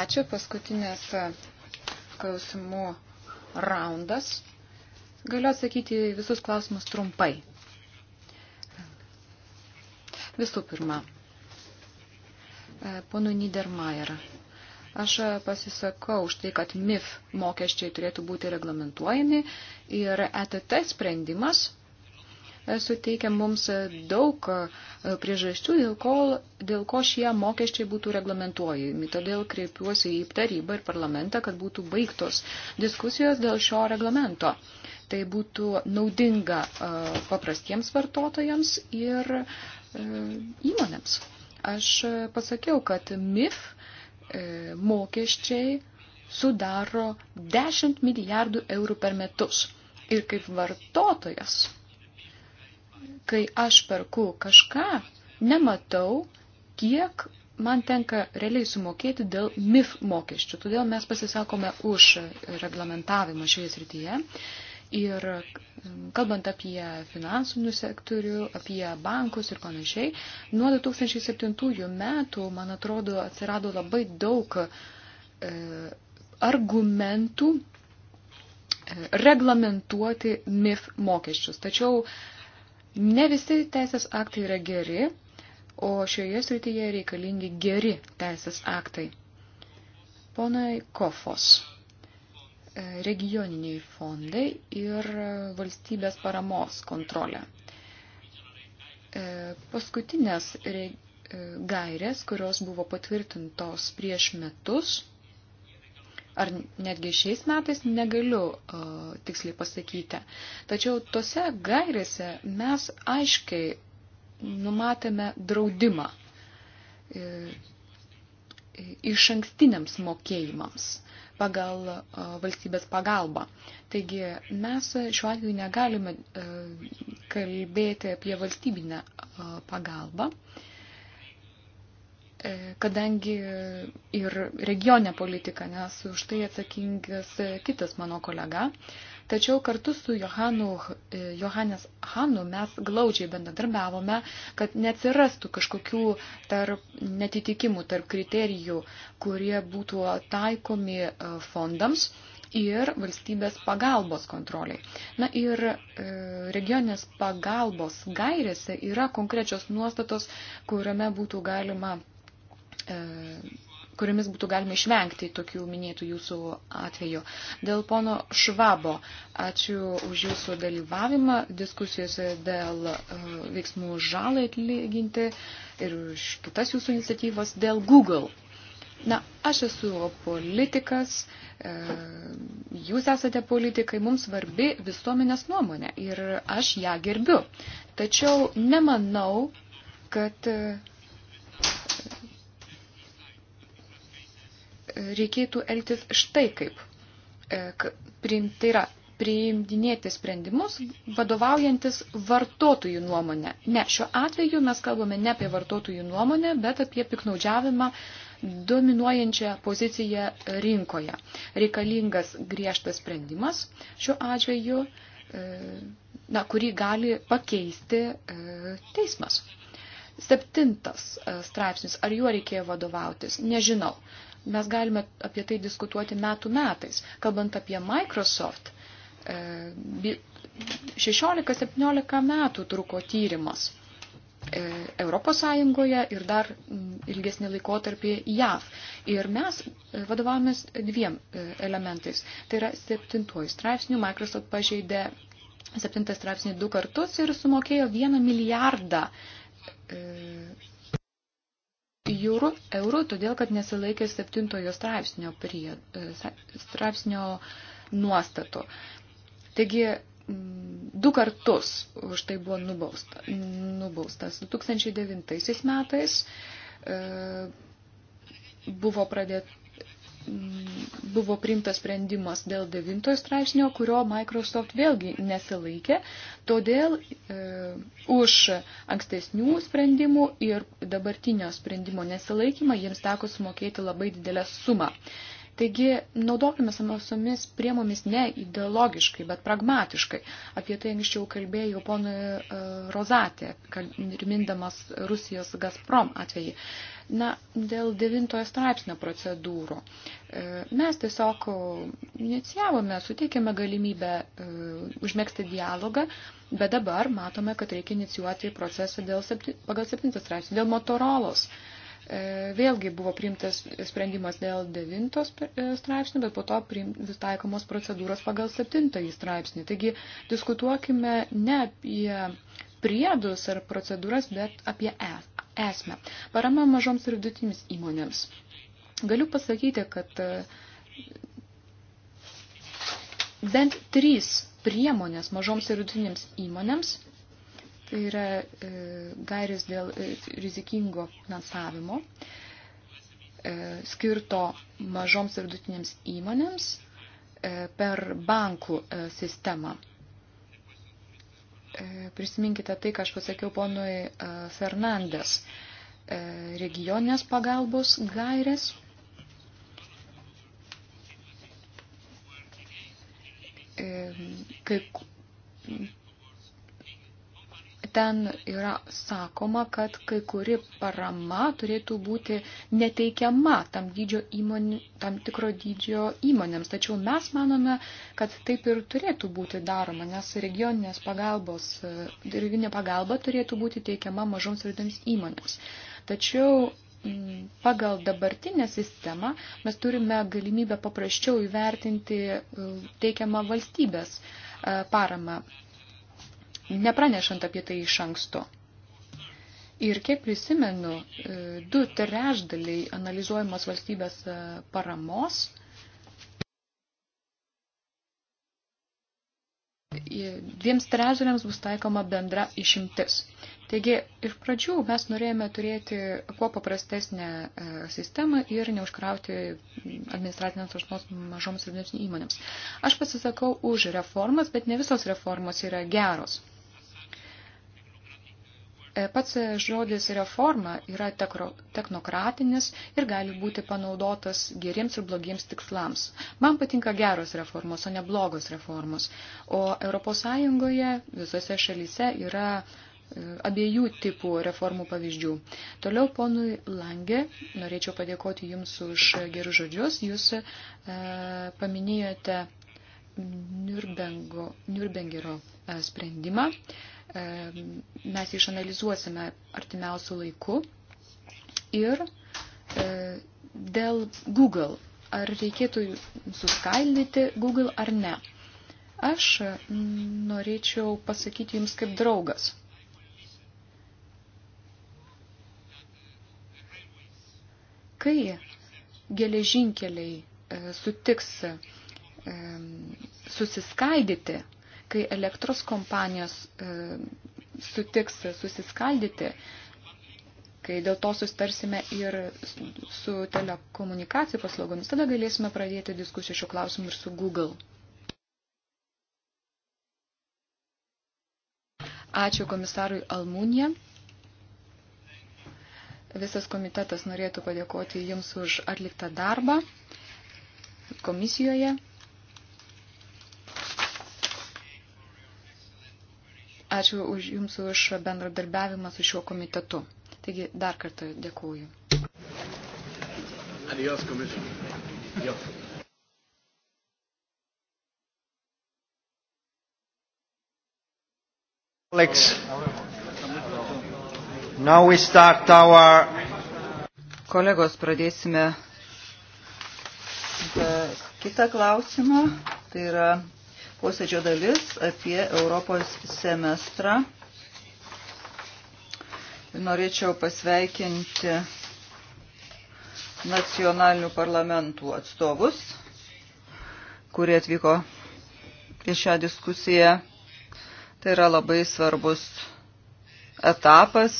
Ačiū, paskutinės klausimų raundas. Galiu atsakyti visus klausimus trumpai. Visų pirma, E, Pono Niedermayer, aš e, pasisakau už tai, kad MIF mokesčiai turėtų būti reglamentuojami ir ETT sprendimas e, suteikia mums daug priežasčių, dėl ko, dėl ko šie mokesčiai būtų reglamentuojami. Todėl kreipiuosi į tarybą ir parlamentą, kad būtų baigtos diskusijos dėl šio reglamento. Tai būtų naudinga paprastiems vartotojams ir įmonėms aš pasakiau, kad MIF e, mokesčiai sudaro 10 milijardų eurų per metus. Ir kaip vartotojas, kai aš perku kažką, nematau, kiek man tenka realiai sumokėti dėl MIF mokesčių. Todėl mes pasisakome už reglamentavimą šioje srityje. Ir kalbant apie finansinių sektorių, apie bankus ir panašiai, nuo 2007 metų, man atrodo, atsirado labai daug e, argumentų e, reglamentuoti MIF mokesčius. Tačiau ne visi teisės aktai yra geri, o šioje srityje reikalingi geri teisės aktai. Ponai Kofos regioniniai fondai ir valstybės paramos kontrolė. E, paskutinės e, gairės, kurios buvo patvirtintos prieš metus, ar netgi šiais metais negaliu uh, tiksliai pasakyti. Tačiau tose gairėse mes aiškiai numatėme draudimą uh, iš ankstiniams mokėjimams pagal valstybės pagalbą. Taigi mes šiuo atveju negalime kalbėti apie valstybinę pagalbą, kadangi ir regionė politika, nes už tai atsakingas kitas mano kolega. Tačiau kartu su Johanu, e, Johannes Hanu mes glaudžiai bendradarbiavome, kad neatsirastų kažkokių tarp netitikimų, tarp kriterijų, kurie būtų taikomi e, fondams ir valstybės pagalbos kontroliai. Na ir e, regioninės pagalbos gairėse yra konkrečios nuostatos, kuriame būtų galima e, kuriomis būtų galima išvengti tokių minėtų jūsų atveju. Dėl pono Švabo, ačiū už jūsų dalyvavimą diskusijose dėl e, veiksmų žalai atlyginti ir už kitas jūsų iniciatyvas dėl Google. Na, aš esu politikas, e, jūs esate politikai, mums svarbi visuomenės nuomonė ir aš ją gerbiu. Tačiau nemanau, kad e, reikėtų elgtis štai kaip. E, tai yra priimdinėti sprendimus, vadovaujantis vartotojų nuomonę. Ne, šiuo atveju mes kalbame ne apie vartotojų nuomonę, bet apie piknaudžiavimą dominuojančią poziciją rinkoje. Reikalingas griežtas sprendimas šiuo atveju, e, na, kurį gali pakeisti e, teismas. Septintas straipsnis, ar juo reikėjo vadovautis, nežinau mes galime apie tai diskutuoti metų metais. Kalbant apie Microsoft, 16-17 e, metų truko tyrimas e, Europos Sąjungoje ir dar mm, ilgesnį laikotarpį JAV. Ir mes e, vadovavomės dviem elementais. Tai yra septintuoju straipsniu Microsoft pažeidė septintą straipsnį du kartus ir sumokėjo vieną milijardą jūrų, eurų, todėl kad nesilaikė septintojo straipsnio, prie, e, straipsnio nuostato. Taigi mm, du kartus už tai buvo nubausta, nubaustas. 2009 metais e, buvo pradėta Mm, buvo priimtas sprendimas dėl devintojo straipsnio, kurio Microsoft vėlgi nesilaikė. Todėl e, už ankstesnių sprendimų ir dabartinio sprendimo nesilaikymą jiems teko sumokėti labai didelę sumą. E, Taigi, naudokime samosomis priemomis ne ideologiškai, bet pragmatiškai. Apie tai anksčiau kalbėjau ponui e, Rozatė, rimindamas Rusijos Gazprom atvejį. Na, dėl devintojo straipsnio procedūrų. E, mes tiesiog inicijavome, suteikėme galimybę e, užmėgsti dialogą, bet dabar matome, kad reikia inicijuoti procesą dėl septi, pagal septintą straipsnį, dėl Motorolos. Uh, E, vėlgi buvo priimtas sprendimas dėl devintos e, straipsnio, bet po to vis taikomos procedūros pagal septintąjį straipsnį. Taigi diskutuokime ne apie priedus ar procedūras, bet apie e, esmę. Parama mažoms ir vidutinėms įmonėms. Galiu pasakyti, kad bent trys priemonės mažoms ir vidutinėms įmonėms Tai yra e, gairės dėl e, rizikingo finansavimo e, skirto mažoms ir vidutinėms įmonėms e, per bankų e, sistemą. E, prisiminkite tai, ką aš pasakiau ponui e, Fernandes. E, regioninės pagalbos gairės e, kai ten yra sakoma, kad kai kuri parama turėtų būti neteikiama tam, dydžio įmonė, tam tikro dydžio įmonėms. Tačiau mes manome, kad taip ir turėtų būti daroma, nes regioninės pagalbos, regioninė pagalba turėtų būti teikiama mažoms vidinėms įmonėms. Tačiau mm, pagal dabartinę sistemą mes turime galimybę paprasčiau įvertinti e, teikiamą valstybės e, paramą nepranešant apie tai iš anksto. Ir kiek prisimenu, e, du trešdaliai analizuojamos valstybės e, paramos e, dviems trečdaliams bus taikoma bendra išimtis. Taigi, iš pradžių mes norėjome turėti kuo paprastesnę sistemą ir neužkrauti administratinės naštos mažoms ir įmonėms. Aš pasisakau už reformas, bet ne visos reformos yra geros. E, pats žodis reforma yra technokratinis ir gali būti panaudotas geriems ir blogiems tikslams. Man patinka geros reformos, o ne blogos reformos. O ES visose šalyse yra e, abiejų tipų reformų pavyzdžių. Toliau, ponui Langė, norėčiau padėkoti Jums už gerus žodžius. Jūs e, paminėjote Nürbengo, Nürbengero e, sprendimą. E, Mes išanalizuosime artimiausių laikų. Ir e, dėl Google. Ar reikėtų suskaldyti Google ar ne? Aš norėčiau pasakyti jums kaip draugas. Kai geležinkeliai e, sutiks susiskaidyti, kai elektros kompanijos e, sutiks susiskaldyti, kai dėl to sustarsime ir su telekomunikacijų paslaugomis, tada galėsime pradėti diskusiją šiuo klausimu ir su Google. Ačiū komisarui Almūnė. Visas komitetas norėtų padėkoti Jums už atliktą darbą komisijoje. Ačiū už Jums už bendradarbiavimą su šiuo komitetu. Taigi dar kartą dėkuoju. Adios, Adios. Alex. Now we start our... Kolegos, pradėsime kitą klausimą. Tai yra posėdžio dalis apie Europos semestrą. Norėčiau pasveikinti nacionalinių parlamentų atstovus, kurie atvyko į šią diskusiją. Tai yra labai svarbus etapas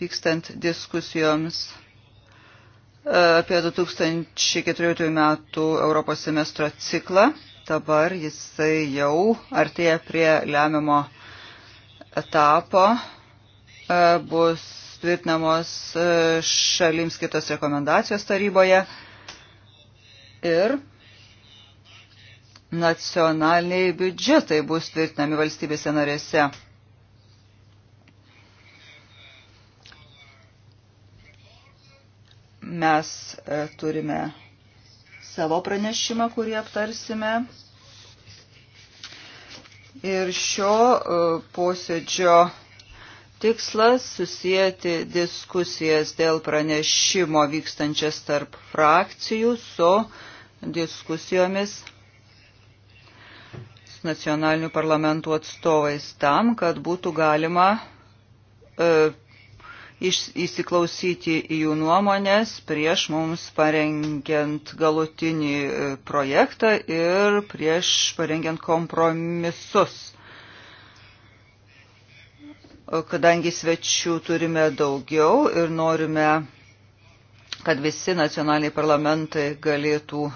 vykstant diskusijoms e, apie 2014 metų Europos semestro ciklą dabar jisai jau artėja prie lemiamo etapo, e, bus tvirtinamos e, šalims kitos rekomendacijos taryboje ir nacionaliniai biudžetai bus tvirtinami valstybėse narėse. Mes e, turime savo pranešimą, kurį aptarsime. Ir šio e, posėdžio tikslas susijęti diskusijas dėl pranešimo vykstančias tarp frakcijų su diskusijomis su nacionalinių parlamentų atstovais tam, kad būtų galima e, įsiklausyti į jų nuomonės prieš mums parengiant galutinį e, projektą ir prieš parengiant kompromisus. Kadangi svečių turime daugiau ir norime, kad visi nacionaliniai parlamentai galėtų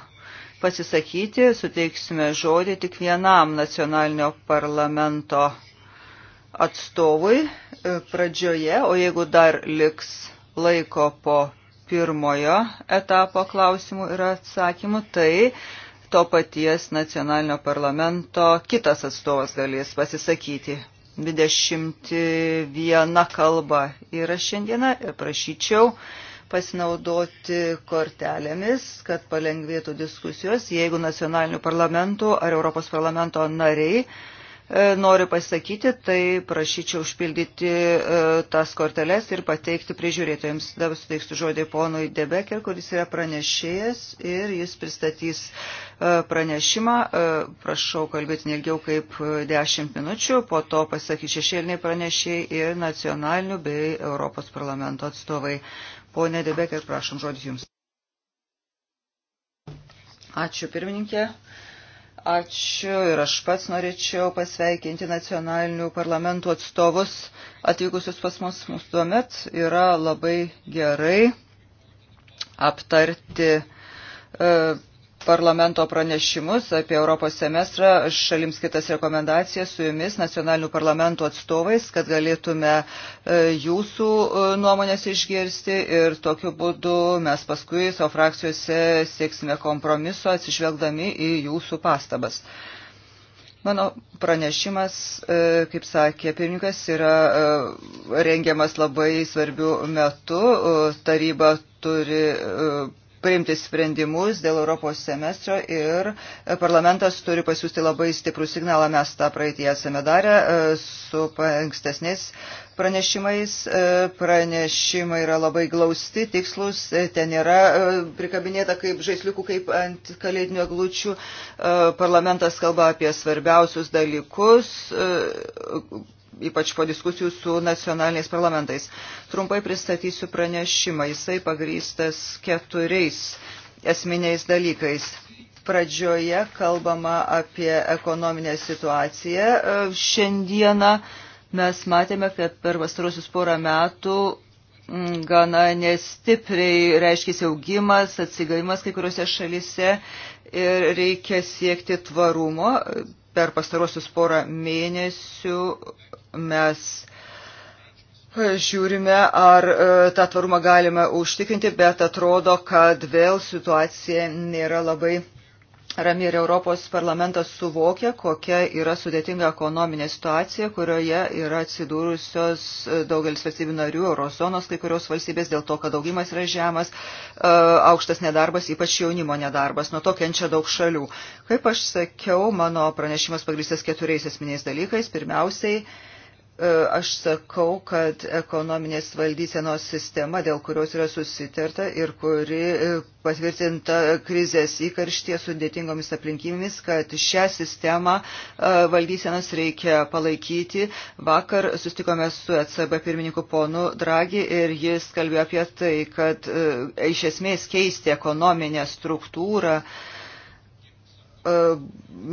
pasisakyti, suteiksime žodį tik vienam nacionalinio parlamento atstovui e, pradžioje, o jeigu dar liks laiko po pirmojo etapo klausimų ir atsakymų, tai to paties nacionalinio parlamento kitas atstovas galės pasisakyti. 21 kalba yra šiandiena ir prašyčiau pasinaudoti kortelėmis, kad palengvėtų diskusijos, jeigu nacionalinių parlamentų ar Europos parlamento nariai E, noriu pasakyti, tai prašyčiau užpildyti e, tas korteles ir pateikti prižiūrėtojams. Dabar suteiksiu žodį ponui Debeker, kuris yra pranešėjas ir jis pristatys e, pranešimą. Prašau kalbėti nelgiau kaip 10 minučių, po to pasakys šešėliniai pranešėjai ir nacionalinių bei Europos parlamento atstovai. Pone Debeker, prašom žodis jums. Ačiū pirmininkė. Ačiū ir aš pats norėčiau pasveikinti nacionalinių parlamentų atstovus atvykusius pas mus. Mūsų tuomet yra labai gerai aptarti e, parlamento pranešimus apie Europos semestrą, šalims kitas rekomendacijas su jumis, nacionalinių parlamentų atstovais, kad galėtume e, jūsų e, nuomonės išgirsti ir tokiu būdu mes paskui savo frakcijose sieksime kompromiso atsižvelgdami į jūsų pastabas. Mano pranešimas, e, kaip sakė pirmininkas, yra rengiamas labai svarbių metų. Taryba turi priimti sprendimus dėl Europos semestro ir e, parlamentas turi pasiūsti labai stiprų signalą. Mes tą praeitį esame darę e, su ankstesniais pranešimais. E, pranešimai yra labai glausti, tikslus, ten nėra prikabinėta kaip žaisliukų, kaip ant kalėdinių glučių. Parlamentas kalba apie svarbiausius dalykus ypač po diskusijų su nacionaliniais parlamentais. Trumpai pristatysiu pranešimą. Jisai pagrystas keturiais esminiais dalykais. Pradžioje kalbama apie ekonominę situaciją. E, šiandieną mes matėme, kad per pastarusius porą metų mm, gana nestipriai reiškėsi augimas, atsigavimas kai kuriuose šalise ir reikia siekti tvarumo. Per pastarosius porą mėnesių mes e, žiūrime, ar e, tą tvarumą galime užtikrinti, bet atrodo, kad vėl situacija nėra labai rami ir Europos parlamentas suvokia, kokia yra sudėtinga ekonominė situacija, kurioje yra atsidūrusios e, daugelis valstybių narių, eurozonos kai kurios valstybės dėl to, kad augimas yra žemas, aukštas nedarbas, ypač jaunimo nedarbas, nuo to kenčia daug šalių. Kaip aš sakiau, mano pranešimas pagrįstas keturiais esminiais dalykais. Pirmiausiai, E, aš sakau, kad ekonominės valdysenos sistema, dėl kurios yra susitarta ir kuri e, patvirtinta krizės įkarštie sudėtingomis aplinkybėmis, kad šią sistemą e, valdysenos reikia palaikyti. Vakar sustikome su ECB pirmininku ponu Dragi ir jis kalbėjo apie tai, kad iš esmės keisti ekonominę struktūrą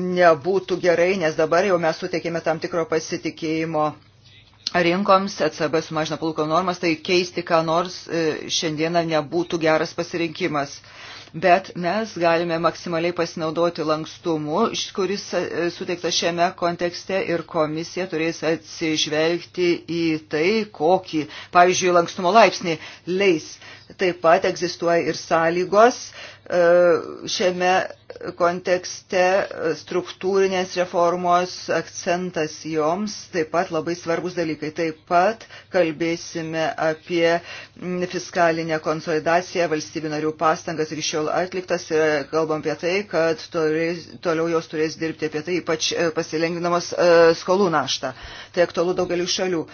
nebūtų gerai, nes dabar jau mes suteikėme tam tikro pasitikėjimo rinkoms, ECB sumažina palūkanų normas, tai keisti ką nors e, šiandieną nebūtų geras pasirinkimas. Bet mes galime maksimaliai pasinaudoti lankstumu, kuris e, suteiktas šiame kontekste ir komisija turės atsižvelgti į tai, kokį, pavyzdžiui, lankstumo laipsnį leis. Taip pat egzistuoja ir sąlygos, uh, E, šiame kontekste struktūrinės reformos akcentas joms taip pat labai svarbus dalykai. Taip pat kalbėsime apie fiskalinę konsolidaciją, valstybių narių pastangas ir iš šiol atliktas ir e, kalbam apie tai, kad turės, toliau jos turės dirbti apie tai, ypač e, pasilengvinamos skolų naštą. Tai aktualu daugeliu šalių.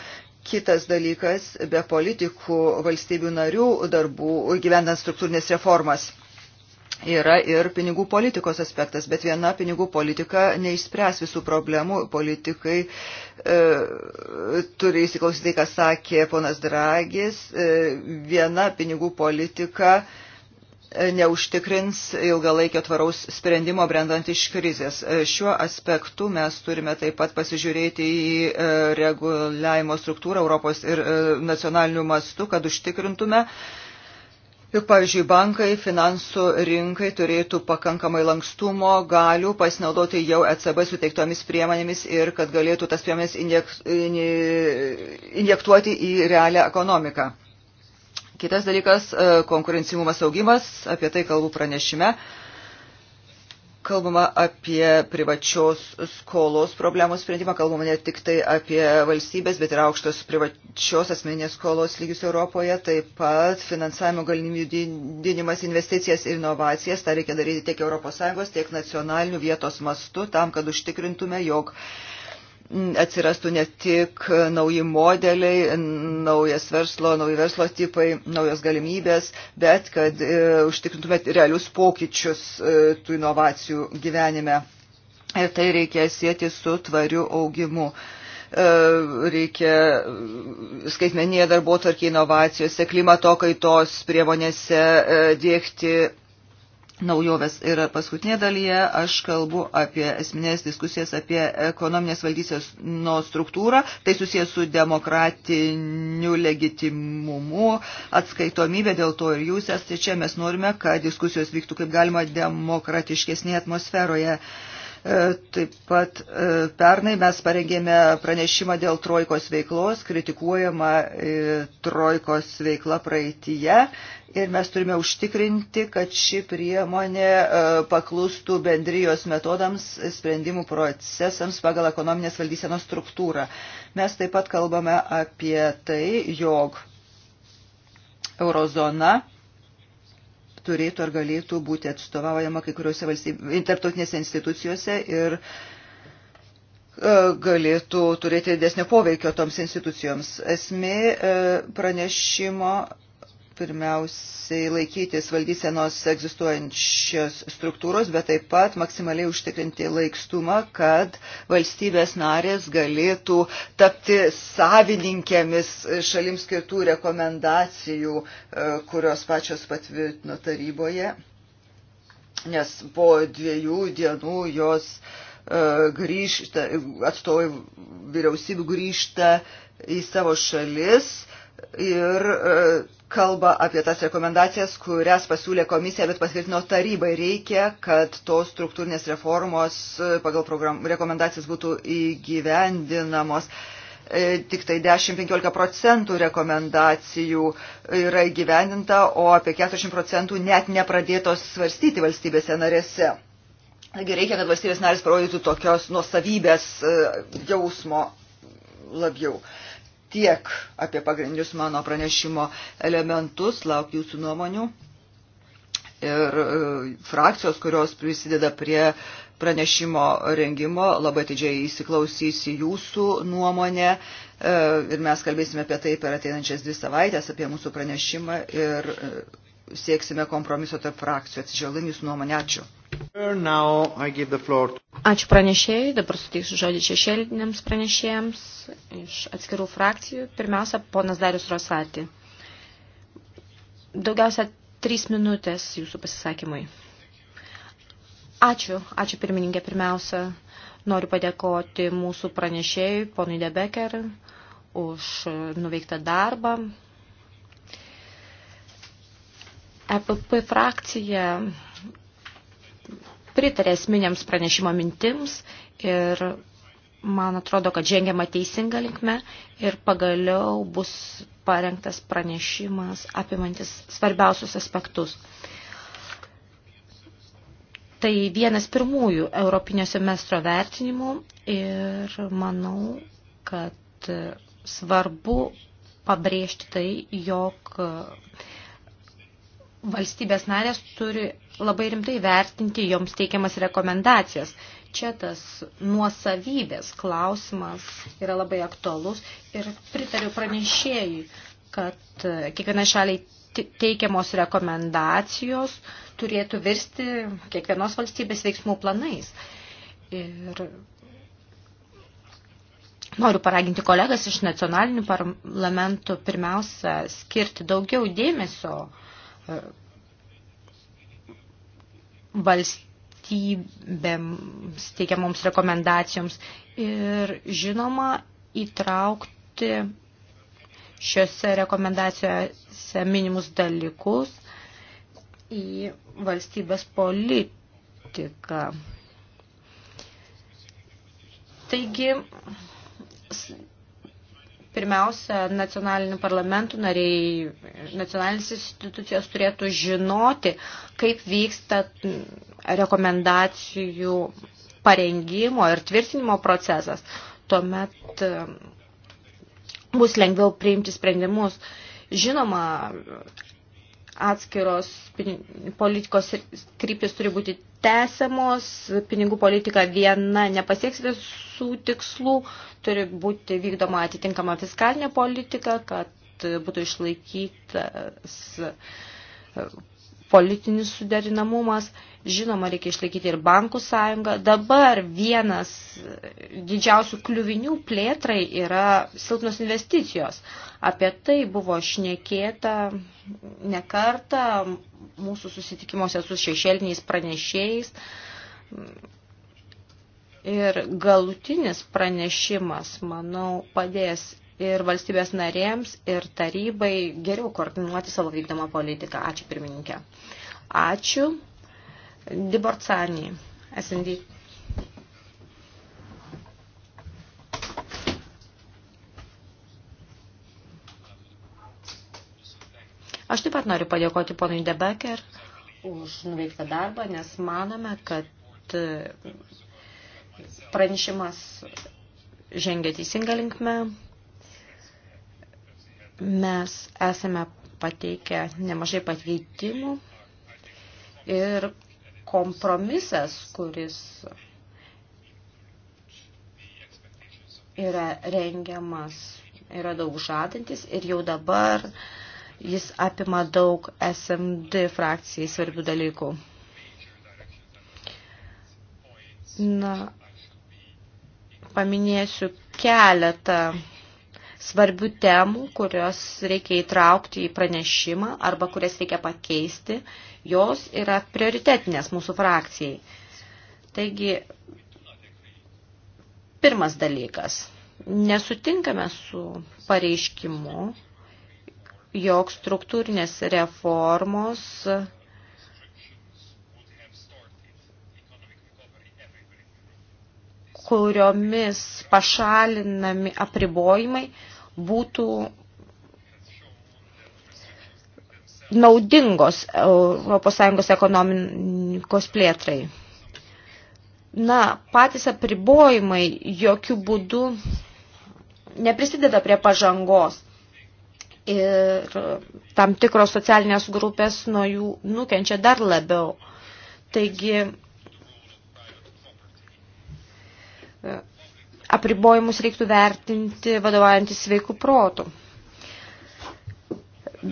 Kitas dalykas, be politikų valstybių narių darbų gyvendant struktūrinės reformas yra ir pinigų politikos aspektas, bet viena pinigų politika neišspręs visų problemų. Politikai e, turi įsiklausyti, tai, ką sakė ponas Dragis. E, viena pinigų politika e, neužtikrins ilgalaikio tvaraus sprendimo brendant iš krizės. E, šiuo aspektu mes turime taip pat pasižiūrėti į e, reguliavimo struktūrą Europos ir nacionalinių mastų, kad užtikrintume e, Juk, pavyzdžiui, bankai finansų rinkai turėtų pakankamai lankstumo, galių pasinaudoti jau ECB suteiktomis priemonėmis ir kad galėtų tas priemonės injektuoti į realią ekonomiką. Kitas dalykas e, – konkurencingumas augimas, apie tai kalbų pranešime kalbama apie privačios skolos problemos sprendimą, kalbama ne tik tai apie valstybės, bet ir aukštos privačios asmeninės skolos lygius Europoje, taip pat finansavimo galimybių didinimas investicijas ir inovacijas, tą reikia daryti tiek ES, tiek nacionalinių vietos mastu, tam, kad užtikrintume, jog uh, atsirastų ne tik nauji modeliai, naujas verslo, nauji verslo tipai, naujos galimybės, bet kad e, užtikrintumėt realius pokyčius e, tų inovacijų gyvenime. Ir tai reikia sėti su tvariu augimu e, reikia skaitmeninėje darbo tvarkiai inovacijose, klimato kaitos priemonėse dėkti naujoves. Ir paskutinė dalyje aš kalbu apie esminės diskusijas apie ekonominės valdysios nuo struktūrą. Tai susijęs su demokratiniu legitimumu, atskaitomybė, dėl to ir jūs esate čia. Mes norime, kad diskusijos vyktų kaip galima demokratiškesnėje atmosferoje. Uh, E, taip pat e, pernai mes parengėme pranešimą dėl trojkos veiklos, kritikuojama e, trojkos veikla praeityje ir mes turime užtikrinti, kad ši priemonė paklustų bendrijos metodams, sprendimų procesams pagal ekonominės valdysenos struktūrą. Mes taip pat kalbame apie tai, jog eurozona turėtų ar galėtų būti atstovaujama kai kuriuose valstybėse, tarptautinėse institucijose ir e, galėtų turėti didesnio poveikio toms institucijoms. Esmė e, pranešimo pirmiausiai laikytis valdysenos egzistuojančios struktūros, bet taip pat maksimaliai užtikrinti laikstumą, kad valstybės narės galėtų tapti savininkėmis šalims skirtų rekomendacijų, e, kurios pačios patvirtino taryboje, nes po dviejų dienų jos e, grįžta, atstovai vyriausybių grįžta į savo šalis ir e, kalba apie tas rekomendacijas, kurias pasiūlė komisija, bet patvirtino tarybai. Reikia, kad tos struktūrinės reformos e, pagal program, rekomendacijas būtų įgyvendinamos. E, tik tai 10-15 procentų rekomendacijų yra įgyvendinta, o apie 40 procentų net nepradėtos svarstyti valstybėse narėse. Taigi reikia, kad valstybės narės parodytų tokios nuosavybės e, jausmo labiau. Uh, tiek apie pagrindinius mano pranešimo elementus, laukiu jūsų nuomonių ir e, frakcijos, kurios prisideda prie pranešimo rengimo, labai didžiai įsiklausysi jūsų nuomonę e, ir mes kalbėsime apie tai per ateinančias dvi savaitės, apie mūsų pranešimą ir e, sieksime kompromiso tarp frakcijų. Atsižiaulim jūsų nuomonę. Ačiū. Ačiū pranešėjai, dabar suteiksiu žodį šešėliniams pranešėjams iš atskirų frakcijų. Pirmiausia, ponas Darius Rosati. Daugiausia trys minutės jūsų pasisakymui. Ačiū, ačiū pirmininkė pirmiausia. Noriu padėkoti mūsų pranešėjui, ponui Debeker, už nuveiktą darbą. EPP frakcija pritarė esminėms pranešimo mintims ir man atrodo, kad žengiama teisinga linkme ir pagaliau bus parengtas pranešimas apimantis svarbiausius aspektus. Tai vienas pirmųjų Europinio semestro vertinimų ir manau, kad svarbu pabrėžti tai, jog valstybės narės turi labai rimtai vertinti joms teikiamas rekomendacijas. Čia tas nuosavybės klausimas yra labai aktualus ir pritariu pranešėjui, kad kiekvienai šaliai teikiamos rekomendacijos turėtų virsti kiekvienos valstybės veiksmų planais. Ir noriu paraginti kolegas iš nacionalinių parlamentų pirmiausia skirti daugiau dėmesio e, valstybėms teikiamoms rekomendacijoms ir žinoma įtraukti šiuose rekomendacijose minimus dalykus į valstybės politiką. Taigi, pirmiausia, nacionalinių parlamentų nariai, nacionalinės institucijos turėtų žinoti, kaip vyksta rekomendacijų parengimo ir tvirtinimo procesas. Tuomet e, bus lengviau priimti sprendimus. Žinoma, atskiros politikos kryptis turi būti tęsiamos, pinigų politika viena nepasieks visų tikslų, turi būti vykdoma atitinkama fiskalinė politika, kad būtų išlaikytas politinis suderinamumas, žinoma, reikia išlaikyti ir bankų sąjungą. Dabar vienas didžiausių kliuvinių plėtrai yra silpnos investicijos. Apie tai buvo šnekėta nekarta mūsų susitikimuose su šešėliniais pranešėjais. Ir galutinis pranešimas, manau, padės ir valstybės narėms ir tarybai geriau koordinuoti savo vykdomą politiką. Ačiū pirmininkė. Ačiū. Diborcani, SND. Aš taip pat noriu padėkoti ponui Debeker už nuveiktą darbą, nes manome, kad e, pranešimas žengia teisingą linkmę. Mes esame pateikę nemažai pakeitimų ir kompromisas, kuris yra rengiamas, yra daug žadantis ir jau dabar jis apima daug SMD frakcijai svarbių dalykų. Na, paminėsiu keletą svarbių temų, kurios reikia įtraukti į pranešimą arba kurias reikia pakeisti, jos yra prioritetinės mūsų frakcijai. Taigi, pirmas dalykas. Nesutinkame su pareiškimu, jog struktūrinės reformos kuriomis pašalinami apribojimai būtų naudingos ES ekonomikos plėtrai. Na, patys apribojimai jokių būdų neprisideda prie pažangos ir tam tikros socialinės grupės nuo jų nukenčia dar labiau. Taigi, apribojimus reiktų vertinti vadovaujantis sveikų protų.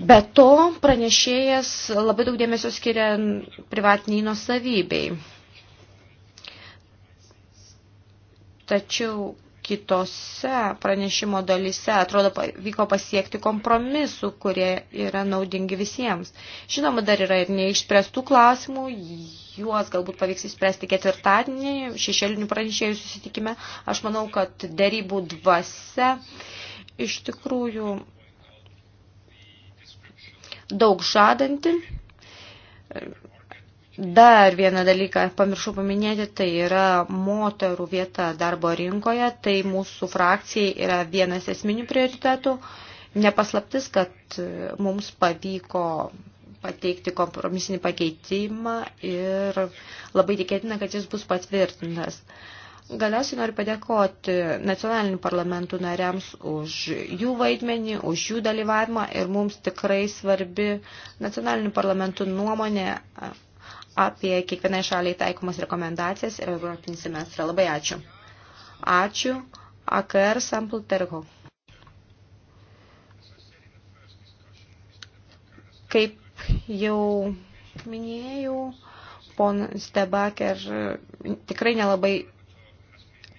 Be to, pranešėjas labai daug dėmesio skiria privatiniai nuosavybei. Tačiau kitose pranešimo dalise, atrodo, vyko pasiekti kompromisų, kurie yra naudingi visiems. Žinoma, dar yra ir neišspręstų klausimų, juos galbūt pavyks įspręsti ketvirtadienį šešėlinių pranešėjų susitikime. Aš manau, kad dėrybų dvasia iš tikrųjų daug žadanti. Dar vieną dalyką pamiršau paminėti, tai yra moterų vieta darbo rinkoje, tai mūsų frakcijai yra vienas esminių prioritetų. Nepaslaptis, kad mums pavyko pateikti kompromisinį pakeitimą ir labai tikėtina, kad jis bus patvirtintas. Galiausiai noriu padėkoti nacionalinių parlamentų nariams už jų vaidmenį, už jų dalyvavimą ir mums tikrai svarbi nacionalinių parlamentų nuomonė apie kiekvienai šaliai taikomas rekomendacijas ir Europinį semestrą. Labai ačiū. Ačiū. AKR Sample Tergo. Kaip jau minėjau, ponas Debaker tikrai nelabai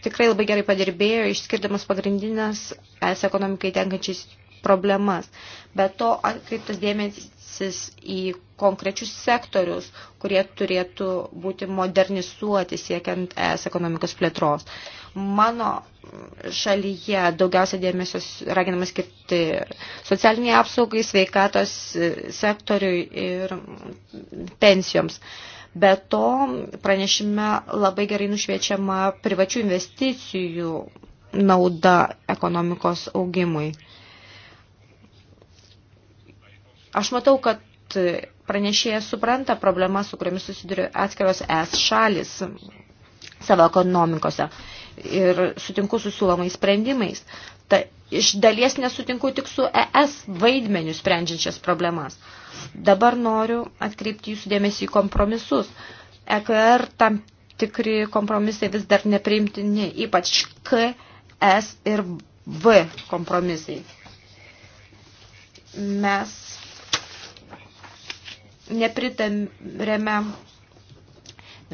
tikrai labai gerai padirbėjo, išskirdamas pagrindinės es ekonomikai tenkančiais problemas. Be to atkreiptas dėmesis į konkrečius sektorius, kurie turėtų būti modernizuoti siekiant es ekonomikos plėtros. Uh, Mano šalyje daugiausia dėmesio raginama skirti socialiniai apsaugai, sveikatos e, sektoriui ir pensijoms. Be to, pranešime labai gerai nušviečiama privačių investicijų nauda ekonomikos augimui. Aš matau, kad pranešėjas supranta problemas, su kuriamis susiduria atskiros es šalis savo ekonomikose ir sutinku su siūlomais sprendimais. Ta, iš dalies nesutinku tik su ES vaidmeniu sprendžiančias problemas. Dabar noriu atkreipti jūsų dėmesį į kompromisus. EKR tam tikri kompromisai vis dar nepriimtini, ypač K, S ir V kompromisai. Mes nepritarėme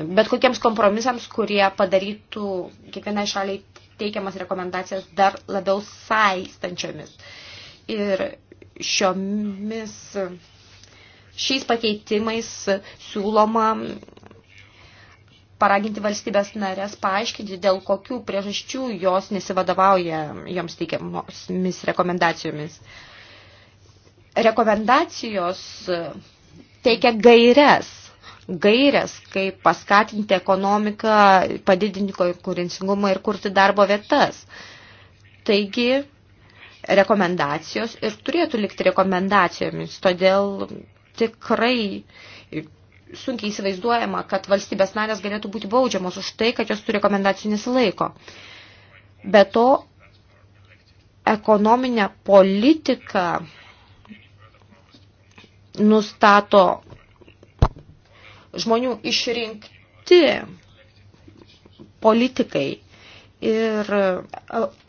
bet kokiems kompromisams, kurie padarytų kiekvienai šaliai teikiamas rekomendacijas dar labiau saistančiomis. Ir šiomis, šiais pakeitimais siūloma paraginti valstybės narės paaiškinti, dėl kokių priežasčių jos nesivadovauja joms teikiamomis rekomendacijomis. Rekomendacijos teikia gairias gairias, kaip paskatinti ekonomiką, padidinti konkurencingumą ir kurti darbo vietas. Taigi, rekomendacijos ir turėtų likti rekomendacijomis, todėl tikrai sunkiai įsivaizduojama, kad valstybės narės galėtų būti baudžiamos už tai, kad jos turi rekomendacijų nesilaiko. Be to, ekonominė politika nustato žmonių išrinkti politikai. Ir e,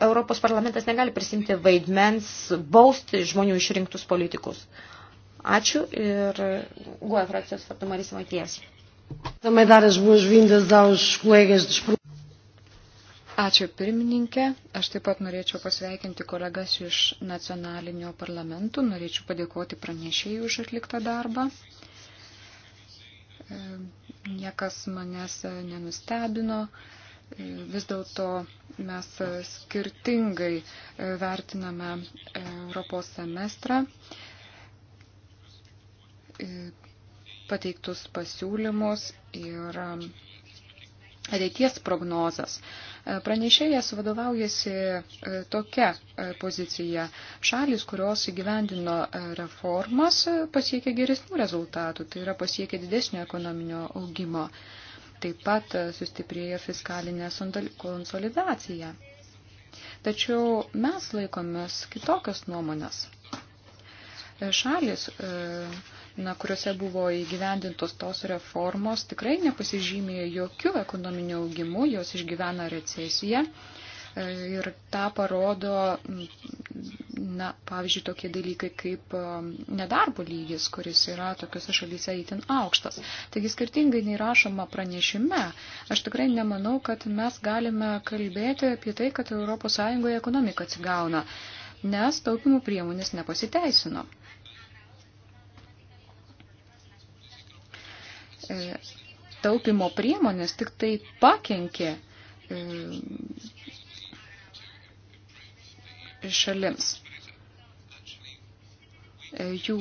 Europos parlamentas negali prisimti vaidmens bausti žmonių išrinktus politikus. Ačiū ir guoja frakcijos vardu Marisa Matijas. Também dar as boas-vindas aos colegas dos Ačiū pirmininkė. Aš taip pat norėčiau pasveikinti kolegas iš nacionalinio parlamentų. Norėčiau padėkoti pranešėjų už atliktą darbą niekas manęs nenustebino. Vis dėlto mes skirtingai vertiname Europos semestrą, pateiktus pasiūlymus ir ateities prognozas. Pranešėjas vadovaujasi e, tokia e, pozicija. Šalis, kurios įgyvendino e, reformas, pasiekė geresnių rezultatų, tai yra pasiekė didesnio ekonominio augimo. Taip pat sustiprėjo fiskalinė konsolidacija. Tačiau mes laikomės kitokios nuomonės. Šalis, na, kuriuose buvo įgyvendintos tos reformos, tikrai nepasižymėjo jokių ekonominių augimų, jos išgyvena recesiją. E, ir tą parodo, mm, na, pavyzdžiui, tokie dalykai kaip e, nedarbo lygis, kuris yra tokiuose šalyse įtin aukštas. Taigi skirtingai nei rašoma pranešime, aš tikrai nemanau, kad mes galime kalbėti apie tai, kad ES ekonomika atsigauna, nes taupimų priemonės nepasiteisino. E, taupimo priemonės tik tai pakenkė e, šalims. E, jų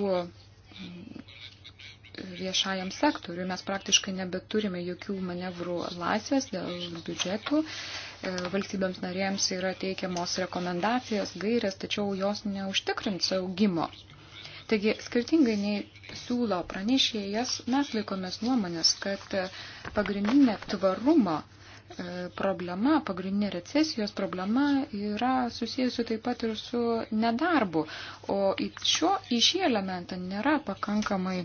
viešajam sektoriui mes praktiškai nebeturime jokių manevrų laisvės dėl biudžetų. Valstybėms narėms yra teikiamos rekomendacijos, gairės, tačiau jos neužtikrins augimo. Taigi, skirtingai nei siūlo pranešėjas, mes laikomės nuomonės, kad pagrindinė tvarumo e, problema, pagrindinė recesijos problema yra susijusi taip pat ir su nedarbu. O į, šio, į šį elementą nėra pakankamai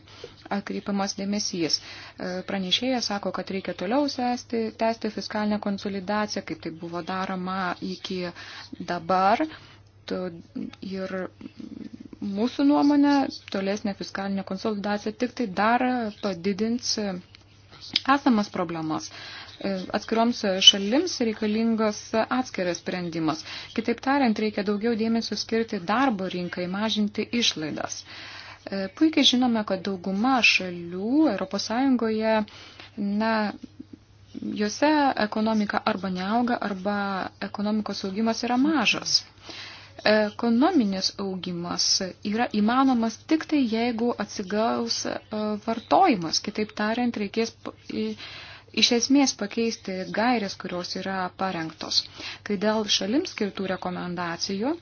atkreipiamas dėmesys. E, pranešėjas sako, kad reikia toliau sėsti, tęsti fiskalinę konsolidaciją, kaip tai buvo daroma iki dabar. Ir Mūsų nuomonė, tolesnė fiskalinė konsolidacija tik tai dar padidins esamas problemas e, atskiroms šalims reikalingas atskiras sprendimas. Kitaip tariant, reikia daugiau dėmesio skirti darbo rinkai, mažinti išlaidas. E, puikiai žinome, kad dauguma šalių ES, na, juose ekonomika arba neauga, arba ekonomikos augimas yra mažas. Ekonominis augimas yra įmanomas tik tai, jeigu atsigaus e, vartojimas. Kitaip tariant, reikės iš esmės pakeisti gairės, kurios yra parengtos. Kai dėl šalims skirtų rekomendacijų,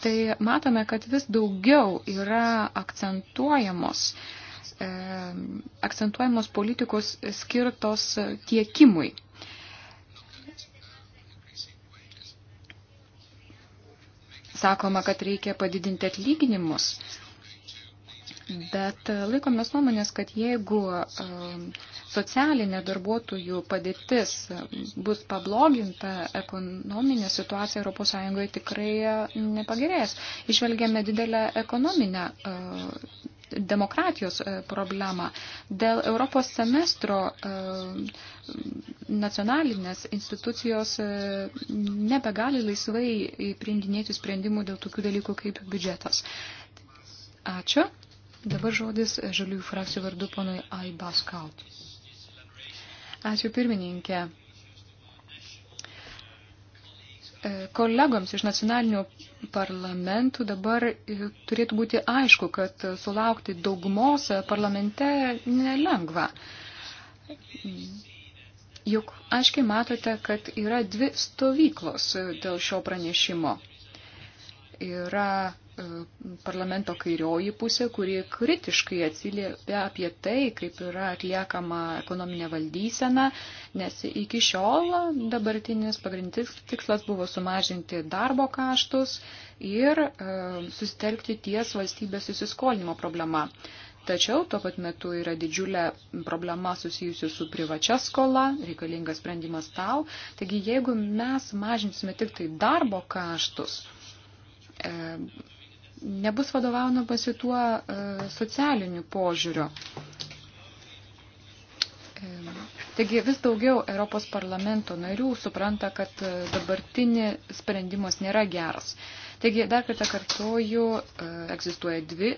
tai matome, kad vis daugiau yra akcentuojamos e, akcentuojamos politikos skirtos tiekimui sakoma, kad reikia padidinti atlyginimus. Bet e, laikomės nuomonės, kad jeigu e, socialinė darbuotojų padėtis e, bus pabloginta, ekonominė situacija ES tikrai nepagerės. Išvelgėme didelę ekonominę demokratijos e, problemą. Dėl Europos semestro e, nacionalinės institucijos e, nebegali laisvai priimdinėti sprendimų dėl tokių dalykų kaip biudžetas. Ačiū. Dabar žodis žaliųjų frakcijų vardu ponui Aibaskaut. Ačiū pirmininkė. E, kolegoms iš nacionalinių parlamentų dabar e, turėtų būti aišku, kad sulaukti daugumos parlamente nelengva. Juk aiškiai matote, kad yra dvi stovyklos dėl šio pranešimo. Yra parlamento kairioji pusė, kuri kritiškai atsiliepia apie tai, kaip yra atliekama ekonominė valdysena, nes iki šiol dabartinis pagrindinis tikslas buvo sumažinti darbo kaštus ir e, susitelkti ties valstybės įsiskolinimo problema. Tačiau tuo pat metu yra didžiulė problema susijusi su privačia skola, reikalingas sprendimas tau. Taigi jeigu mes mažinsime tik tai darbo kaštus, e, nebus vadovaujama pasituo e, socialiniu požiūriu. E, taigi vis daugiau Europos parlamento narių supranta, kad e, dabartinė sprendimas nėra geras. Taigi dar kartą kartuoju, egzistuoja dvi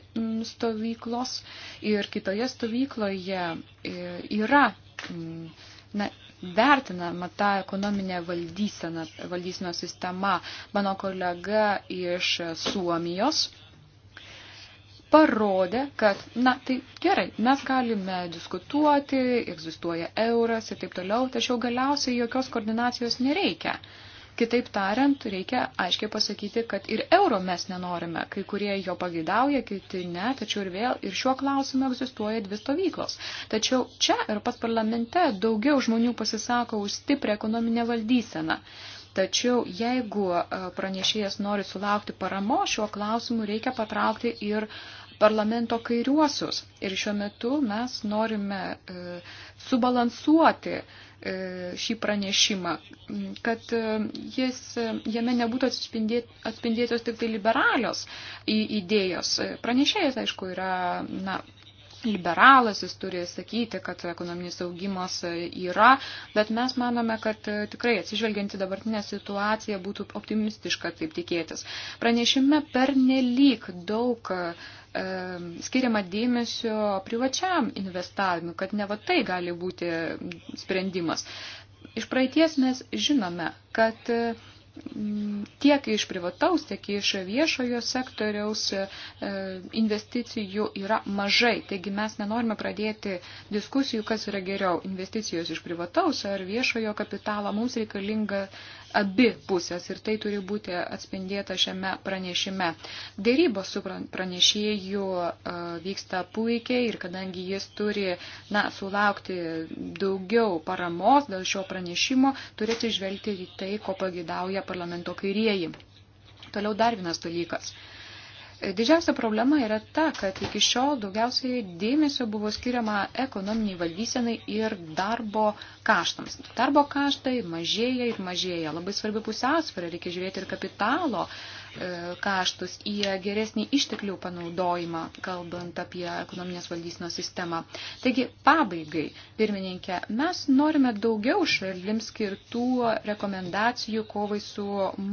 stovyklos ir kitoje stovykloje yra na, vertinama ta ekonominė valdysena, valdysena sistema. Mano kolega iš Suomijos parodė, kad, na, tai gerai, mes galime diskutuoti, egzistuoja euras ir taip toliau, tačiau galiausiai jokios koordinacijos nereikia. Uh, Kitaip tariant, reikia aiškiai pasakyti, kad ir euro mes nenorime. Kai kurie jo pagaidauja, kiti ne, tačiau ir vėl ir šiuo klausimu egzistuoja dvi stovyklos. Tačiau čia ir pat parlamente daugiau žmonių pasisako už stiprią ekonominę valdyseną. Tačiau jeigu e, pranešėjas nori sulaukti paramo, šiuo klausimu reikia patraukti ir parlamento kairiuosius. Ir šiuo metu mes norime e, subalansuoti e, E, šį pranešimą, kad e, jis, e, jame nebūtų atspindėtos tik tai liberalios idėjos. Pranešėjas, aišku, yra na, liberalas, jis turi sakyti, kad ekonominis augimas yra, bet mes manome, kad tikrai atsižvelgianti dabartinę situaciją būtų optimistiška taip tikėtis. Pranešime per nelyg daug skiriama dėmesio privačiam investavimui, kad ne va tai gali būti sprendimas. Iš praeities mes žinome, kad tiek iš privataus, tiek iš viešojo sektoriaus e, investicijų yra mažai. Taigi mes nenorime pradėti diskusijų, kas yra geriau investicijos iš privataus ar viešojo kapitalo. Mums reikalinga abi pusės ir tai turi būti atspindėta šiame pranešime. Dėrybos su pranešėju e, vyksta puikiai ir kadangi jis turi na, sulaukti daugiau paramos dėl šio pranešimo, turi atsižvelgti į tai, ko pagidauja parlamento kairieji. Toliau dar vienas dalykas. Uh, Didžiausia problema yra ta, kad iki šiol daugiausiai dėmesio buvo skiriama ekonominiai valdysenai ir darbo kaštams. Darbo kaštai mažėja ir mažėja. Labai svarbi pusiausvara, reikia žiūrėti ir kapitalo uh, E, kaštus, į geresnį išteklių panaudojimą, kalbant apie ekonominės valdysinos sistemą. Taigi, pabaigai, pirmininkė, mes norime daugiau šalims skirtų rekomendacijų kovai su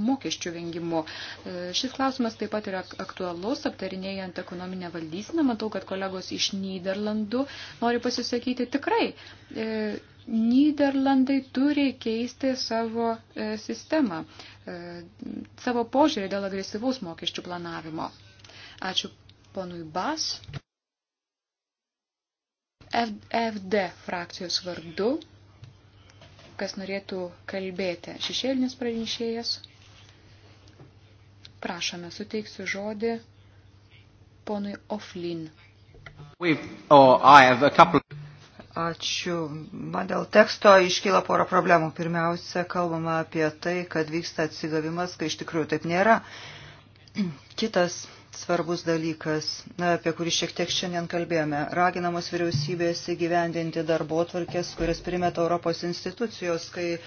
mokesčių vengimu. E, šis klausimas taip pat yra aktualus, aptarinėjant ekonominę valdysiną. Matau, kad kolegos iš Niderlandų nori pasisakyti tikrai. E, Niderlandai turi keisti savo e, sistemą, e, savo požiūrį dėl agresyvaus mokesčių planavimo. Ačiū ponui Bas. FD frakcijos vardu, kas norėtų kalbėti, šešėlinis pranešėjas. Prašome, suteiksiu žodį ponui Oflin. We've, oh, Ačiū. Man dėl teksto iškyla pora problemų. Pirmiausia, kalbama apie tai, kad vyksta atsigavimas, kai iš tikrųjų taip nėra. [CLEARS THROAT] Kitas svarbus dalykas, apie kurį šiek tiek šiandien kalbėjome. Raginamos vyriausybės įgyvendinti darbo tvarkės, kurias primeta Europos institucijos, kai e,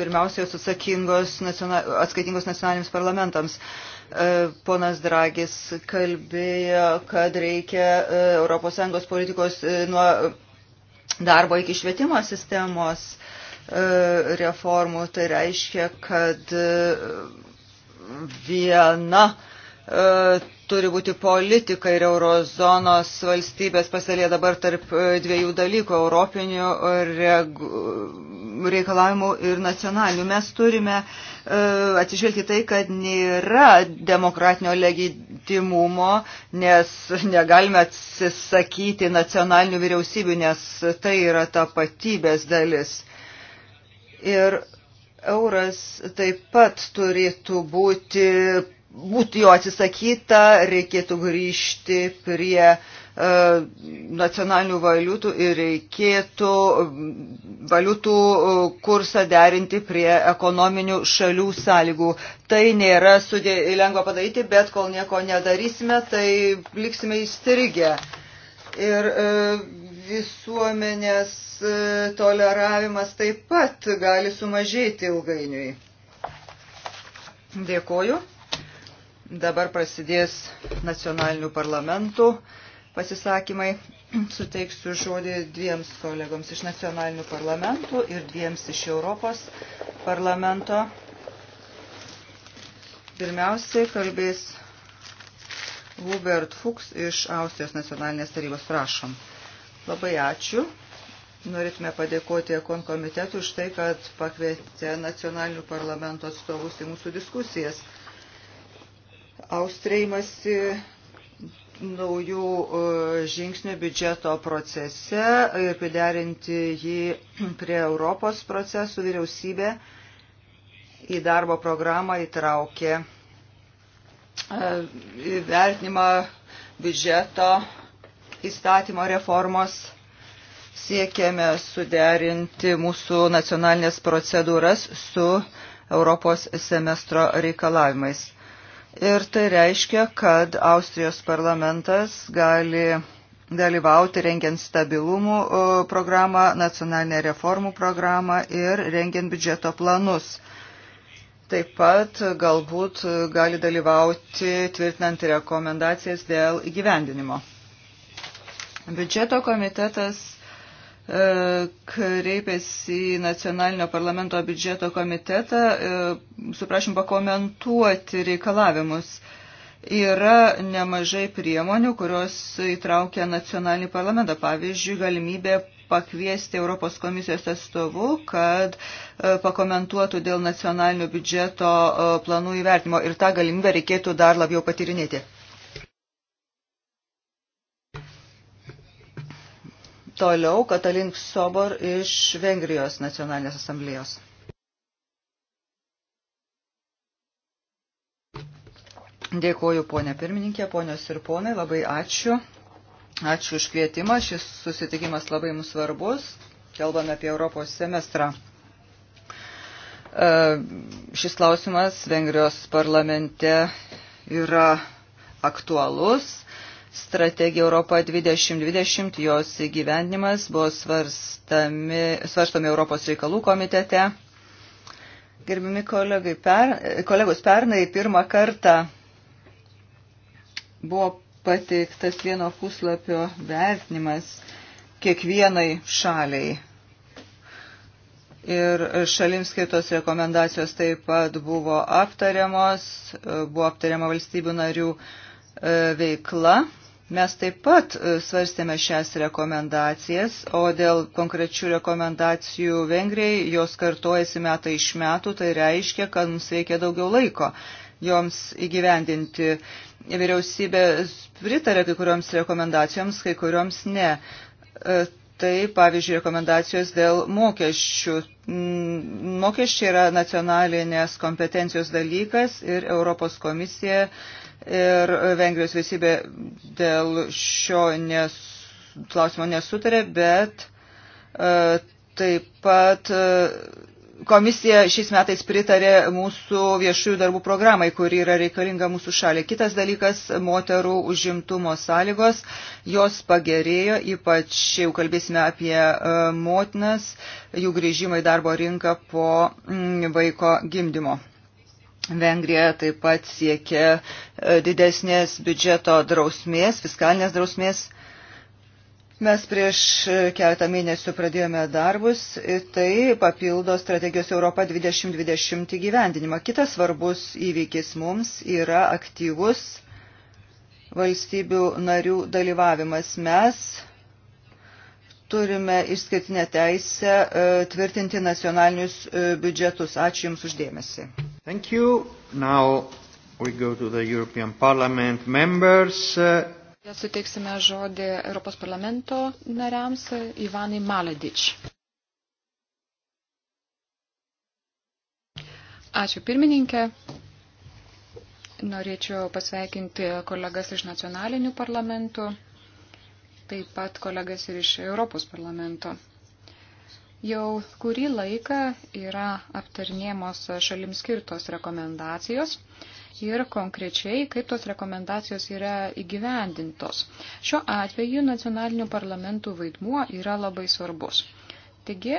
pirmiausia jos atsakingos nacional, atskaitingos nacionaliniams parlamentams. E, ponas Dragis kalbėjo, kad reikia e, ES politikos e, nuo darbo iki švietimo sistemos e, reformų. Tai reiškia, kad e, viena e, turi būti politika ir eurozonos valstybės pasalė dabar tarp e, dviejų dalykų - europinių reikalavimų ir nacionalinių. Mes turime e, atsižvelgti tai, kad nėra demokratinio legitimumo, nes negalime atsisakyti nacionalinių vyriausybių, nes tai yra tapatybės dalis. Ir euras taip pat turėtų būti būtų jo atsisakyta, reikėtų grįžti prie e, nacionalinių valiutų ir reikėtų valiutų e, kursą derinti prie ekonominių šalių sąlygų. Tai nėra sudė, lengva padaryti, bet kol nieko nedarysime, tai liksime įstrigę. Ir e, visuomenės e, toleravimas taip pat gali sumažėti ilgainiui. Dėkoju. Dabar prasidės nacionalinių parlamentų pasisakymai. [CLEARS THROAT] Suteiksiu žodį dviems kolegoms iš nacionalinių parlamentų ir dviems iš Europos parlamento. Pirmiausiai kalbės Hubert Fuchs iš Austrijos nacionalinės tarybos. Prašom. Labai ačiū. Norėtume padėkoti Ekon komitetui už tai, kad pakvietė nacionalinių parlamento atstovus į mūsų diskusijas. Austrėjimasi naujų e, žingsnių biudžeto procese ir priderinti jį [CLEARS THROAT] prie Europos procesų vyriausybė į darbo programą įtraukė e, įvertinimą biudžeto įstatymo reformos siekiame suderinti mūsų nacionalinės procedūras su Europos semestro reikalavimais. Ir tai reiškia, kad Austrijos parlamentas gali dalyvauti rengiant stabilumų programą, nacionalinę reformų programą ir rengiant biudžeto planus. Taip pat galbūt gali dalyvauti tvirtinant rekomendacijas dėl įgyvendinimo. Biudžeto komitetas E, kreipėsi į nacionalinio parlamento biudžeto komitetą, e, suprašym pakomentuoti reikalavimus. Yra nemažai priemonių, kurios įtraukia nacionalinį parlamentą. Pavyzdžiui, galimybė pakviesti Europos komisijos atstovų, kad e, pakomentuotų dėl nacionalinio biudžeto planų įvertimo ir tą galimybę reikėtų dar labiau patirinėti. Toliau Katalink Sobor iš Vengrijos nacionalinės asamblėjos. Dėkuoju, ponė pirmininkė, ponios ir ponai, labai ačiū. Ačiū už kvietimą, šis susitikimas labai mums svarbus. Kalbame apie Europos semestrą. E, šis klausimas Vengrijos parlamente yra aktualus strategija Europa 2020, jos įgyvendimas buvo svarstami, svarstomi Europos reikalų komitete. Gerbimi per, kolegos, pernai pirmą kartą buvo pateiktas vieno puslapio vertinimas kiekvienai šaliai. Ir šalims skirtos rekomendacijos taip pat buvo aptariamos, buvo aptariama valstybių narių uh, E, veikla. Mes taip pat e, svarstėme šias rekomendacijas, o dėl konkrečių rekomendacijų Vengrijai jos kartojasi metai iš metų, tai reiškia, kad mums reikia daugiau laiko joms įgyvendinti. Vyriausybė pritarė kai kurioms rekomendacijoms, kai kurioms ne. E, tai, pavyzdžiui, rekomendacijos dėl mokesčių. Mokesčiai yra nacionalinės kompetencijos dalykas ir Europos komisija uh, ir Vengrijos vėsybė dėl šio nes, klausimo nesutarė, bet e, taip pat e, komisija šiais metais pritarė mūsų viešųjų darbų programai, kuri yra reikalinga mūsų šaliai. Kitas dalykas - moterų užimtumo sąlygos. Jos pagerėjo, ypač jau kalbėsime apie e, motinas, jų grįžimą į darbo rinką po mm, vaiko gimdymo. Vengrija taip pat siekia e, didesnės biudžeto drausmės, fiskalinės drausmės. Mes prieš e, keletą mėnesių pradėjome darbus, tai papildo strategijos Europa 2020 gyvendinimą. Kitas svarbus įvykis mums yra aktyvus valstybių narių dalyvavimas. Mes turime išskirtinę teisę e, tvirtinti nacionalinius biudžetus. Ačiū Jums uždėmesi. Thank you. Now we go to the European Parliament members. Suteiksime žodį Europos parlamento nariams Ivanai Maledič. Ačiū pirmininkė. Norėčiau pasveikinti kolegas iš nacionalinių parlamentų, taip pat kolegas ir iš Europos parlamento. Jau kurį laiką yra aptarnėmos šalims skirtos rekomendacijos ir konkrečiai, kaip tos rekomendacijos yra įgyvendintos. Šiuo atveju nacionalinių parlamentų vaidmuo yra labai svarbus. Taigi,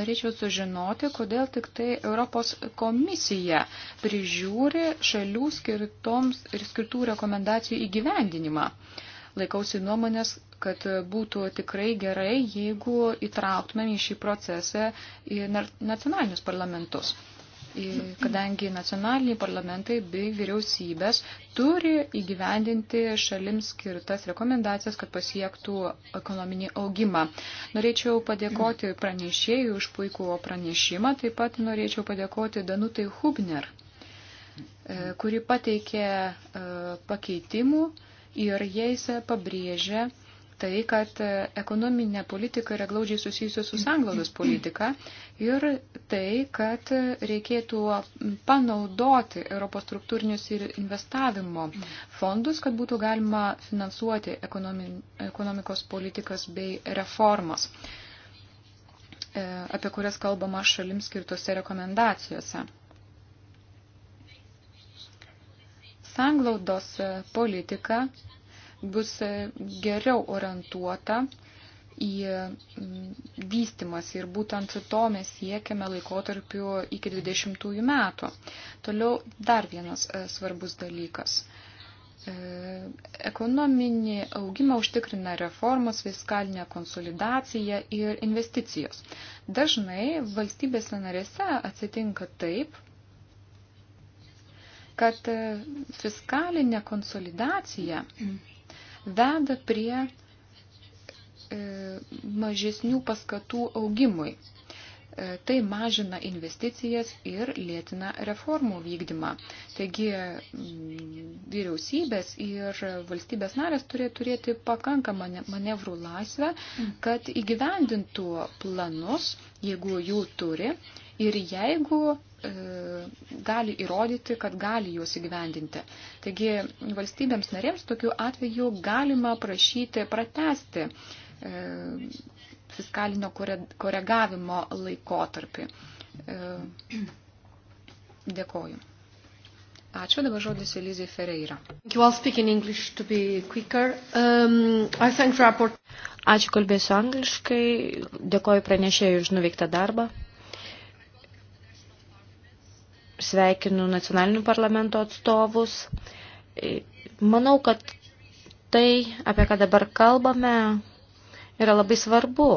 norėčiau sužinoti, kodėl tik tai Europos komisija prižiūri šalių skirtoms ir skirtų rekomendacijų įgyvendinimą. Uh, laikausi nuomonės, kad būtų tikrai gerai, jeigu įtrauktumėm į šį procesą į nacionalinius parlamentus. Kadangi nacionaliniai parlamentai bei vyriausybės turi įgyvendinti šalims skirtas rekomendacijas, kad pasiektų ekonominį augimą. Norėčiau padėkoti pranešėjų už puikų pranešimą, taip pat norėčiau padėkoti Danutai Hubner, e, kuri pateikė e, pakeitimų ir jais pabrėžia tai, kad ekonominė politika yra glaudžiai susijusi su sanglaudos politika ir tai, kad reikėtų panaudoti Europos struktūrinius ir investavimo fondus, kad būtų galima finansuoti ekonomikos politikas bei reformas, e, apie kurias kalbama šalims skirtose rekomendacijose. sanglaudos e, politika bus e, geriau orientuota į vystimas ir būtent to mes siekiame laikotarpiu iki 20 metų. Toliau dar vienas e, svarbus dalykas. Ekonominį augimą užtikrina reformos, fiskalinė konsolidacija ir investicijos. Dažnai valstybėse narėse atsitinka taip, kad fiskalinė konsolidacija veda prie e, mažesnių paskatų augimui. E, tai mažina investicijas ir lėtina reformų vykdymą. Taigi mm, vyriausybės ir valstybės narės turėtų turėti pakankamą manevrų laisvę, mm. kad įgyvendintų planus, jeigu jų turi, ir jeigu e, gali įrodyti, kad gali juos įgyvendinti. Taigi valstybėms narėms tokiu atveju galima prašyti pratesti e, fiskalinio koregavimo laikotarpį. E, dėkoju. Ačiū, dabar žodis Elizai Ferreira. Um, Ačiū, kalbėsiu angliškai. Dėkoju pranešėjui už nuveiktą darbą sveikinu nacionalinių parlamento atstovus. Manau, kad tai, apie ką dabar kalbame, yra labai svarbu.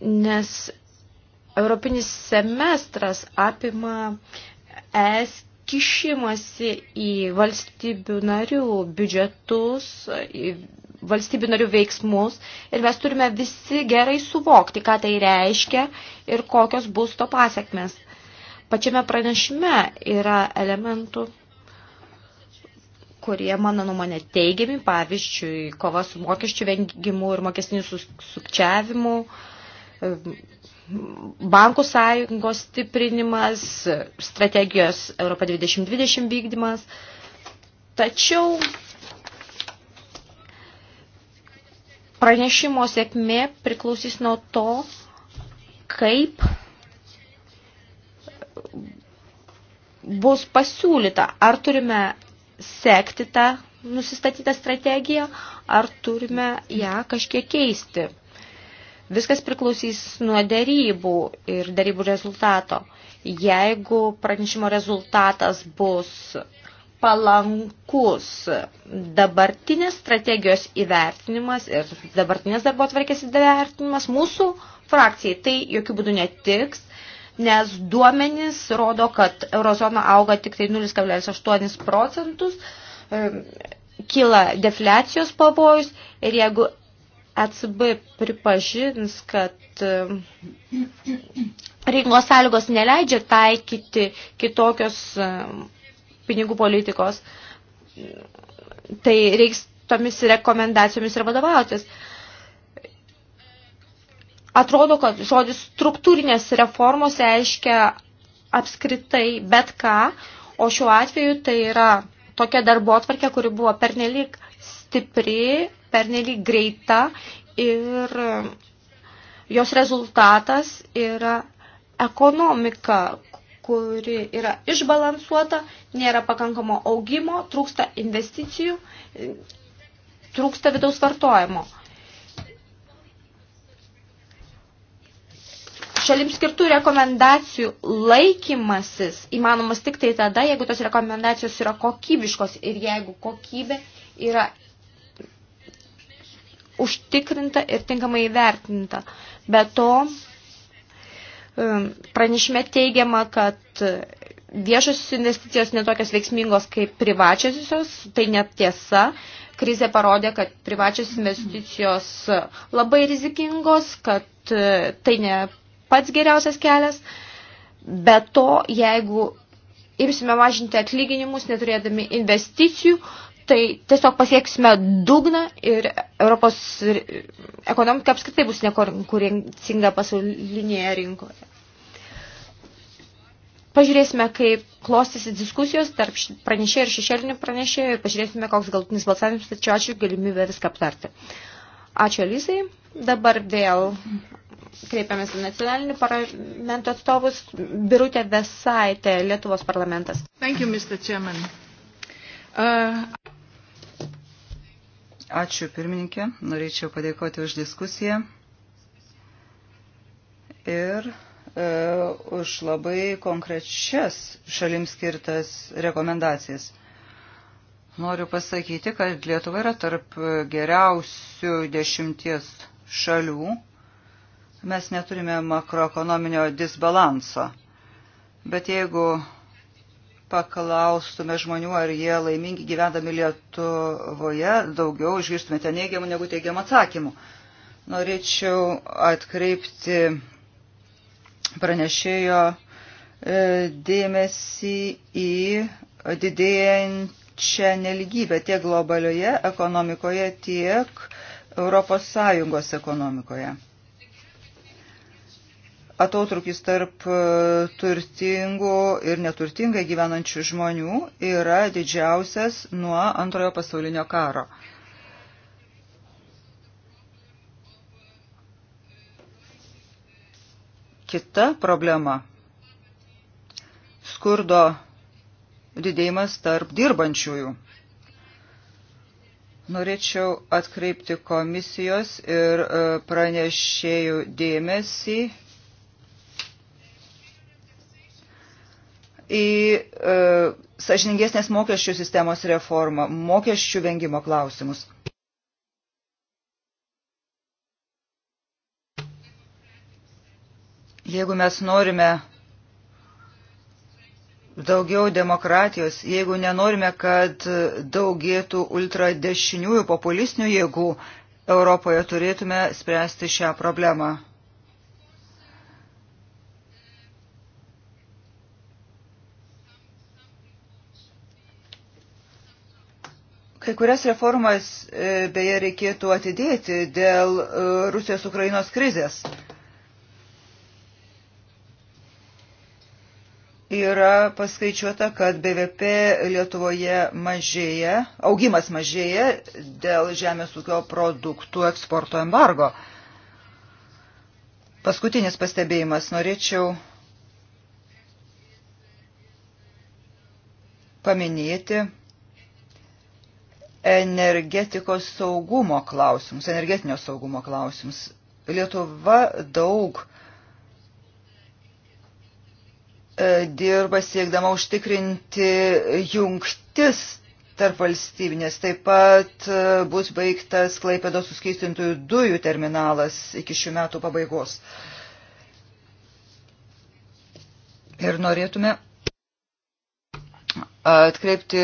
Nes Europinis semestras apima es kišimasi į valstybių narių biudžetus, į valstybių narių veiksmus ir mes turime visi gerai suvokti, ką tai reiškia ir kokios bus to pasiekmes. Pačiame pranešime yra elementų, kurie, mano nuomonė, teigiami, pavyzdžiui, kova su mokesčių vengimu ir mokesnių sukčiavimu, bankų sąjungos stiprinimas, strategijos Europa 2020 vykdymas. Tačiau pranešimo sėkmė priklausys nuo to, kaip bus pasiūlyta. Ar turime sekti tą nusistatytą strategiją, ar turime ją kažkiek keisti. Viskas priklausys nuo dėrybų ir dėrybų rezultato. Jeigu pranešimo rezultatas bus palankus. Dabartinės strategijos įvertinimas ir dabartinės darbo atvarkės įvertinimas mūsų frakcijai tai jokių būdų netiks, nes duomenys rodo, kad eurozona auga tik tai 0,8 procentus, kyla defliacijos pavojus ir jeigu ECB pripažins, kad rinkos sąlygos neleidžia taikyti kitokios pinigų politikos, tai reiks tomis rekomendacijomis ir vadovautis. Atrodo, kad žodis struktūrinės reformos reiškia apskritai bet ką, o šiuo atveju tai yra tokia darbo atvarkė, kuri buvo pernelyg stipri, pernelyg greita ir jos rezultatas yra ekonomika, kuri yra išbalansuota, nėra pakankamo augimo, trūksta investicijų, trūksta vidaus vartojimo. Šalims skirtų rekomendacijų laikymasis įmanomas tik tai tada, jeigu tos rekomendacijos yra kokybiškos ir jeigu kokybė yra užtikrinta ir tinkamai įvertinta. Be to, Pranešime teigiama, kad viešosios investicijos netokios veiksmingos kaip privačiosios, tai net tiesa. Krizė parodė, kad privačios investicijos labai rizikingos, kad e, tai ne pats geriausias kelias. Be to, jeigu imsime mažinti atlyginimus, neturėdami investicijų, tai tiesiog pasieksime dugną ir Europos ekonomika apskritai bus nekonkurencinga pasaulinėje rinkoje. Pažiūrėsime, kaip klostysi diskusijos tarp pranešėjų ir šešėlinių pranešėjų ir pažiūrėsime, koks galutinis balsavimas, tačiau ačiū galimybę viską aptarti. Ačiū Elisai. Dabar vėl kreipiamės į nacionalinį parlamento atstovus. Birutė Vesaitė, Lietuvos parlamentas. Thank you, Mr. Chairman. Uh, Ačiū pirmininkė, norėčiau padėkoti už diskusiją ir e, už labai konkrečias šalims skirtas rekomendacijas. Noriu pasakyti, kad Lietuva yra tarp geriausių dešimties šalių. Mes neturime makroekonominio disbalanso. Bet jeigu paklaustume žmonių, ar jie laimingi gyvendami Lietuvoje, daugiau išgirstumėte neigiamų negu teigiamų atsakymų. Norėčiau atkreipti pranešėjo e, dėmesį į didėjančią neligybę tiek globalioje ekonomikoje, tiek Europos Sąjungos ekonomikoje atotrukis tarp e, turtingų ir neturtingai gyvenančių žmonių yra didžiausias nuo antrojo pasaulinio karo. Kita problema - skurdo didėjimas tarp dirbančiųjų. Norėčiau atkreipti komisijos ir e, pranešėjų dėmesį į e, sažiningesnės mokesčių sistemos reformą, mokesčių vengimo klausimus. Jeigu mes norime daugiau demokratijos, jeigu nenorime, kad daugėtų ultradešiniųjų populistinių jėgų, Europoje turėtume spręsti šią problemą. Kai kurias reformas e, beje reikėtų atidėti dėl e, Rusijos-Ukrainos krizės. Yra paskaičiuota, kad BVP Lietuvoje mažėja, augimas mažėja dėl žemės ūkio produktų eksporto embargo. Paskutinis pastebėjimas. Norėčiau paminėti energetikos saugumo klausimus, energetinio saugumo klausimus. Lietuva daug e, dirba siekdama užtikrinti jungtis tarp valstybinės. Taip pat e, bus baigtas Klaipėdos suskystintųjų dujų terminalas iki šių metų pabaigos. Ir norėtume atkreipti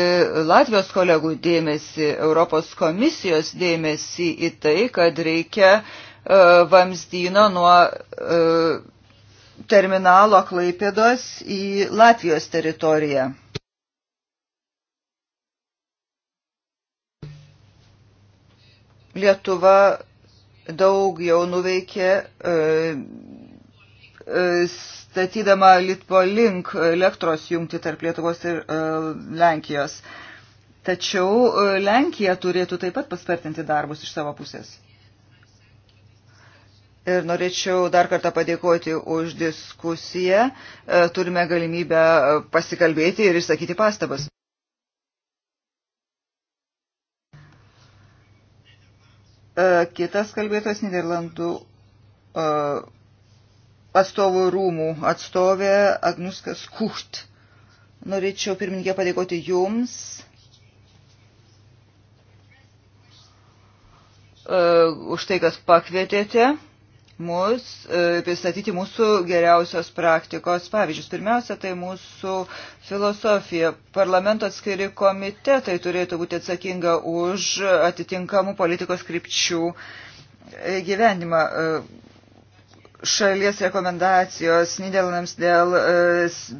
Latvijos kolegų dėmesį, Europos komisijos dėmesį į tai, kad reikia e, vamzdyno nuo e, terminalo Klaipėdos į Latvijos teritoriją. Lietuva daug jau nuveikė e, E, statydama Litpoliink elektros jungti tarp Lietuvos ir e, Lenkijos. Tačiau e, Lenkija turėtų taip pat paspartinti darbus iš savo pusės. Ir norėčiau dar kartą padėkoti už diskusiją. Turime galimybę pasikalbėti ir išsakyti pastabas. Kitas kalbėtojas Niderlandų atstovų rūmų atstovė Agnuskas Kucht. Norėčiau pirmininkė padėkoti Jums. E, už tai, kad pakvietėte mus e, pristatyti mūsų geriausios praktikos pavyzdžius. Pirmiausia, tai mūsų filosofija. Parlamento atskiri komitetai turėtų būti atsakinga už atitinkamų politikos krypčių e, gyvenimą šalies rekomendacijos Niderlandams dėl e,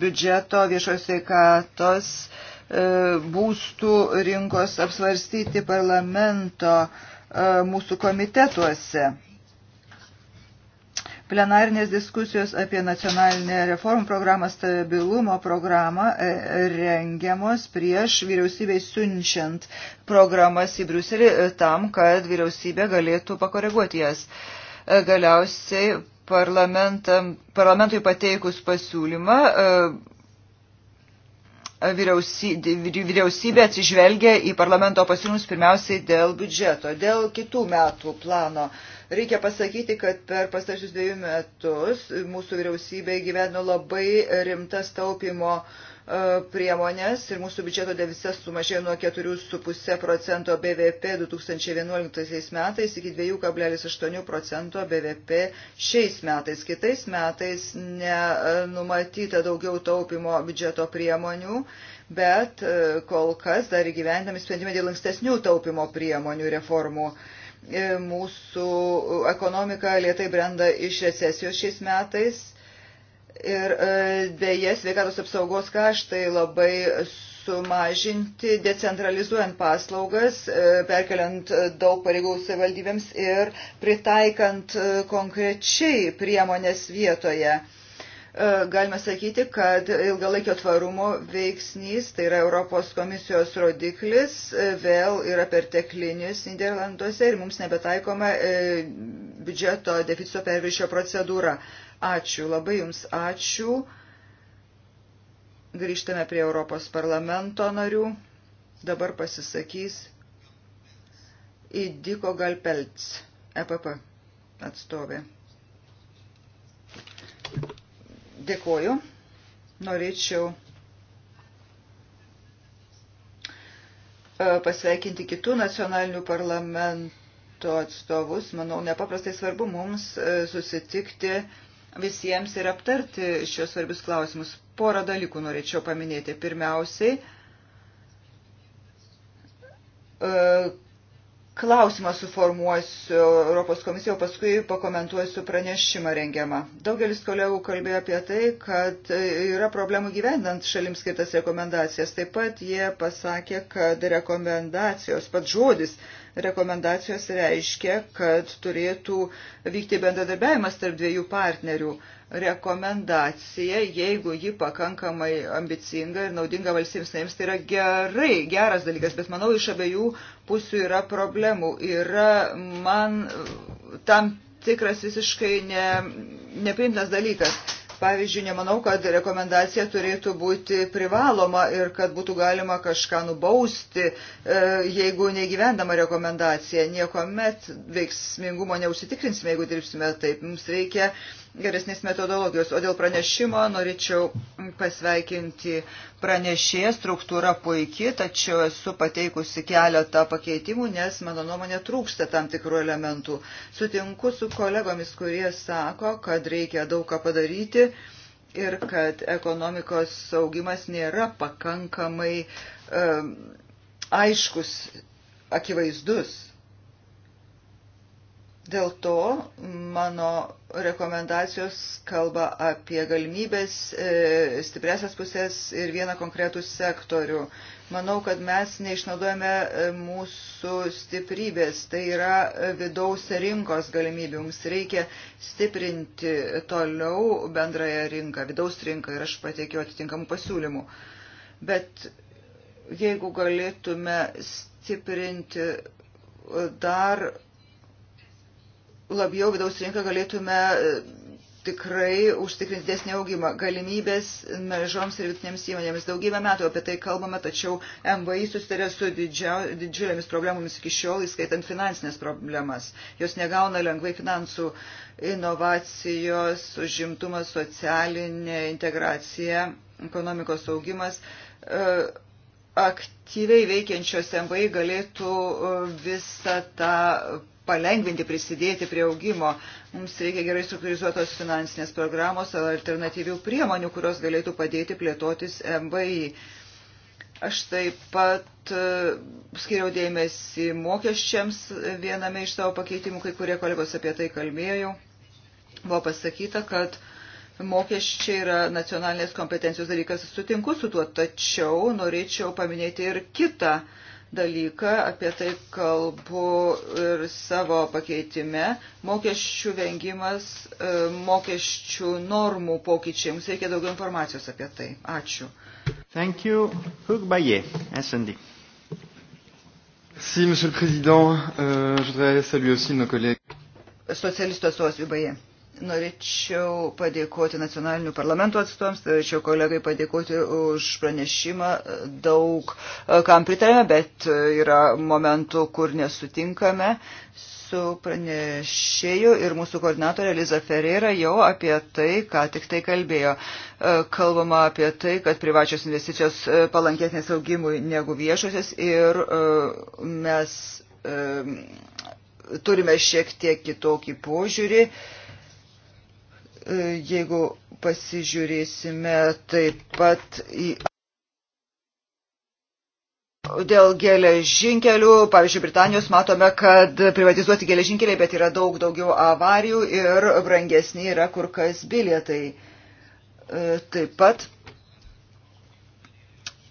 biudžeto viešos sveikatos e, būstų rinkos apsvarstyti parlamento e, mūsų komitetuose. Plenarinės diskusijos apie nacionalinę reformų programą, stabilumo programą rengiamos prieš vyriausybei siunčiant programas į Briuselį tam, kad vyriausybė galėtų pakoreguoti jas galiausiai parlamentui pateikus pasiūlymą e, vyriausybė atsižvelgia į parlamento pasiūlymus pirmiausiai dėl biudžeto, dėl kitų metų plano. Reikia pasakyti, kad per pastačius dviejų metus mūsų vyriausybė gyveno labai rimtas taupimo uh, E, priemonės ir mūsų biudžeto devisas sumažėjo nuo 4,5 procento BVP 2011 metais iki 2,8 procento BVP šiais metais. Kitais metais nenumatyta daugiau taupimo biudžeto priemonių, bet e, kol kas dar įgyvendami sprendimai dėl ankstesnių taupimo priemonių reformų e, mūsų ekonomika lietai brenda iš recesijos šiais metais Ir e, dėja, sveikatos apsaugos kaštai labai sumažinti, decentralizuojant paslaugas, e, perkeliant daug pareigų savivaldybėms ir pritaikant e, konkrečiai priemonės vietoje. Galime sakyti, kad ilgalaikio tvarumo veiksnys, tai yra Europos komisijos rodiklis, vėl yra perteklinis Niderlanduose ir mums nebetaikoma biudžeto deficito perviršio procedūra. Ačiū, labai Jums ačiū. Grįžtame prie Europos parlamento narių. Dabar pasisakys Idiko Galpelts, EPP atstovė. Dėkoju. Norėčiau e, pasveikinti kitų nacionalinių parlamentų atstovus. Manau, nepaprastai svarbu mums e, susitikti visiems ir aptarti šios svarbius klausimus. Porą dalykų norėčiau paminėti. Pirmiausiai, e, klausimą suformuosiu Europos komisijoje, paskui pakomentuosiu pranešimą rengiamą. Daugelis kolegų kalbėjo apie tai, kad yra problemų gyvendant šalims skirtas rekomendacijas. Taip pat jie pasakė, kad rekomendacijos, pats žodis rekomendacijos reiškia, kad turėtų vykti bendradarbiavimas tarp dviejų partnerių. Rekomendacija, jeigu ji pakankamai ambicinga ir naudinga valstybėms narėms, tai yra gerai, geras dalykas, bet manau, iš abiejų pusių yra problemų. Yra man tam tikras visiškai ne, neprimtas dalykas pavyzdžiui, nemanau, kad rekomendacija turėtų būti privaloma ir kad būtų galima kažką nubausti, e, jeigu negyvendama rekomendacija. Niekuomet veiksmingumo neužsitikrinsime, jeigu dirbsime taip. Mums reikia uh, geresnės metodologijos. O dėl pranešimo norėčiau pasveikinti pranešėją, struktūra puikiai, tačiau esu pateikusi keletą pakeitimų, nes mano nuomonė trūksta tam tikrų elementų. Sutinku su kolegomis, kurie sako, kad reikia daug ką padaryti ir kad ekonomikos augimas nėra pakankamai um, aiškus, akivaizdus Dėl to mano rekomendacijos kalba apie galimybės, e, stipresias pusės ir vieną konkretų sektorių. Manau, kad mes neišnaudojame e, mūsų stiprybės, tai yra e, vidaus rinkos galimybė. Mums reikia stiprinti toliau bendrąją rinką, vidaus rinką ir aš pateikiau atitinkamų pasiūlymų. Bet jeigu galėtume stiprinti dar labiau vidaus rinką galėtume e, tikrai užtikrins dėsnį augimą. Galimybės mažoms ir vidutinėms įmonėms. Daugybę metų apie tai kalbame, tačiau MVI susitarė su didžia, didžiulėmis problemomis iki šiol, įskaitant finansinės problemas. Jos negauna lengvai finansų inovacijos, užimtumas, socialinė integracija, ekonomikos augimas. E, aktyviai veikiančios MVI galėtų e, visą tą palengvinti, prisidėti prie augimo. Mums reikia gerai struktūrizuotos finansinės programos ar alternatyvių priemonių, kurios galėtų padėti plėtotis MVI. Aš taip pat e, skiriau dėmesį mokesčiams viename iš savo pakeitimų, kai kurie kolegos apie tai kalbėjau. Buvo pasakyta, kad mokesčiai yra nacionalinės kompetencijos dalykas, sutinku su tuo, tačiau norėčiau paminėti ir kitą uh, dalyką, apie tai kalbu ir savo pakeitime. Mokesčių vengimas, e, mokesčių normų pokyčiai. Mums reikia daugiau informacijos apie tai. Ačiū. Thank you. Hugbaye, SND. Si, Monsieur le Président, euh, je voudrais saluer aussi nos collègues. Socialiste Soas Hubaye. Norėčiau padėkoti nacionalinių parlamentų atstovams, norėčiau kolegai padėkoti už pranešimą. Daug e, kam pritarėme, bet e, yra momentų, kur nesutinkame su pranešėju ir mūsų koordinatorė Liza Ferreira jau apie tai, ką tik tai kalbėjo. E, kalbama apie tai, kad privačios investicijos palankesnės augimui negu viešosios ir mes turime šiek tiek kitokį požiūrį. Uh, E, jeigu pasižiūrėsime taip pat į. Dėl geležinkelių, pavyzdžiui, Britanijos matome, kad privatizuoti geležinkeliai, bet yra daug daugiau avarijų ir brangesni yra kur kas bilietai. E, taip pat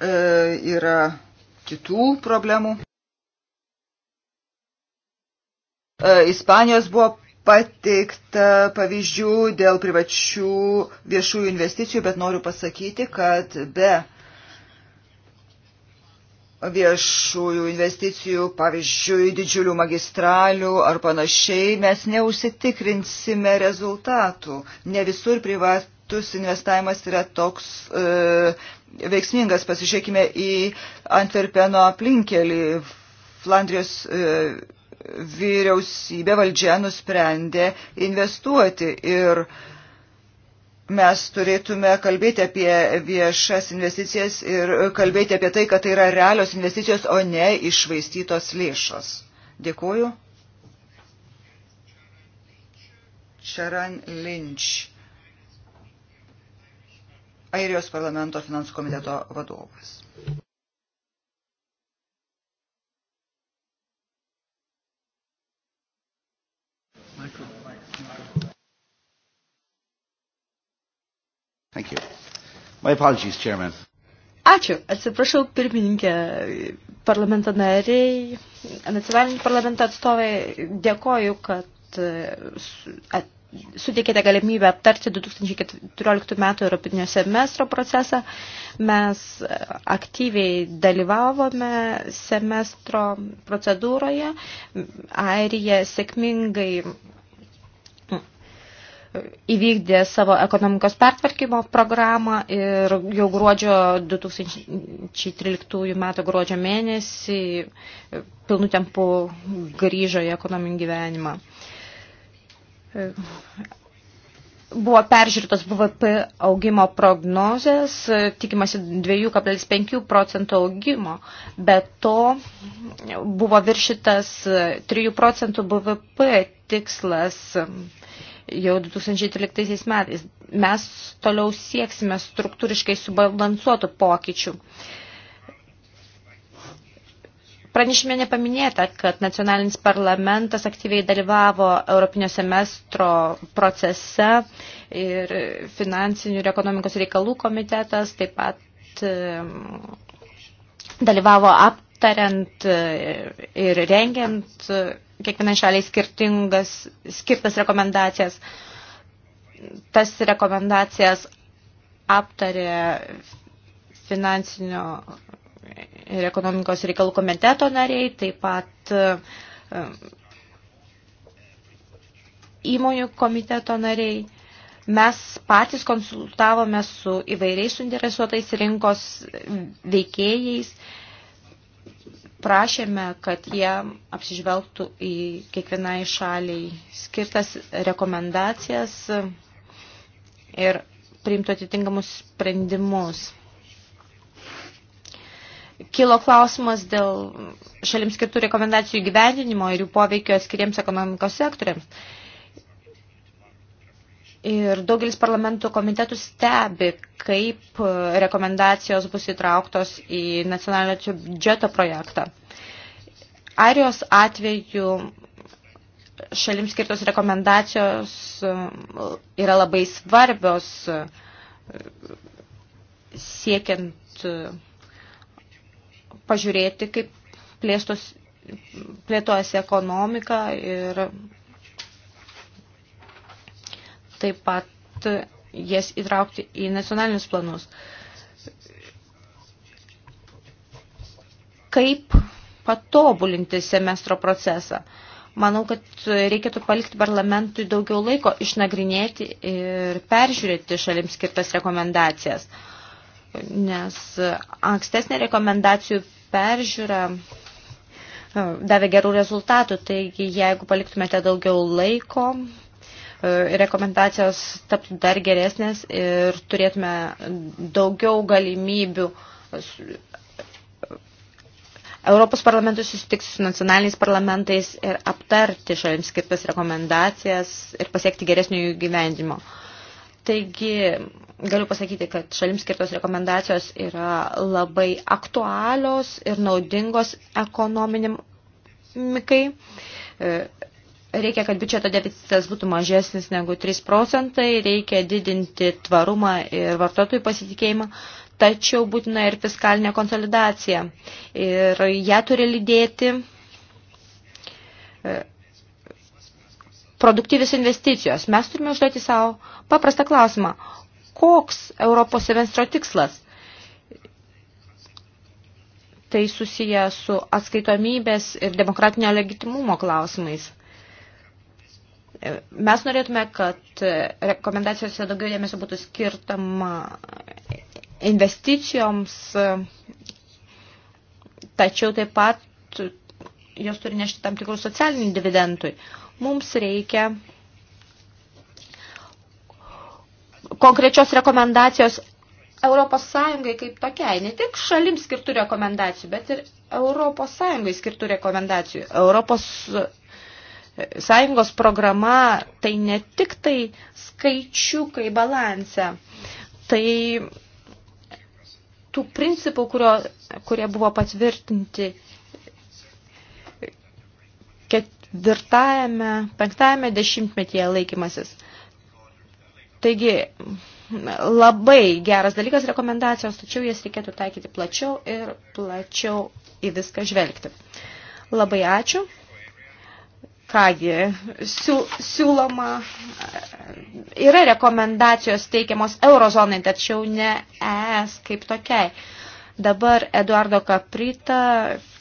e, yra kitų problemų. Ispanijos buvo pateikta pavyzdžių dėl privačių viešųjų investicijų, bet noriu pasakyti, kad be viešųjų investicijų, pavyzdžiui, didžiulių magistralių ar panašiai, mes neužsitikrinsime rezultatų. Ne visur privatus investavimas yra toks e, veiksmingas. Pasižiūrėkime į Antverpeno aplinkelį, Flandrijos. E, vyriausybė valdžia nusprendė investuoti ir mes turėtume kalbėti apie viešas investicijas ir kalbėti apie tai, kad tai yra realios investicijos, o ne išvaistytos lėšos. Dėkuoju. Sharon Lynch, Airijos parlamento finansų komiteto vadovas. Thank you. My apologies, Chairman. Ačiū. Atsiprašau, pirmininkė, parlamento nariai, nacionalinį parlamento atstovai, dėkoju, kad e, suteikėte galimybę aptarti 2014 metų Europinio semestro procesą. Mes e, aktyviai dalyvavome semestro procedūroje. Airija sėkmingai įvykdė savo ekonomikos pertvarkymo programą ir jau gruodžio 2013 metų gruodžio mėnesį pilnu tempu grįžo į ekonominį gyvenimą. Buvo peržiūrėtos BVP augimo prognozės, tikimasi 2,5 procentų augimo, bet to buvo viršytas 3 procentų BVP tikslas jau 2013 metais. Mes toliau sieksime struktūriškai subalansuotų pokyčių. Pranešime nepaminėta, kad nacionalinis parlamentas aktyviai dalyvavo Europinio semestro procese ir finansinių ir ekonomikos reikalų komitetas taip pat dalyvavo aptariant ir rengiant kiekvienai šaliai skirtingas, skirtas rekomendacijas. Tas rekomendacijas aptarė finansinio ir ekonomikos reikalų komiteto nariai, taip pat e, įmonių komiteto nariai. Mes patys konsultavome su įvairiais suinteresuotais rinkos veikėjais prašėme, kad jie apsižvelgtų į kiekvienai šaliai skirtas rekomendacijas ir priimtų atitinkamus sprendimus. Kilo klausimas dėl šalims skirtų rekomendacijų gyvendinimo ir jų poveikio skiriems ekonomikos sektoriams. Ir daugelis parlamentų komitetų stebi, kaip e, rekomendacijos bus įtrauktos į nacionalinio biudžeto projektą. Airijos atveju šalims skirtos rekomendacijos e, yra labai svarbios e, siekiant pažiūrėti, kaip plėstos, plėtojasi ekonomika ir taip pat jas įtraukti į nacionalinius planus. Kaip patobulinti semestro procesą? Manau, kad reikėtų palikti parlamentui daugiau laiko išnagrinėti ir peržiūrėti šalims skirtas rekomendacijas, nes ankstesnė rekomendacijų peržiūra e, davė gerų rezultatų, taigi jeigu paliktumėte daugiau laiko, E, rekomendacijos taptų dar geresnės ir turėtume daugiau galimybių. Europos parlamentui susitiks su nacionaliniais parlamentais ir aptarti šalims skirtas rekomendacijas ir pasiekti geresnio jų gyvendimo. Taigi, galiu pasakyti, kad šalims skirtos rekomendacijos yra labai aktualios ir naudingos ekonominiam mikai e, Reikia, kad biudžeto deficitas būtų mažesnis negu 3 procentai, reikia didinti tvarumą ir vartotojų pasitikėjimą, tačiau būtina ir fiskalinė konsolidacija. Ir ją turi lydėti e, produktyvis investicijos. Mes turime užduoti savo paprastą klausimą. Koks Europos semestro tikslas? Tai susiję su atskaitomybės ir demokratinio legitimumo klausimais. Mes norėtume, kad rekomendacijose daugiau dėmesio būtų skirtama investicijoms, tačiau taip pat jos turi nešti tam tikrų socialinių dividendui. Mums reikia konkrečios rekomendacijos Europos Sąjungai kaip tokiai, ne tik šalims skirtų rekomendacijų, bet ir Europos Sąjungai skirtų rekomendacijų. Europos sąjungos programa tai ne tik tai skaičiukai balanse, tai tų principų, kurio, kurie buvo patvirtinti ketvirtajame, penktajame dešimtmetyje laikymasis. Taigi, labai geras dalykas rekomendacijos, tačiau jas reikėtų taikyti plačiau ir plačiau į viską žvelgti. Labai ačiū. Kągi, siū, siūloma, yra rekomendacijos teikiamos eurozonai, tačiau ne ES kaip tokiai. Dabar Eduardo Kaprita,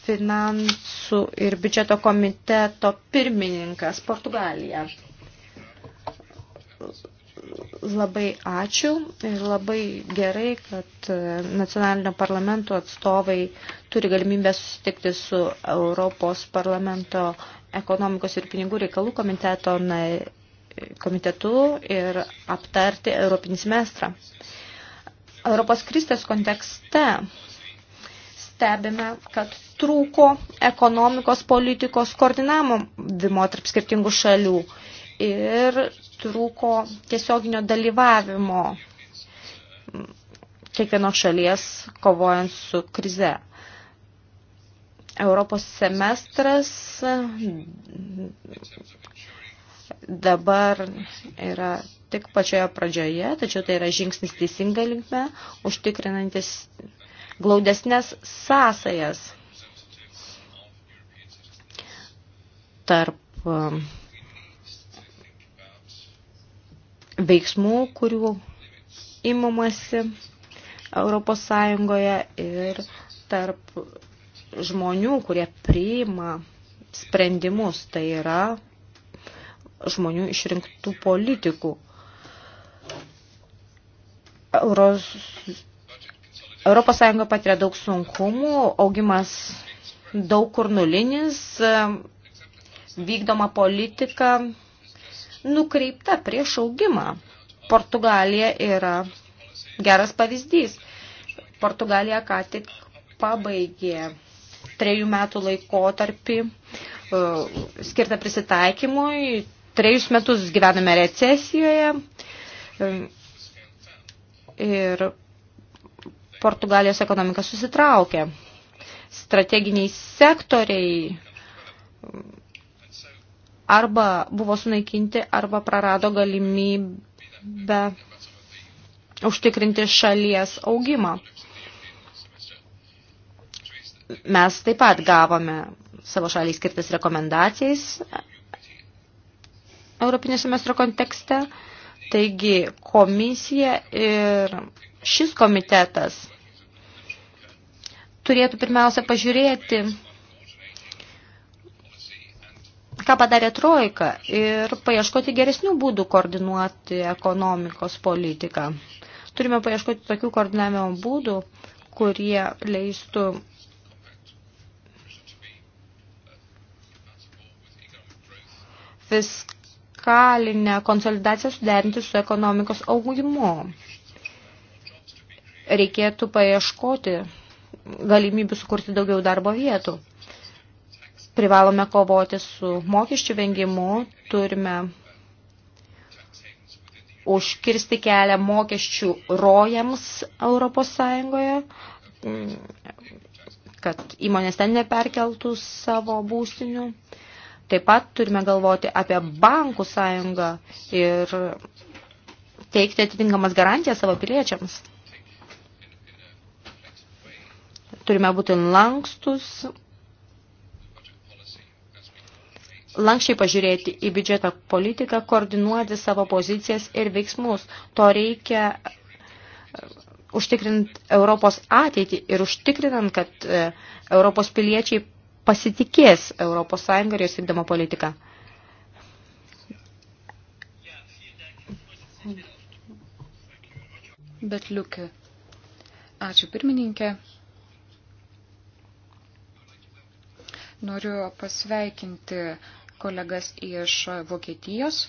finansų ir biudžeto komiteto pirmininkas Portugalija. Labai ačiū ir labai gerai, kad nacionalinio parlamento atstovai turi galimybę susitikti su Europos parlamento ekonomikos ir pinigų reikalų komiteto komitetu ir aptarti Europinį semestrą. Europos kristės kontekste stebime, kad trūko ekonomikos politikos koordinavimo tarp skirtingų šalių ir trūko tiesioginio dalyvavimo kiekvienos šalies kovojant su krize. Europos semestras dabar yra tik pačioje pradžioje, tačiau tai yra žingsnis teisinga linkme, užtikrinantis glaudesnės sąsajas tarp um, veiksmų, kurių imamasi Europos Sąjungoje ir tarp žmonių, kurie priima sprendimus, tai yra žmonių išrinktų politikų. Euros, Europos Sąjunga patiria daug sunkumų, augimas daug kur nulinis, vykdoma politika nukreipta prieš augimą. Portugalija yra geras pavyzdys. Portugalija ką tik pabaigė trejų metų laikotarpį e, skirtą prisitaikymui. Trejus metus gyvename recesijoje e, ir Portugalijos ekonomika susitraukė. Strateginiai sektoriai e, arba buvo sunaikinti, arba prarado galimybę užtikrinti šalies augimą. Mes taip pat gavome savo šaliai skirtas rekomendacijas Europinio semestro kontekste. Taigi komisija ir šis komitetas turėtų pirmiausia pažiūrėti, ką padarė Trojka ir paieškoti geresnių būdų koordinuoti ekonomikos politiką. Turime paieškoti tokių koordinavimo būdų, kurie leistų fiskalinę konsolidaciją suderinti su ekonomikos augimu. Reikėtų paieškoti galimybių sukurti daugiau darbo vietų. Privalome kovoti su mokesčių vengimu, turime užkirsti kelią mokesčių rojams Europos Sąjungoje, kad įmonės ten neperkeltų savo būstinių. Taip pat turime galvoti apie bankų sąjungą ir teikti atitinkamas garantijas savo piliečiams. Turime būti lankstus, lankščiai pažiūrėti į biudžeto politiką, koordinuoti savo pozicijas ir veiksmus. To reikia uh, užtikrint Europos ateitį ir užtikrinant, kad uh, Europos piliečiai pasitikės ES ir jos vykdoma politika. Bet liukia. Ačiū pirmininkė. Noriu pasveikinti kolegas iš Vokietijos.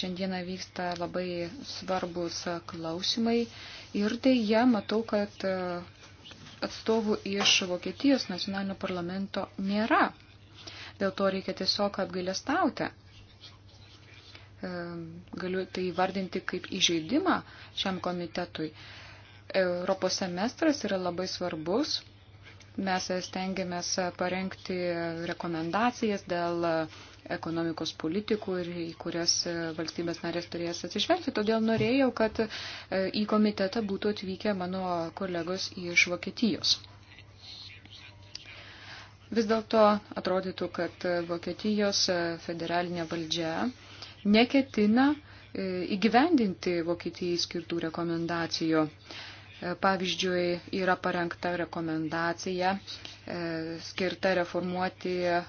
Šiandieną vyksta labai svarbus klausimai ir tai jie matau, kad atstovų iš Vokietijos nacionalinio parlamento nėra. Dėl to reikia tiesiog apgailestauti. E, galiu tai vardinti kaip įžeidimą šiam komitetui. Europos semestras yra labai svarbus. Mes stengiamės parengti rekomendacijas dėl ekonomikos politikų ir į kurias e, valstybės narės turės atsižvelgti. Todėl norėjau, kad e, į komitetą būtų atvykę mano kolegos iš Vokietijos. Vis dėlto atrodytų, kad e, Vokietijos federalinė valdžia neketina įgyvendinti Vokietijai skirtų rekomendacijų. Pavyzdžiui, yra parengta rekomendacija e, skirta reformuoti e,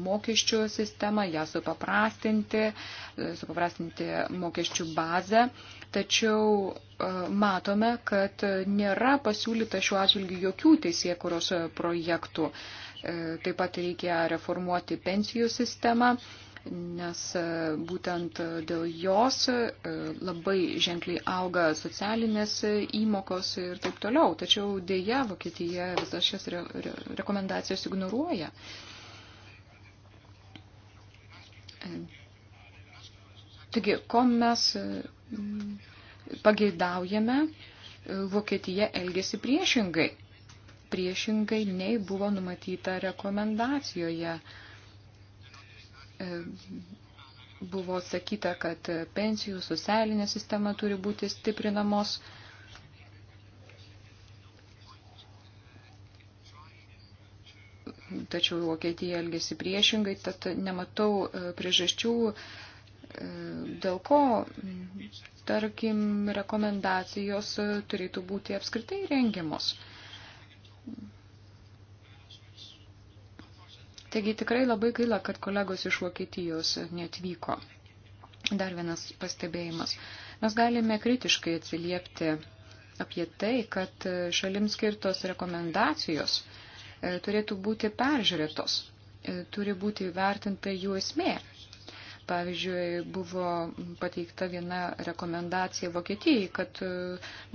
mokesčių sistemą, ją supaprastinti, e, supaprastinti mokesčių bazę, tačiau matome, kad nėra pasiūlyta šiuo atžvilgiu jokių teisėkuros projektų. Taip pat reikia reformuoti pensijų sistemą nes e, būtent dėl jos e, labai ženkliai auga socialinės e, įmokos ir taip toliau. Tačiau dėja Vokietija visas šias re re rekomendacijas ignoruoja. Taigi, ko mes pageidaujame, Vokietija elgesi priešingai. Priešingai nei buvo numatyta rekomendacijoje. E, buvo sakyta, kad pensijų socialinė sistema turi būti stiprinamos. Tačiau Vokietija elgėsi priešingai, tad nematau e, priežasčių, e, dėl ko, tarkim, rekomendacijos turėtų būti apskritai rengiamos. Taigi tikrai labai gaila, kad kolegos iš Vokietijos netvyko. Dar vienas pastebėjimas. Mes galime kritiškai atsiliepti apie tai, kad šalims skirtos rekomendacijos e, turėtų būti peržiūrėtos, e, turi būti vertinta jų esmė. Pavyzdžiui, buvo pateikta viena rekomendacija Vokietijai, kad e,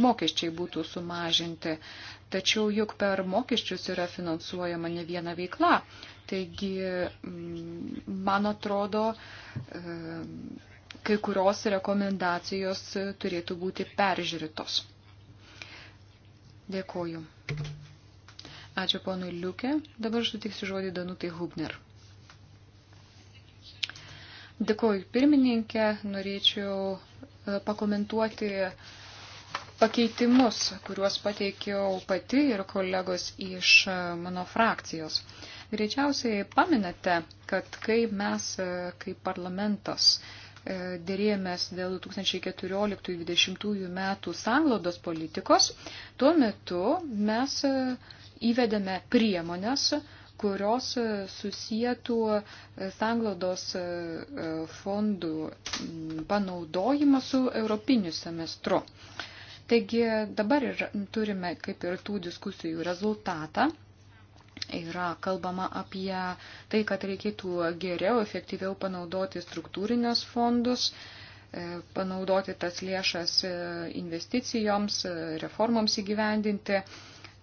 mokesčiai būtų sumažinti. Tačiau juk per mokesčius yra finansuojama ne viena veikla. Taigi, mm, man atrodo, e, kai kurios rekomendacijos turėtų būti peržiūrėtos. Dėkoju. Ačiū ponui Liukė. Dabar sutiksiu žodį Danutai Hubner. Dėkoju pirmininkė. Norėčiau e, pakomentuoti pakeitimus, kuriuos pateikiau pati ir kolegos iš e, mano frakcijos. Greičiausiai paminate, kad kai mes e, kaip parlamentas e, dėrėjomės dėl 2014-2020 metų sanglaudos politikos, tuo metu mes e, įvedėme priemonės, kurios susijėtų sanglaudos fondų panaudojimą su europiniu semestru. Taigi dabar ir turime kaip ir tų diskusijų rezultatą yra kalbama apie tai, kad reikėtų geriau, efektyviau panaudoti struktūrinės fondus, e, panaudoti tas lėšas e, investicijoms, e, reformoms įgyvendinti,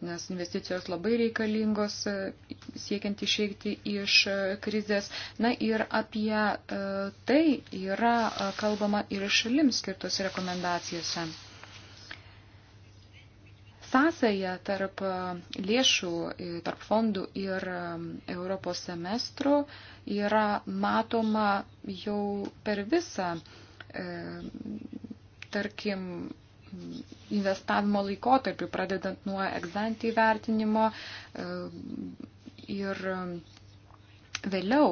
nes investicijos labai reikalingos siekiant išeikti iš krizės. Na ir apie tai yra kalbama ir šalims skirtose rekomendacijose sąsaja tarp e, lėšų, e, tarp fondų ir e, Europos semestro yra matoma jau per visą, tarkim, investavimo laikotarpį, pradedant nuo egzantį vertinimo ir vėliau.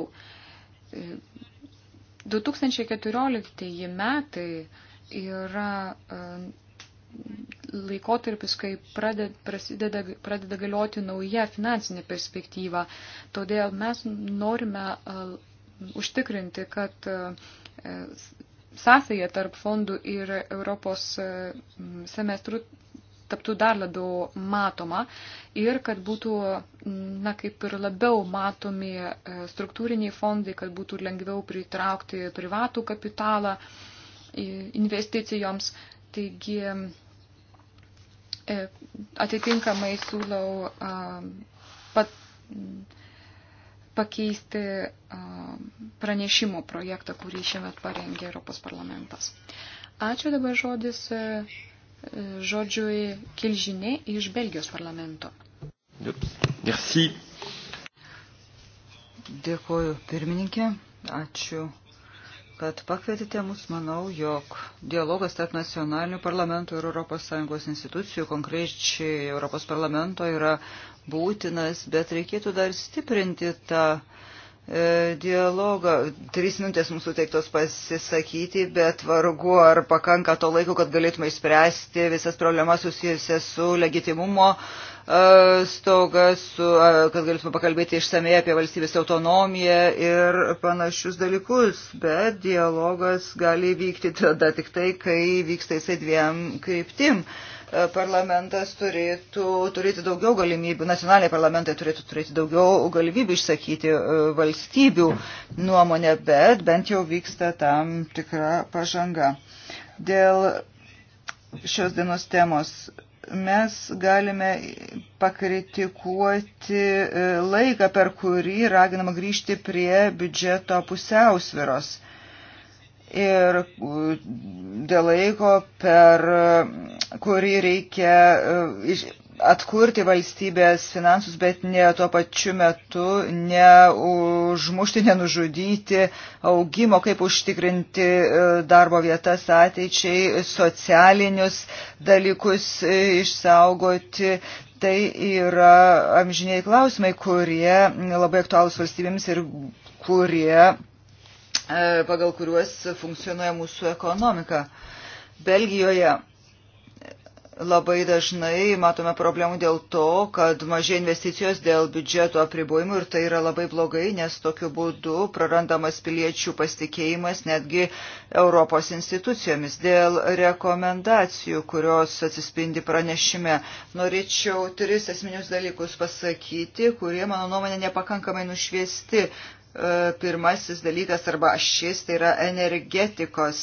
2014 metai yra laikotarpis, kai pradeda, pradeda galioti nauja finansinė perspektyva. Todėl mes norime užtikrinti, kad sąsaja tarp fondų ir Europos semestrų taptų dar labiau matoma ir kad būtų, na, kaip ir labiau matomi struktūriniai fondai, kad būtų lengviau pritraukti privatų kapitalą investicijoms. Taigi, E, atitinkamai siūlau pat, pakeisti pranešimo projektą, kurį šiandien parengė Europos parlamentas. Ačiū dabar žodis e, e, žodžiui Kilžinė iš Belgijos parlamento. Merci. Dėkuoju pirmininkė. Ačiū kad pakvietėte mus. Manau, jog dialogas tarp nacionalinių parlamentų ir ES institucijų, konkrečiai ES parlamento, yra būtinas, bet reikėtų dar stiprinti tą e, dialogą. Trys minutės mūsų teiktos pasisakyti, bet vargu ar pakanka to laiko, kad galėtume išspręsti visas problemas susijusias su legitimumo e, stogą, su, kad galėtume pakalbėti išsamei apie valstybės autonomiją ir panašius dalykus, bet dialogas gali vykti tada tik tai, kai vyksta jisai dviem kryptim. Parlamentas turėtų turėti daugiau galimybių, nacionaliniai parlamentai turėtų turėti daugiau galimybių išsakyti valstybių nuomonę, bet bent jau vyksta tam tikra pažanga. Dėl šios dienos temos mes galime pakritikuoti e, laiką, per kurį raginama grįžti prie biudžeto pusiausviros. Ir dėl laiko, per kurį reikia e, atkurti valstybės finansus, bet ne tuo pačiu metu neužmušti, nenužudyti augimo, kaip užtikrinti e, darbo vietas ateičiai, socialinius dalykus e, išsaugoti. Tai yra amžiniai klausimai, kurie labai aktualūs valstybėms ir kurie, e, pagal kuriuos funkcionuoja mūsų ekonomika. Belgijoje Labai dažnai matome problemų dėl to, kad mažai investicijos dėl biudžeto apribojimų ir tai yra labai blogai, nes tokiu būdu prarandamas piliečių pasitikėjimas netgi Europos institucijomis. Dėl rekomendacijų, kurios atsispindi pranešime, norėčiau tris esminius dalykus pasakyti, kurie, mano nuomonė, nepakankamai nušviesti E, pirmasis dalykas arba šis tai yra energetikos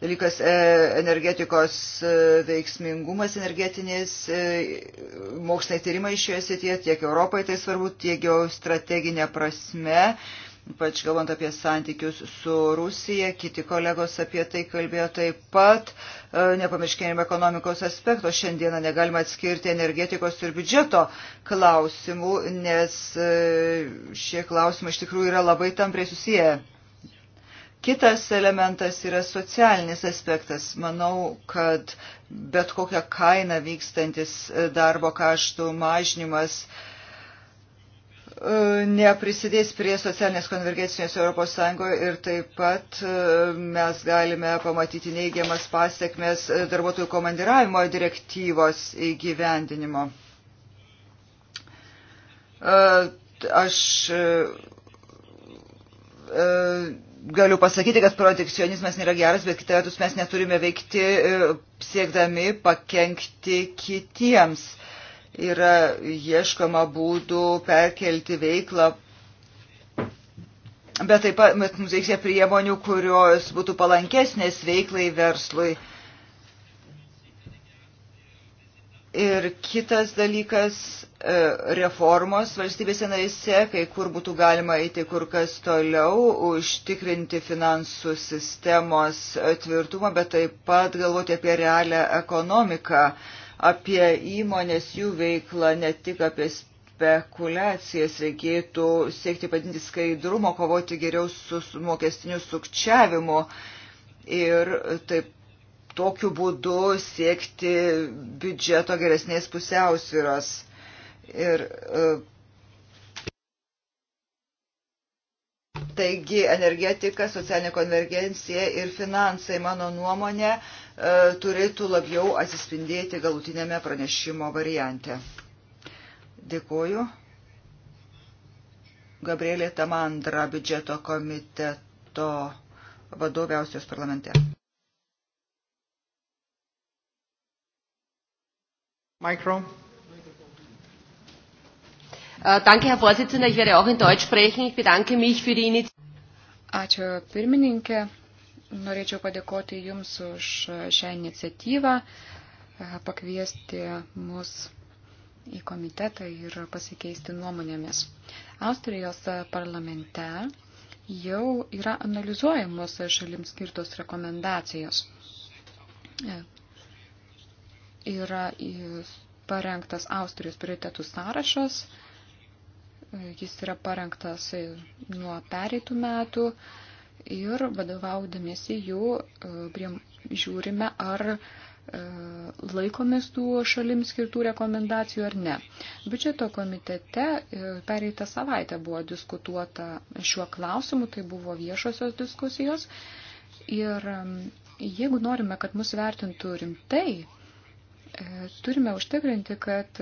dalykas, e, energetikos e, veiksmingumas, energetinės moksliniai tyrimai šioje srityje tiek Europai tai svarbu, tiek geostrateginė prasme ypač galvant apie santykius su Rusija, kiti kolegos apie tai kalbėjo taip pat, e, nepamirškėjame ekonomikos aspekto, šiandieną negalima atskirti energetikos ir biudžeto klausimų, nes e, šie klausimai iš tikrųjų yra labai tampriai susiję. Kitas elementas yra socialinis aspektas. Manau, kad bet kokią kainą vykstantis e, darbo kaštų mažnymas uh, E, neprisidės prie socialinės konvergencijos ES ir taip pat e, mes galime pamatyti neigiamas pasiekmes e, darbuotojų komandiravimo direktyvos įgyvendinimo. Aš galiu pasakyti, kad protekcionizmas nėra geras, bet kitą vertus mes neturime veikti siekdami pakengti kitiems yra ieškama būdų perkelti veiklą. Bet taip pat mums reikia priemonių, kurios būtų palankesnės veiklai verslui. Ir kitas dalykas e, - reformos valstybėse naise, kai kur būtų galima eiti kur kas toliau, užtikrinti finansų sistemos tvirtumą, bet taip pat galvoti apie realią ekonomiką. Uh, apie įmonės, jų veiklą, ne tik apie spekulacijas reikėtų siekti padinti skaidrumo, kovoti geriau su mokestiniu sukčiavimu ir taip tokiu būdu siekti biudžeto geresnės pusiausvyros. Ir e, taigi energetika, socialinė konvergencija ir finansai, mano nuomonė, E, turėtų labiau atsispindėti galutinėme pranešimo variante. Dėkuoju. Gabrielė Tamandra, biudžeto komiteto vadoviausios parlamente. Mikro. Äh, danke, Herr Vorsitzender. Ich werde auch in Deutsch sprechen. Ich bedanke mich für die Initiative. Ačiū pirmininkė. Norėčiau padėkoti Jums už šią iniciatyvą, pakviesti mus į komitetą ir pasikeisti nuomonėmis. Austrijos parlamente jau yra analizuojamos šalims skirtos rekomendacijos. Yra parengtas Austrijos prioritetų sąrašas, jis yra parengtas nuo pereitų metų ir vadovaudamėsi jų e, prie, žiūrime, ar e, laikomės tų šalim skirtų rekomendacijų ar ne. Biudžeto komitete e, pereitą savaitę buvo diskutuota šiuo klausimu, tai buvo viešosios diskusijos. Ir jeigu norime, kad mus vertintų rimtai, turime užtikrinti, kad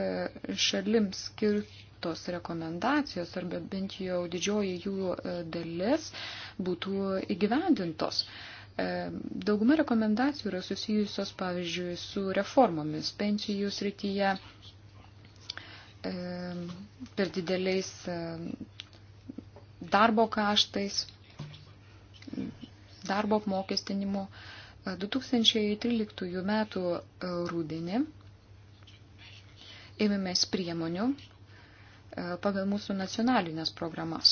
šalims skirtų tos rekomendacijos, arba bent jau didžioji jų e, dalis būtų įgyvendintos. E, dauguma rekomendacijų yra susijusios, pavyzdžiui, su reformomis pensijų srityje e, per dideliais darbo kaštais, darbo apmokestinimu. 2013 m. rūdienį ėmėmės priemonių E, pagal mūsų nacionalinės programas.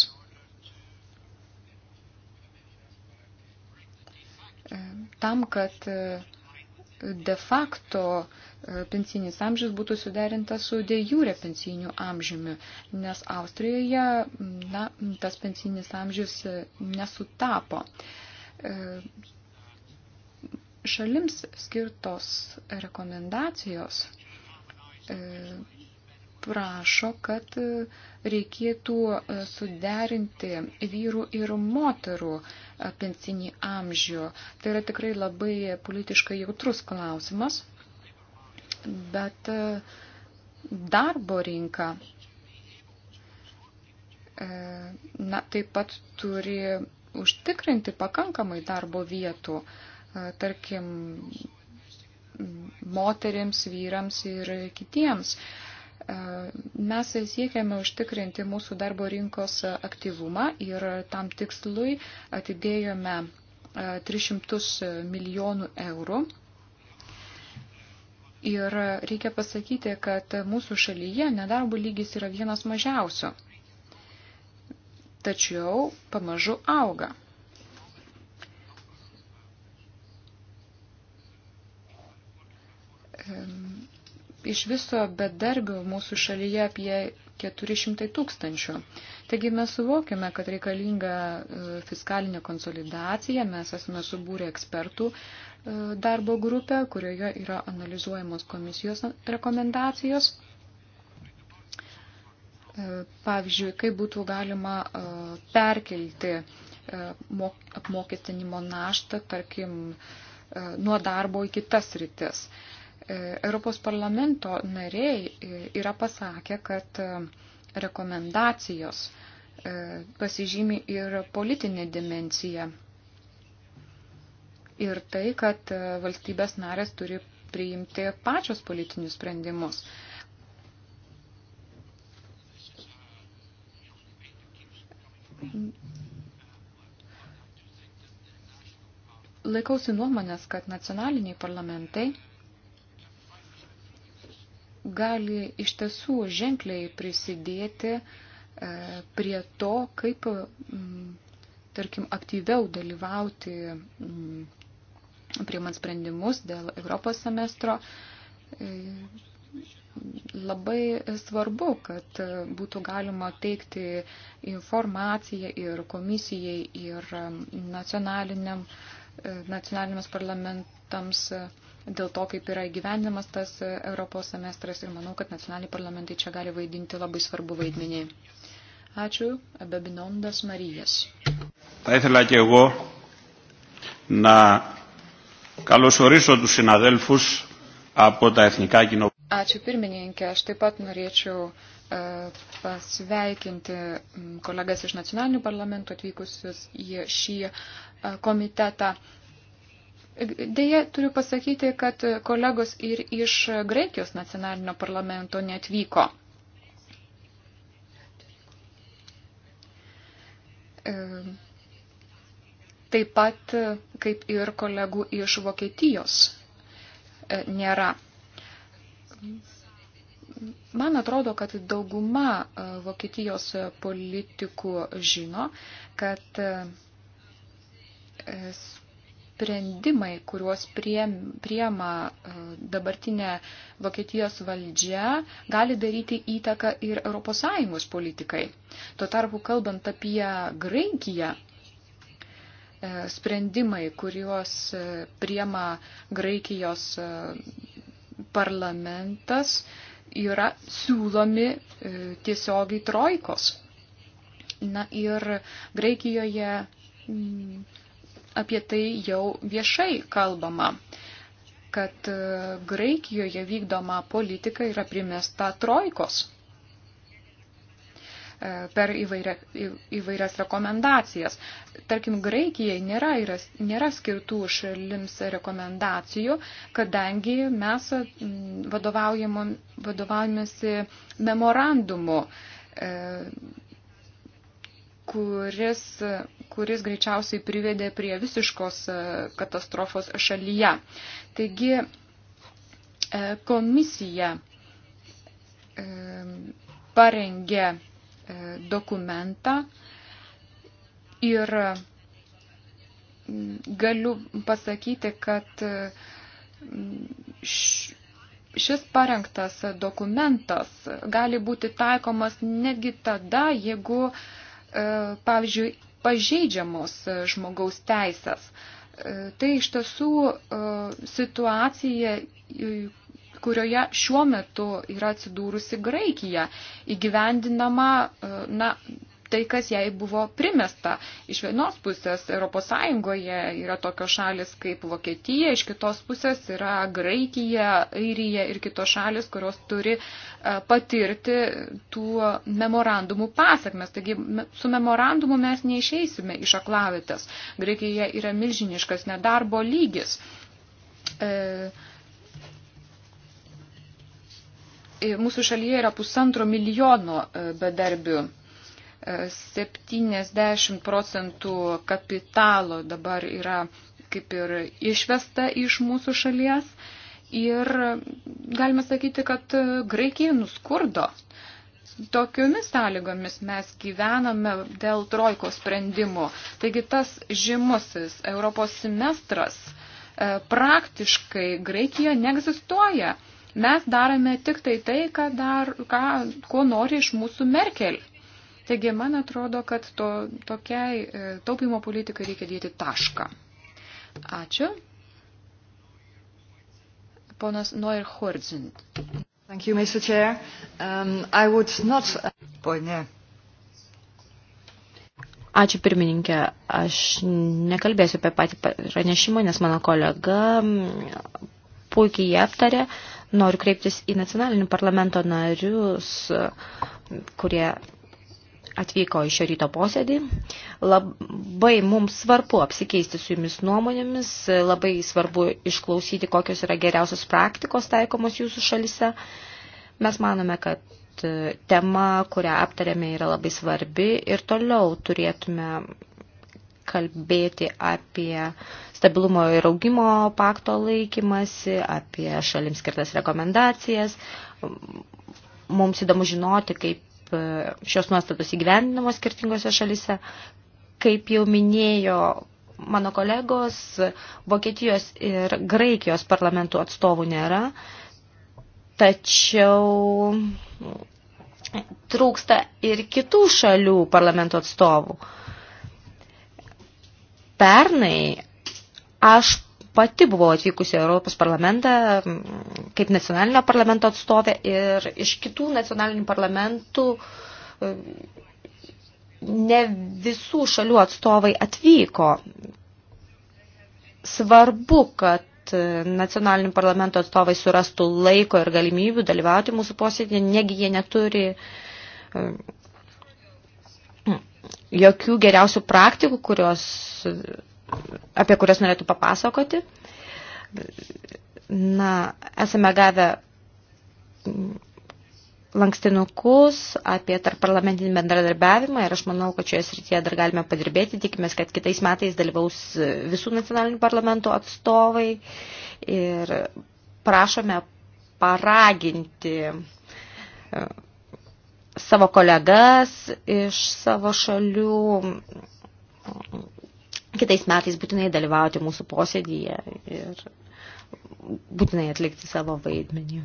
E, tam, kad e, de facto pensinis amžius būtų suderintas su de jure pensiniu amžiumi, nes Austrijoje na, tas pensinis amžius nesutapo. Šalims skirtos rekomendacijos prašo, kad e, reikėtų e, suderinti vyrų ir moterų e, pensinį amžių. Tai yra tikrai labai politiškai jautrus klausimas, bet darbo rinka na, taip pat turi užtikrinti pakankamai darbo vietų, tarkim, moteriams, vyrams ir kitiems. Mes siekiame užtikrinti mūsų darbo rinkos aktyvumą ir tam tikslui atidėjome 300 e, milijonų eurų. Ir reikia pasakyti, kad mūsų šalyje nedarbo lygis yra vienas mažiausių, tačiau pamažu auga. Um iš viso bedarbių mūsų šalyje apie 400 tūkstančių. Taigi mes suvokiame, kad reikalinga e, fiskalinė konsolidacija, mes esame subūrę ekspertų e, darbo grupę, kurioje yra analizuojamos komisijos rekomendacijos. E, pavyzdžiui, kaip būtų galima perkelti apmokestinimo naštą, tarkim, nuo darbo į kitas rytis. E, Europos parlamento nariai e, yra pasakę, kad e, rekomendacijos pasižymi ir politinė dimencija. Ir tai, kad valstybės narės turi priimti pačios politinius sprendimus. Laikausi nuomonės, kad nacionaliniai parlamentai gali iš tiesų ženkliai prisidėti e, prie to, kaip, mm, tarkim, aktyviau dalyvauti mm, priimant sprendimus dėl Europos semestro. E, labai svarbu, kad būtų galima teikti informaciją ir komisijai, ir mm, nacionaliniam, e, nacionaliniams parlamentams dėl to, kaip yra gyvenimas tas e, Europos semestras ir manau, kad nacionaliniai parlamentai čia gali vaidinti labai svarbu vaidmenį. Ačiū, Abebinondas Marijas. Θα ήθελα και εγώ να καλωσορίσω τους συναδέλφους από τα Εθνικά Κοινοβούλια. Ačiū pirmininkė, aš taip pat norėčiau e, pasveikinti kolegas iš nacionalinių parlamentų atvykusius į šį e, komitetą. Deja, turiu pasakyti, kad kolegos ir iš Graikijos nacionalinio parlamento netvyko. Taip pat, kaip ir kolegų iš Vokietijos e, nėra. Man atrodo, kad dauguma e, Vokietijos politikų žino, kad e, sprendimai, kuriuos priema e, dabartinė Vokietijos valdžia, gali daryti įtaką ir ES politikai. Tuo tarpu, kalbant apie Graikiją, e, sprendimai, kuriuos e, priema Graikijos parlamentas, yra siūlomi tiesiogiai trojkos. Na ir Graikijoje apie tai jau viešai kalbama, kad e, Graikijoje vykdoma politika yra primesta trojkos e, per įvairia, įvairias rekomendacijas. Tarkim, Graikijai nėra, yra, nėra skirtų šalims rekomendacijų, kadangi mes vadovaujamasi memorandumu e, kuris, kuris greičiausiai privedė prie visiškos e, katastrofos šalyje. Taigi e, komisija e, parengė dokumentą ir galiu pasakyti, kad šis parengtas dokumentas gali būti taikomas netgi tada, jeigu uh, E, pavyzdžiui, pažeidžiamos e, žmogaus teisės. E, tai iš tiesų situacija, kurioje šiuo metu yra atsidūrusi Graikija, įgyvendinama na, tai, kas jai buvo primesta. Iš vienos pusės ES yra tokios šalis kaip Vokietija, iš kitos pusės yra Graikija, Airija ir kitos šalis, kurios turi e, patirti tų memorandumų pasakmes. Taigi su memorandumu mes neišeisime iš aklavitės. Graikija yra milžiniškas nedarbo lygis. E, e Mūsų šalyje yra pusantro milijono e, bedarbių 70 procentų kapitalo dabar yra kaip ir išvesta iš mūsų šalies ir galime sakyti, kad Graikija nuskurdo. Tokiomis sąlygomis mes gyvename dėl trojko sprendimų. Taigi tas žymusis Europos semestras e, praktiškai Graikijoje neegzistuoja. Mes darome tik tai tai, ką dar, ką, ko nori iš mūsų Merkel. E, Taigi, man atrodo, kad to, tokiai e, taupimo politikai reikia dėti tašką. Ačiū. Ponas Noir Hordzin. Thank you, Mr. Chair. Um, I would not... Pone. Ačiū pirmininkė. Aš nekalbėsiu apie patį pranešimą, nes mano kolega mm, puikiai jį aptarė. Noriu kreiptis į nacionalinių parlamento narius, kurie atvyko į šio ryto posėdį. Labai mums svarbu apsikeisti su jumis nuomonėmis, labai svarbu išklausyti, kokios yra geriausios praktikos taikomos jūsų šalise. Mes manome, kad e, tema, kurią aptarėme, yra labai svarbi ir toliau turėtume kalbėti apie stabilumo ir augimo pakto laikymasi, apie šalims skirtas rekomendacijas. Mums įdomu žinoti, kaip E, šios nuostatos įgyvendinamos skirtingose šalise. Kaip jau minėjo mano kolegos, Vokietijos ir Graikijos parlamentų atstovų nėra, tačiau trūksta ir kitų šalių parlamento atstovų. Pernai aš pati buvau atvykusi į Europos parlamentą kaip nacionalinio parlamento atstovė ir iš kitų nacionalinių parlamentų ne visų šalių atstovai atvyko. Svarbu, kad nacionalinių parlamento atstovai surastų laiko ir galimybių dalyvauti mūsų posėdėje, negi jie neturi jokių geriausių praktikų, kurios apie kurias norėtų papasakoti. Na, esame gavę lankstinukus apie tarpparlamentinį bendradarbiavimą ir aš manau, kad šioje srityje dar galime padirbėti. Tikimės, kad kitais metais dalyvaus visų nacionalinių parlamentų atstovai ir prašome paraginti e, savo kolegas iš savo šalių kitais metais būtinai dalyvauti mūsų posėdyje ir būtinai atlikti savo vaidmenį.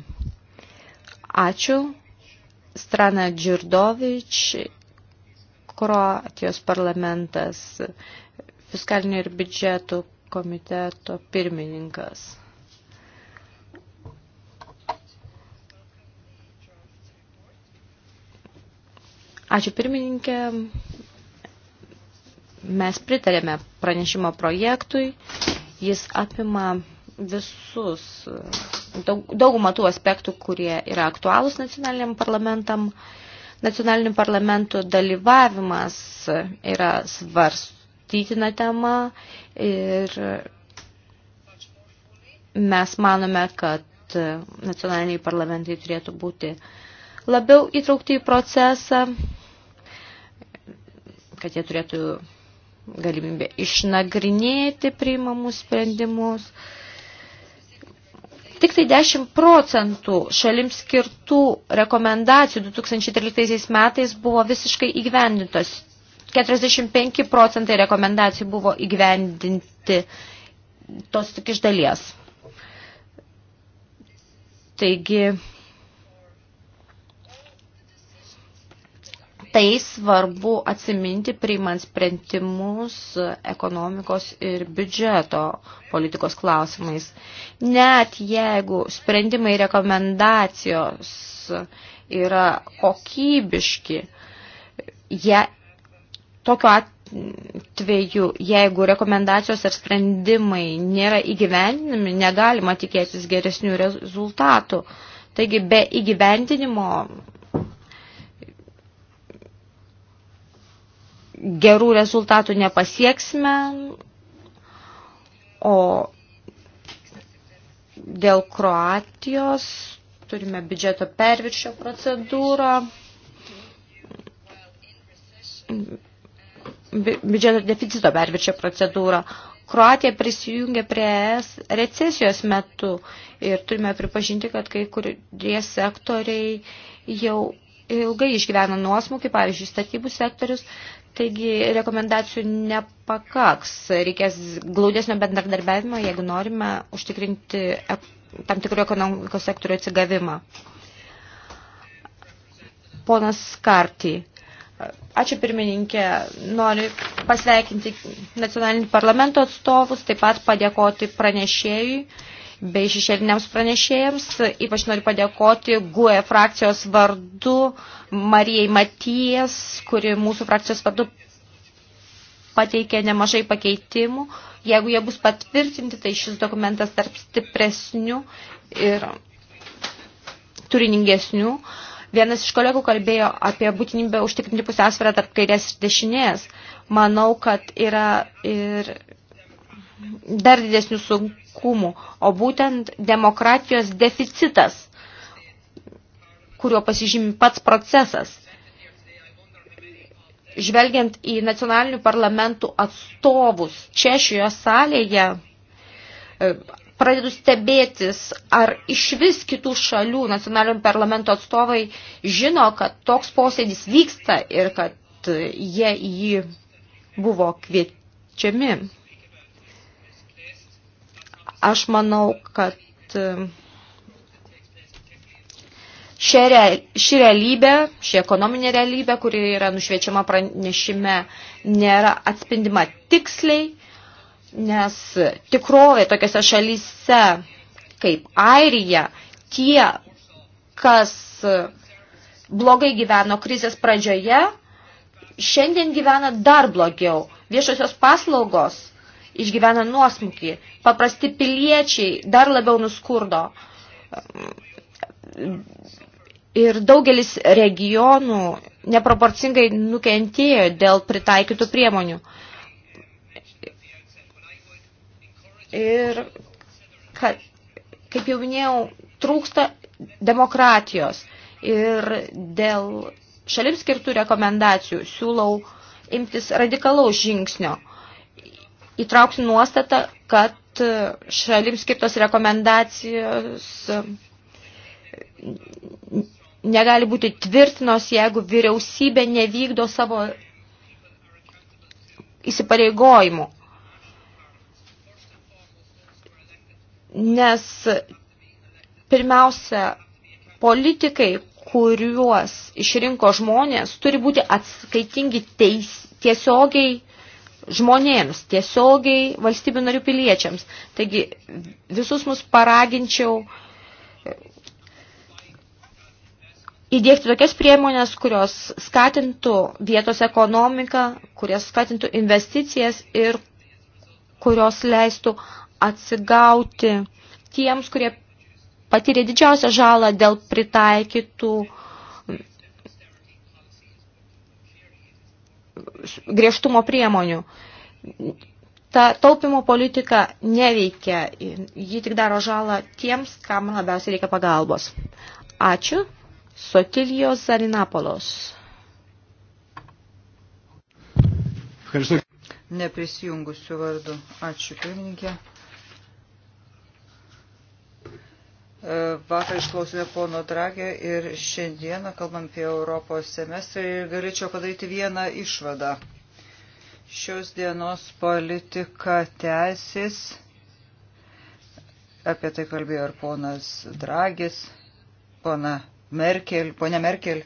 Ačiū. Strana Džirdovič, Kroatijos parlamentas, fiskalinio ir biudžetų komiteto pirmininkas. Ačiū pirmininkė. Mes pritarėme pranešimo projektui, jis apima visus, daug, daugumą tų aspektų, kurie yra aktualūs nacionaliniam parlamentam. Nacionalinių parlamentų dalyvavimas yra svarstytina tema ir mes manome, kad nacionaliniai parlamentai turėtų būti labiau įtraukti į procesą, kad jie turėtų galimybė išnagrinėti priimamus sprendimus. Tik tai 10 procentų šalims skirtų rekomendacijų 2013 metais buvo visiškai įgyvendintos. 45 procentai rekomendacijų buvo įgyvendinti tos tik iš dalies. Taigi, tai svarbu atsiminti priimant sprendimus ekonomikos ir biudžeto politikos klausimais. Net jeigu sprendimai rekomendacijos yra kokybiški, jie tokiu atveju, jeigu rekomendacijos ar sprendimai nėra įgyvendinami, negalima tikėtis geresnių rezultatų. Taigi be įgyvendinimo gerų rezultatų nepasieksime, o dėl Kroatijos turime biudžeto perviršio procedūrą, biudžeto deficito perviršio procedūrą. Kroatija prisijungė prie ES recesijos metu ir turime pripažinti, kad kai kurie sektoriai jau ilgai išgyvena nuosmukį, pavyzdžiui, statybų sektorius, Taigi rekomendacijų nepakaks. Reikės glaudesnio bendradarbiavimo, jeigu norime užtikrinti tam tikrų ekonomikos sektorių atsigavimą. Ponas Kartį. Ačiū pirmininkė. Noriu pasveikinti nacionalinį parlamento atstovus, taip pat padėkoti pranešėjui bei šešėliniams pranešėjams. Ypač noriu padėkoti GUE frakcijos vardu Marijai Matijas, kuri mūsų frakcijos vardu pateikė nemažai pakeitimų. Jeigu jie bus patvirtinti, tai šis dokumentas tarp stipresnių ir turiningesnių. Vienas iš kolegų kalbėjo apie būtinybę užtikrinti pusiausvyrą tarp kairės ir dešinės. Manau, kad yra ir dar didesnių sunkumų, o būtent demokratijos deficitas, kuriuo pasižymi pats procesas. Žvelgiant į nacionalinių parlamentų atstovus čia šioje salėje, e, pradedu stebėtis, ar iš vis kitų šalių nacionalinių parlamento atstovai žino, kad toks posėdis vyksta ir kad jie į jį buvo kviečiami. Aš manau, kad ši, re, ši realybė, ši ekonominė realybė, kuri yra nušviečiama pranešime, nėra atspindima tiksliai, nes tikrovė tokiose šalyse kaip Airija, tie, kas blogai gyveno krizės pradžioje, šiandien gyvena dar blogiau. Viešosios paslaugos išgyvena nuosmukį. Paprasti piliečiai dar labiau nuskurdo. Ir daugelis regionų neproporcingai nukentėjo dėl pritaikytų priemonių. Ir, kad, kaip jau minėjau, trūksta demokratijos. Ir dėl šalims skirtų rekomendacijų siūlau imtis radikalaus žingsnio – įtraukti nuostatą, kad e, šalims skirtos rekomendacijos e, negali būti tvirtinos, jeigu vyriausybė nevykdo savo įsipareigojimų. Nes pirmiausia, politikai, kuriuos išrinko žmonės, turi būti atskaitingi teis, tiesiogiai žmonėms, tiesiogiai valstybių narių piliečiams. Taigi visus mus paraginčiau e, įdėkti tokias priemonės, kurios skatintų vietos ekonomiką, kurios skatintų investicijas ir kurios leistų atsigauti tiems, kurie patyrė didžiausią žalą dėl pritaikytų uh, griežtumo priemonių. Ta taupimo politika neveikia, ji tik daro žalą tiems, kam labiausiai reikia pagalbos. Ačiū. Sotilijos Zarinapolos. Neprisijungusiu vardu. Ačiū, pirmininkė. E, vakar išklausėme pono Dragė ir šiandieną kalbam apie Europos semestrą ir galėčiau padaryti vieną išvadą. Šios dienos politika tęsis, apie tai kalbėjo ir ponas Dragis, pona Merkel, ponia Merkel.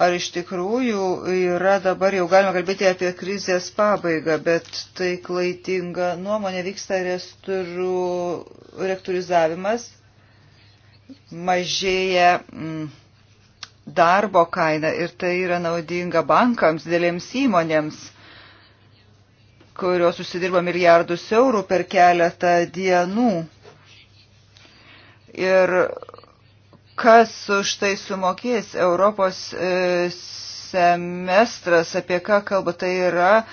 ar iš tikrųjų yra dabar jau galima kalbėti apie krizės pabaigą, bet tai klaidinga nuomonė vyksta resturu, rekturizavimas, mažėja mm, darbo kaina ir tai yra naudinga bankams, dėlėms įmonėms kurios susidirba milijardus eurų per keletą dienų. Ir kas už tai sumokės Europos e, semestras, apie ką kalba, tai yra e,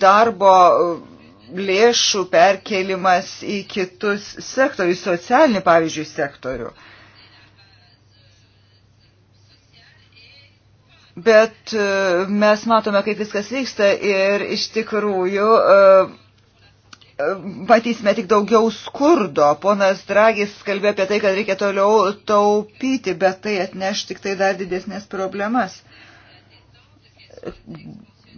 darbo lėšų perkelimas į kitus sektorius, socialinį, pavyzdžiui, sektorių. Bet e, mes matome, kaip viskas vyksta ir iš tikrųjų matysime tik daugiau skurdo. Ponas Dragis kalbėjo apie tai, kad reikia toliau taupyti, bet tai atneš tik tai dar didesnės problemas.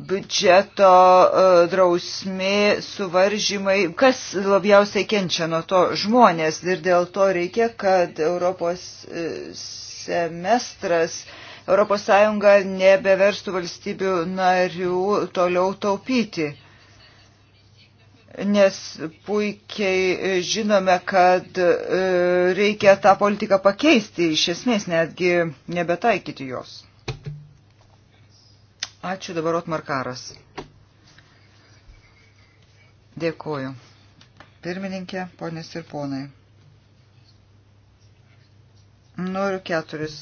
Biudžeto e, drausmi, suvaržymai, kas labiausiai kenčia nuo to žmonės ir dėl to reikia, kad Europos e, semestras ES nebeverstų valstybių narių toliau taupyti nes puikiai žinome, kad e, reikia tą politiką pakeisti, iš esmės netgi nebetaikyti jos. Ačiū dabar Otmarkaras. Dėkuoju. Pirmininkė, ponės ir ponai. Noriu keturis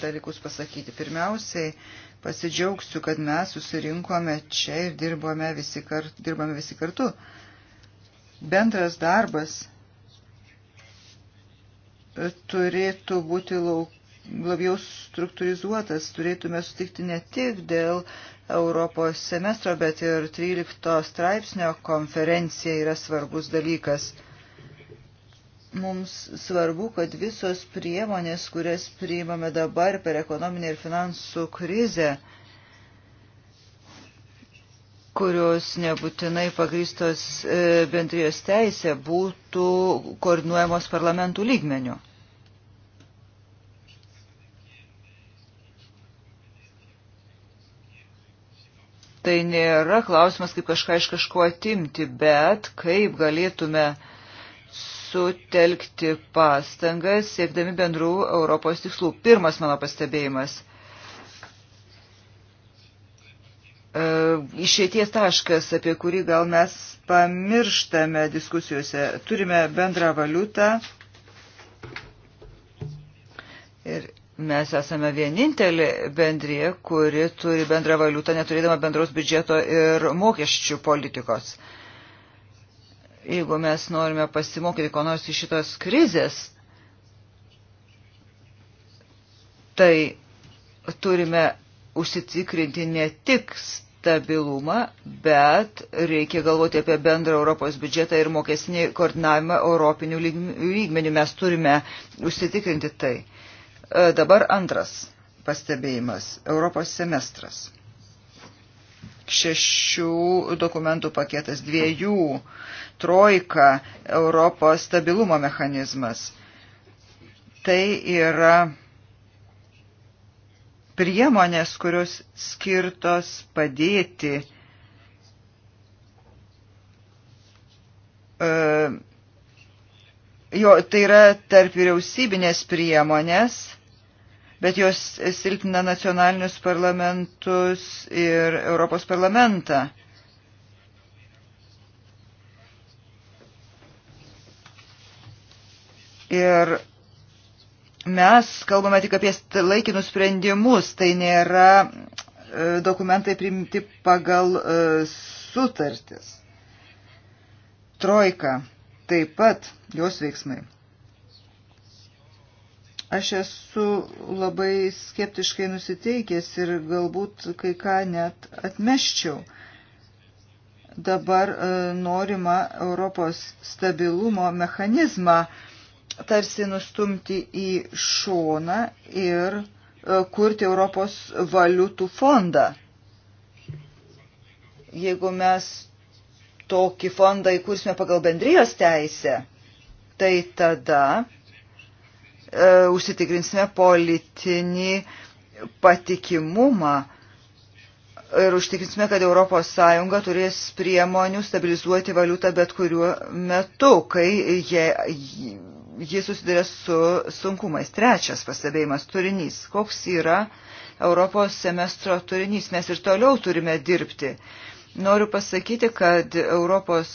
dalykus pasakyti. Pirmiausiai, pasidžiaugsiu, kad mes susirinkome čia ir dirbome visi kartu. Dirbame visi kartu. Bendras darbas e, turėtų būti lauk, labiau struktūrizuotas, turėtume sutikti ne tik dėl Europos semestro, bet ir 13 straipsnio konferencija yra svarbus dalykas. Mums svarbu, kad visos priemonės, kurias priimame dabar per ekonominę ir finansų krizę, kurios nebūtinai pagrįstos e, bendrijos teisė, būtų koordinuojamos parlamentų lygmenių. Tai nėra klausimas, kaip kažką iš kažko atimti, bet kaip galėtume uh, sutelkti pastangas siekdami bendrų Europos tikslų. Pirmas mano pastebėjimas. E, Išėties taškas, apie kurį gal mes pamirštame diskusijose. Turime bendrą valiutą ir Mes esame vienintelė bendrė, kuri turi bendrą valiutą, neturėdama bendros biudžeto ir mokesčių politikos. Uh, Jeigu mes norime pasimokyti ko nors iš šitos krizės, tai turime užsitikrinti ne tik stabilumą, bet reikia galvoti apie bendrą Europos biudžetą ir mokesinį koordinavimą europinių lygmenių. Mes turime užsitikrinti tai. E, dabar antras pastebėjimas – Europos semestras šešių dokumentų paketas, dviejų, trojka, Europos stabilumo mechanizmas. Tai yra priemonės, kurios skirtos padėti e, Jo, tai yra tarp vyriausybinės priemonės, bet jos silpina nacionalinius parlamentus ir Europos parlamentą. Ir mes kalbame tik apie laikinus sprendimus, tai nėra e, dokumentai priimti pagal e, sutartis. Trojka taip pat jos veiksmai. Aš esu labai skeptiškai nusiteikęs ir galbūt kai ką net atmeščiau. Dabar e, norima Europos stabilumo mechanizmą tarsi nustumti į šoną ir e, kurti Europos valiutų fondą. Jeigu mes tokį fondą įkursime pagal bendrijos teisę, tai tada E, užsitikrinsime politinį patikimumą ir užtikrinsime, kad ES turės priemonių stabilizuoti valiutą bet kuriuo metu, kai jie, jie susiduria su sunkumais. Trečias pastebėjimas - turinys. Koks yra Europos semestro turinys? Mes ir toliau turime dirbti. Noriu pasakyti, kad Europos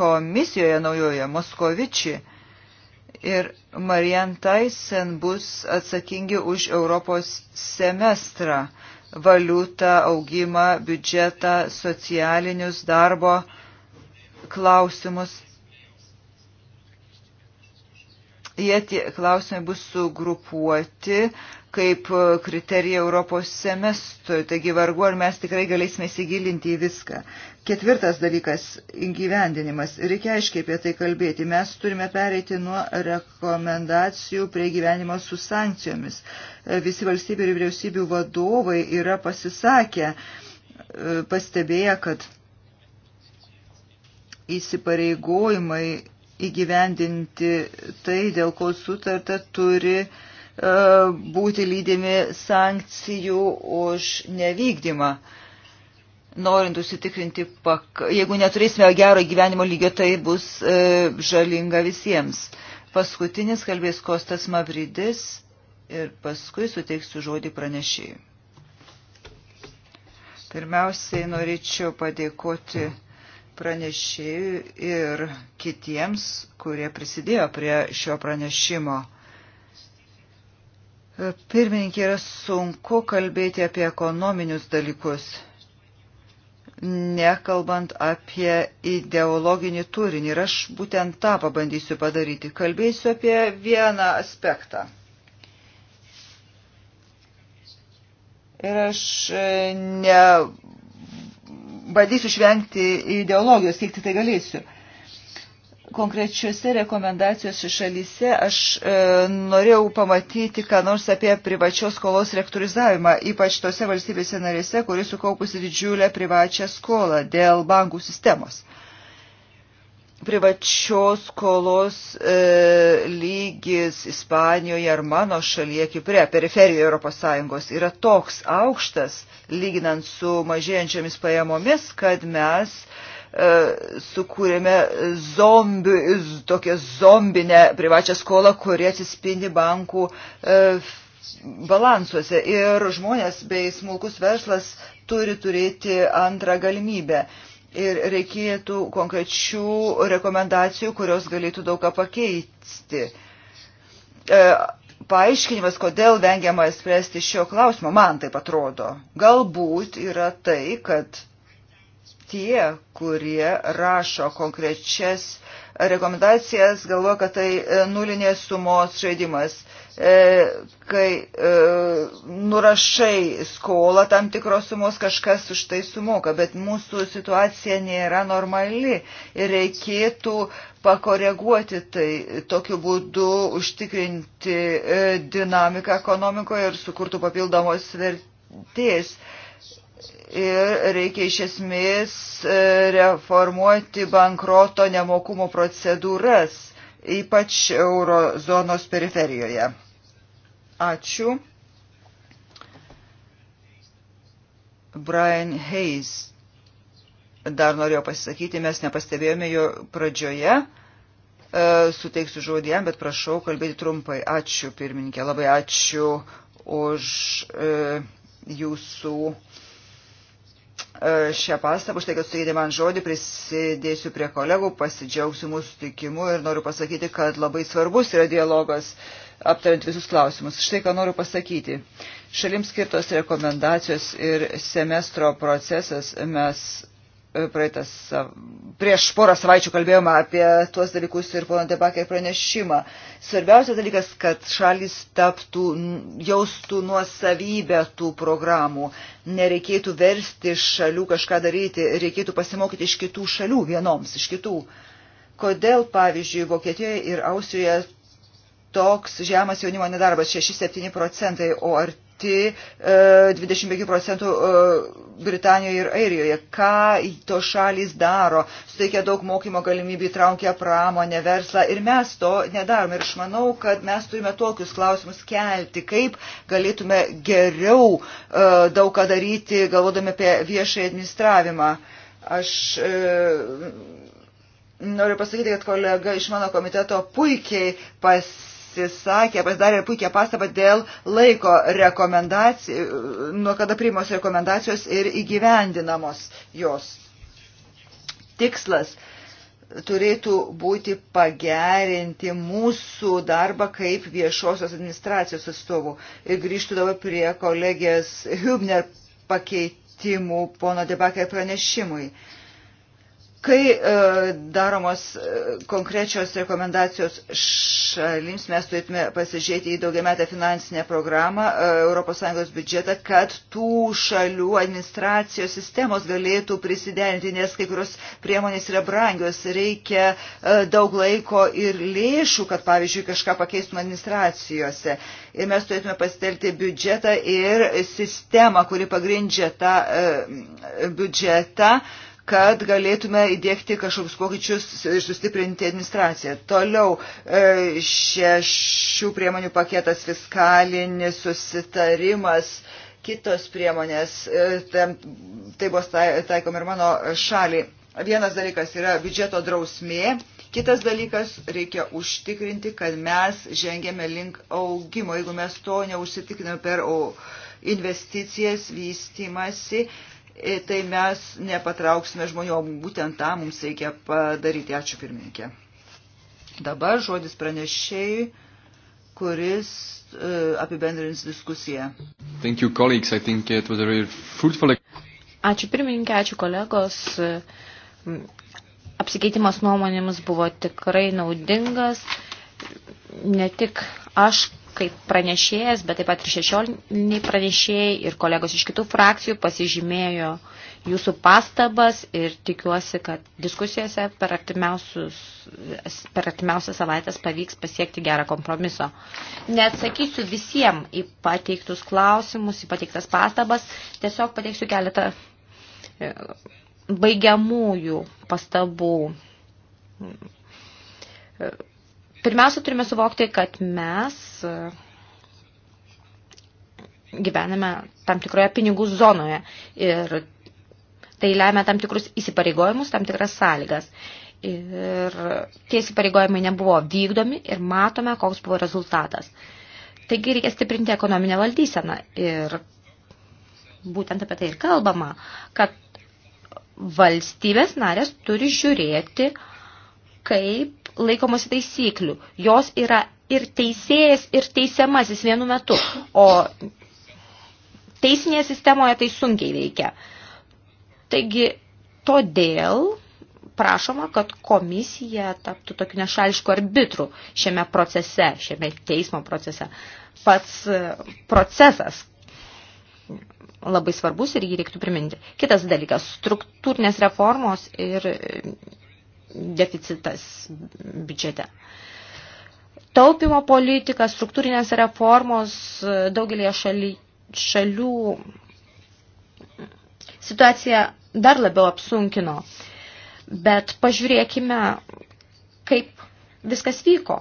komisijoje naujoje Moskovičiai ir Marian Taisen bus atsakingi už Europos semestrą, valiutą, augimą, biudžetą, socialinius darbo klausimus jie tie klausimai bus sugrupuoti kaip kriterija Europos semestrui, taigi vargu ar mes tikrai galėsime įsigilinti į viską. Ketvirtas dalykas - gyvendinimas. Reikia aiškiai apie tai kalbėti. Mes turime pereiti nuo rekomendacijų prie gyvenimo su sankcijomis. Visi valstybių ir vyriausybių vadovai yra pasisakę, e, pastebėję, kad įsipareigojimai įgyvendinti tai, dėl ko sutarta, turi e, būti lydimi sankcijų už nevykdymą. Norint užsitikrinti, pak... jeigu neturėsime gero gyvenimo lygio, tai bus e, žalinga visiems. Paskutinis kalbės Kostas Mavridis ir paskui suteiksiu žodį pranešėjui. Pirmiausiai norėčiau padėkoti. E, pranešėjui ir kitiems, kurie prisidėjo prie šio pranešimo. Pirmininkė yra sunku kalbėti apie ekonominius dalykus, nekalbant apie ideologinį turinį. Ir aš būtent tą pabandysiu padaryti. Kalbėsiu apie vieną aspektą. Ir aš e, ne bandysiu išvengti ideologijos, kiek tai galėsiu. Konkrečiose rekomendacijose šalyse aš e, norėjau pamatyti, ką nors apie privačios skolos rektorizavimą, ypač tose valstybėse narėse, kuris sukaupusi didžiulę privačią skolą dėl bankų sistemos. E, privačios skolos e, lygis Ispanijoje ar mano šalyje Kiprė, periferijoje Europos Sąjungos, yra toks aukštas, lyginant su mažėjančiamis pajamomis, kad mes e, sukūrėme zombi, tokią zombinę privačią skolą, kuri atsispindi bankų e, balansuose. Ir žmonės bei smulkus verslas turi turėti antrą galimybę. E, ir reikėtų konkrečių rekomendacijų, kurios galėtų daugą pakeisti. E, paaiškinimas, kodėl vengiama spręsti šio klausimo, man taip atrodo. Galbūt yra tai, kad tie, kurie rašo konkrečias rekomendacijas, galvo, kad tai e, nulinės sumos žaidimas. E, kai e, nurašai skolą tam tikros sumos, kažkas už tai sumoka, bet mūsų situacija nėra normali ir reikėtų pakoreguoti tai tokiu būdu užtikrinti dinamiką ekonomikoje ir sukurtų papildomos vertės ir reikia iš esmės e, reformuoti bankroto nemokumo procedūras, ypač eurozonos periferijoje. Ačiū. Brian Hayes dar norėjo pasisakyti, mes nepastebėjome jo pradžioje. E, suteiksiu žodį jam, bet prašau kalbėti trumpai. Ačiū, pirmininkė, labai ačiū už e, jūsų e, E, šią pastabą, štai kad suteikėte man žodį, prisidėsiu prie kolegų, pasidžiaugsiu mūsų sutikimu ir noriu pasakyti, kad labai svarbus yra dialogas aptariant visus klausimus. Štai ką noriu pasakyti. Šalims skirtos rekomendacijos ir semestro procesas mes E, praeitas, prieš porą savaičių kalbėjome apie tuos dalykus ir pono debakė pranešimą. Svarbiausias dalykas, kad šalis taptų, jaustų nuosavybę tų programų. Nereikėtų versti šalių kažką daryti, reikėtų pasimokyti iš kitų šalių vienoms, iš kitų. Kodėl, pavyzdžiui, Vokietijoje ir Austrijoje toks žemas jaunimo nedarbas 6-7 procentai, o ar pateikti e, 25 procentų e, Britanijoje ir Airijoje. Ką to šalys daro? Suteikia daug mokymo galimybių, įtraukia pramonę, verslą ir mes to nedarome. Ir aš manau, kad mes turime tokius klausimus kelti, kaip galėtume geriau e, daug ką daryti, galvodami apie viešąjį administravimą. Aš Noriu pasakyti, kad kolega iš mano komiteto puikiai pas, pasisakė, pasidarė puikia pastabą dėl laiko rekomendacijų, nuo kada priimos rekomendacijos ir įgyvendinamos jos. Tikslas turėtų būti pagerinti mūsų darbą kaip viešosios administracijos atstovų. Ir grįžtų dabar prie kolegės Hübner pakeitimų pono Debakė pranešimui. Uh, Kai e, daromos e, konkrečios rekomendacijos šalims, mes turėtume pasižiūrėti į daugiametę finansinę programą e, ES biudžetą, kad tų šalių administracijos sistemos galėtų prisiderinti, nes kai kurios priemonės yra brangios, reikia daug laiko ir lėšų, kad pavyzdžiui kažką pakeistum administracijose. Ir mes turėtume pasitelti biudžetą ir sistemą, kuri pagrindžia tą biudžetą kad galėtume įdėkti kažkokius pokyčius ir sustiprinti administraciją. Toliau e, šešių priemonių paketas fiskalinis susitarimas kitos priemonės, e, tai bus taikom ir mano šaliai. Vienas dalykas yra biudžeto drausmė, kitas dalykas reikia užtikrinti, kad mes žengėme link augimo. Jeigu mes to neužsitikriname per investicijas, vystimasi, E, tai mes nepatrauksime žmonių, būtent tą mums reikia padaryti. Ačiū pirmininkė. Dabar žodis pranešėjai, kuris e, apibendrins diskusiją. Thank you, colleagues. I think it was a very fruitful... Ačiū pirmininkė, ačiū kolegos. Apsikeitimas nuomonėmis buvo tikrai naudingas. Ne tik aš kaip pranešėjas, bet taip pat ir šešioliniai pranešėjai ir kolegos iš kitų frakcijų pasižymėjo jūsų pastabas ir tikiuosi, kad diskusijose per, per artimiausias savaitės pavyks pasiekti gerą kompromiso. Neatsakysiu visiems į pateiktus klausimus, į pateiktas pastabas, tiesiog pateiksiu keletą e, baigiamųjų pastabų mm. e, Pirmiausia, turime suvokti, kad mes e, gyvename tam tikroje pinigų zonoje ir tai lemia tam tikrus įsipareigojimus, tam tikras sąlygas. Ir tie įsipareigojimai nebuvo vykdomi ir matome, koks buvo rezultatas. Taigi reikia stiprinti ekonominę valdyseną ir būtent apie tai ir kalbama, kad valstybės narės turi žiūrėti, kaip laikomasi taisyklių. Jos yra ir teisėjas, ir teisiamasis vienu metu, o teisinėje sistemoje tai sunkiai veikia. Taigi, todėl prašoma, kad komisija taptų tokiu nešališku arbitru šiame procese, šiame teismo procese. Pats e, procesas labai svarbus ir jį reiktų priminti. Kitas dalykas – struktūrinės reformos ir deficitas biudžete. Taupimo politika, struktūrinės reformos e, daugelie šali, šalių situaciją dar labiau apsunkino. Bet pažiūrėkime, kaip viskas vyko.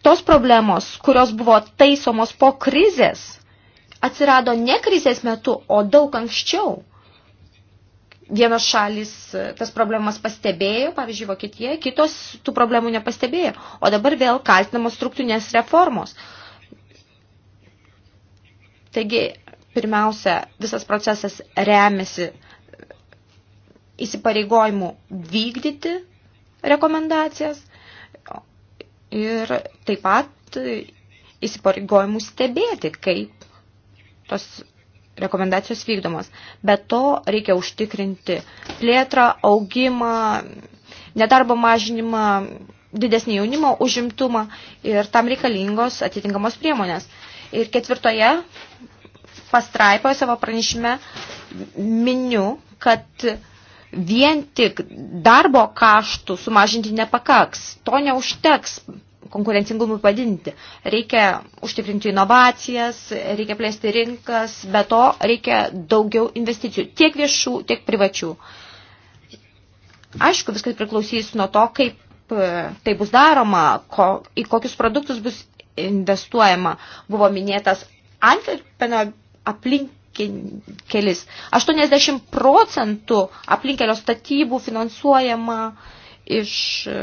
Tos problemos, kurios buvo taisomos po krizės, atsirado ne krizės metu, o daug anksčiau vienos šalis e, tas problemas pastebėjo, pavyzdžiui, Vokietija, kitos tų problemų nepastebėjo. O dabar vėl kaltinamos struktūrinės reformos. Taigi, pirmiausia, visas procesas remiasi įsipareigojimų vykdyti rekomendacijas ir taip pat įsipareigojimų stebėti, kaip tos rekomendacijos vykdomos. Be to reikia užtikrinti plėtrą, augimą, nedarbo mažinimą, didesnį jaunimo užimtumą ir tam reikalingos atitinkamos priemonės. Ir ketvirtoje pastraipoje savo pranešime miniu, kad vien tik darbo kaštų sumažinti nepakaks. To neužteks konkurencingumui padinti. Reikia užtikrinti inovacijas, reikia plėsti rinkas, be to reikia daugiau investicijų, tiek viešų, tiek privačių. Aišku, viskas priklausys nuo to, kaip e, tai bus daroma, ko, į kokius produktus bus investuojama. Buvo minėtas Antverpeno aplinkelis. 80 procentų aplinkelio statybų finansuojama iš e,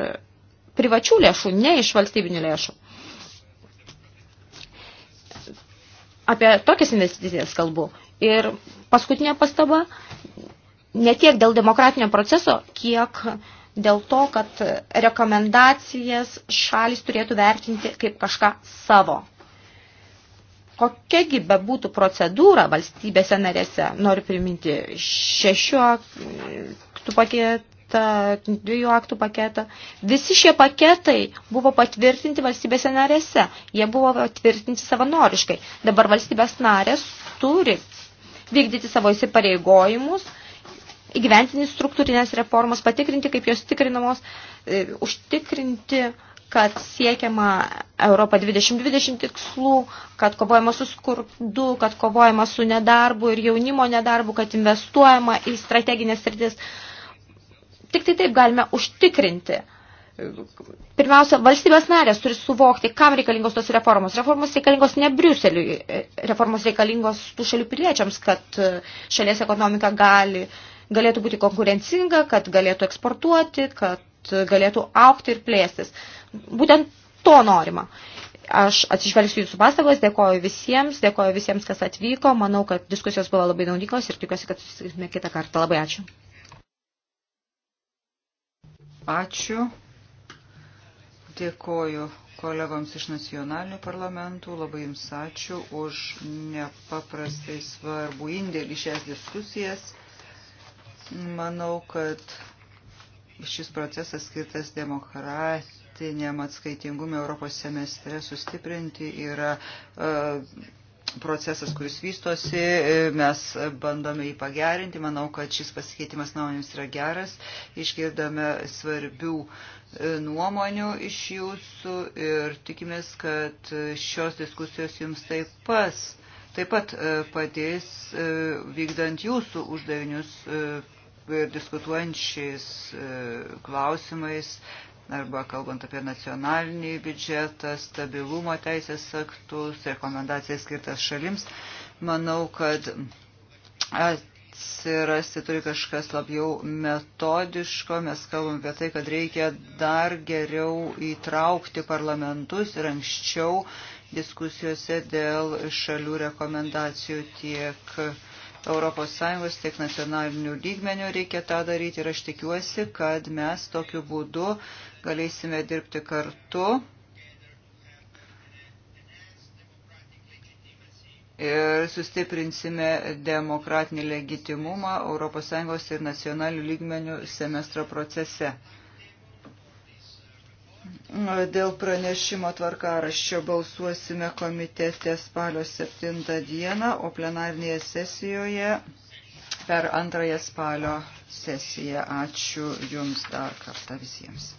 privačių lėšų, ne iš valstybinių lėšų. Apie tokias investicijas kalbu. Ir paskutinė pastaba, ne tiek dėl demokratinio proceso, kiek dėl to, kad rekomendacijas šalis turėtų vertinti kaip kažką savo. Kokiagi bebūtų procedūra valstybėse narėse, noriu priminti šešių aktų paketas, dviejų aktų paketą. Visi šie paketai buvo patvirtinti valstybėse narėse. Jie buvo patvirtinti savanoriškai. Dabar valstybės narės turi vykdyti savo įsipareigojimus, įgyventinti struktūrinės reformas, patikrinti, kaip jos tikrinamos, e, užtikrinti kad siekiama Europą 2020 tikslų, kad kovojama su skurdu, kad kovojama su nedarbu ir jaunimo nedarbu, kad investuojama į strateginės sritis. Ir Tik tai taip galime užtikrinti. Pirmiausia, valstybės narės turi suvokti, kam reikalingos tos reformos. Reformos reikalingos ne Briuseliui, reformos reikalingos tų šalių piliečiams, kad e, šalies ekonomika gali, galėtų būti konkurencinga, kad galėtų eksportuoti, kad galėtų aukti ir plėstis. Būtent to norima. Aš atsižvelgsiu jūsų pastabas, dėkoju visiems, dėkoju visiems, kas atvyko. Manau, kad diskusijos buvo labai naudingos ir tikiuosi, kad susitiksime kitą kartą. Labai ačiū. Ačiū. Dėkoju kolegoms iš nacionalinių parlamentų. Labai jums ačiū už nepaprastai svarbų indėlį šias diskusijas. Manau, kad šis procesas skirtas demokratijai demokratiniam atskaitingumui Europos semestre sustiprinti yra uh, procesas, kuris vystosi, mes bandome jį pagerinti. Manau, kad šis pasikeitimas nuomonėms yra geras. Išgirdome svarbių e, nuomonių iš jūsų ir tikimės, kad šios diskusijos jums taip pas. Taip pat e, padės e, vykdant jūsų uždavinius ir diskutuojant šiais klausimais arba kalbant apie nacionalinį biudžetą, stabilumo teisės aktus, rekomendacijas skirtas šalims, manau, kad atsirasti turi kažkas labiau metodiško. Mes kalbam apie tai, kad reikia dar geriau įtraukti parlamentus ir anksčiau diskusijose dėl šalių rekomendacijų tiek ES, tiek nacionalinių lygmenių reikia tą daryti ir aš tikiuosi, kad mes tokiu būdu galėsime dirbti kartu. Ir sustiprinsime demokratinį legitimumą ES ir nacionalinių lygmenių semestro procese. Dėl pranešimo tvarkaraščio balsuosime komitete spalio 7 dieną, o plenarnėje sesijoje per antrąją spalio sesiją. Ačiū Jums dar kartą visiems.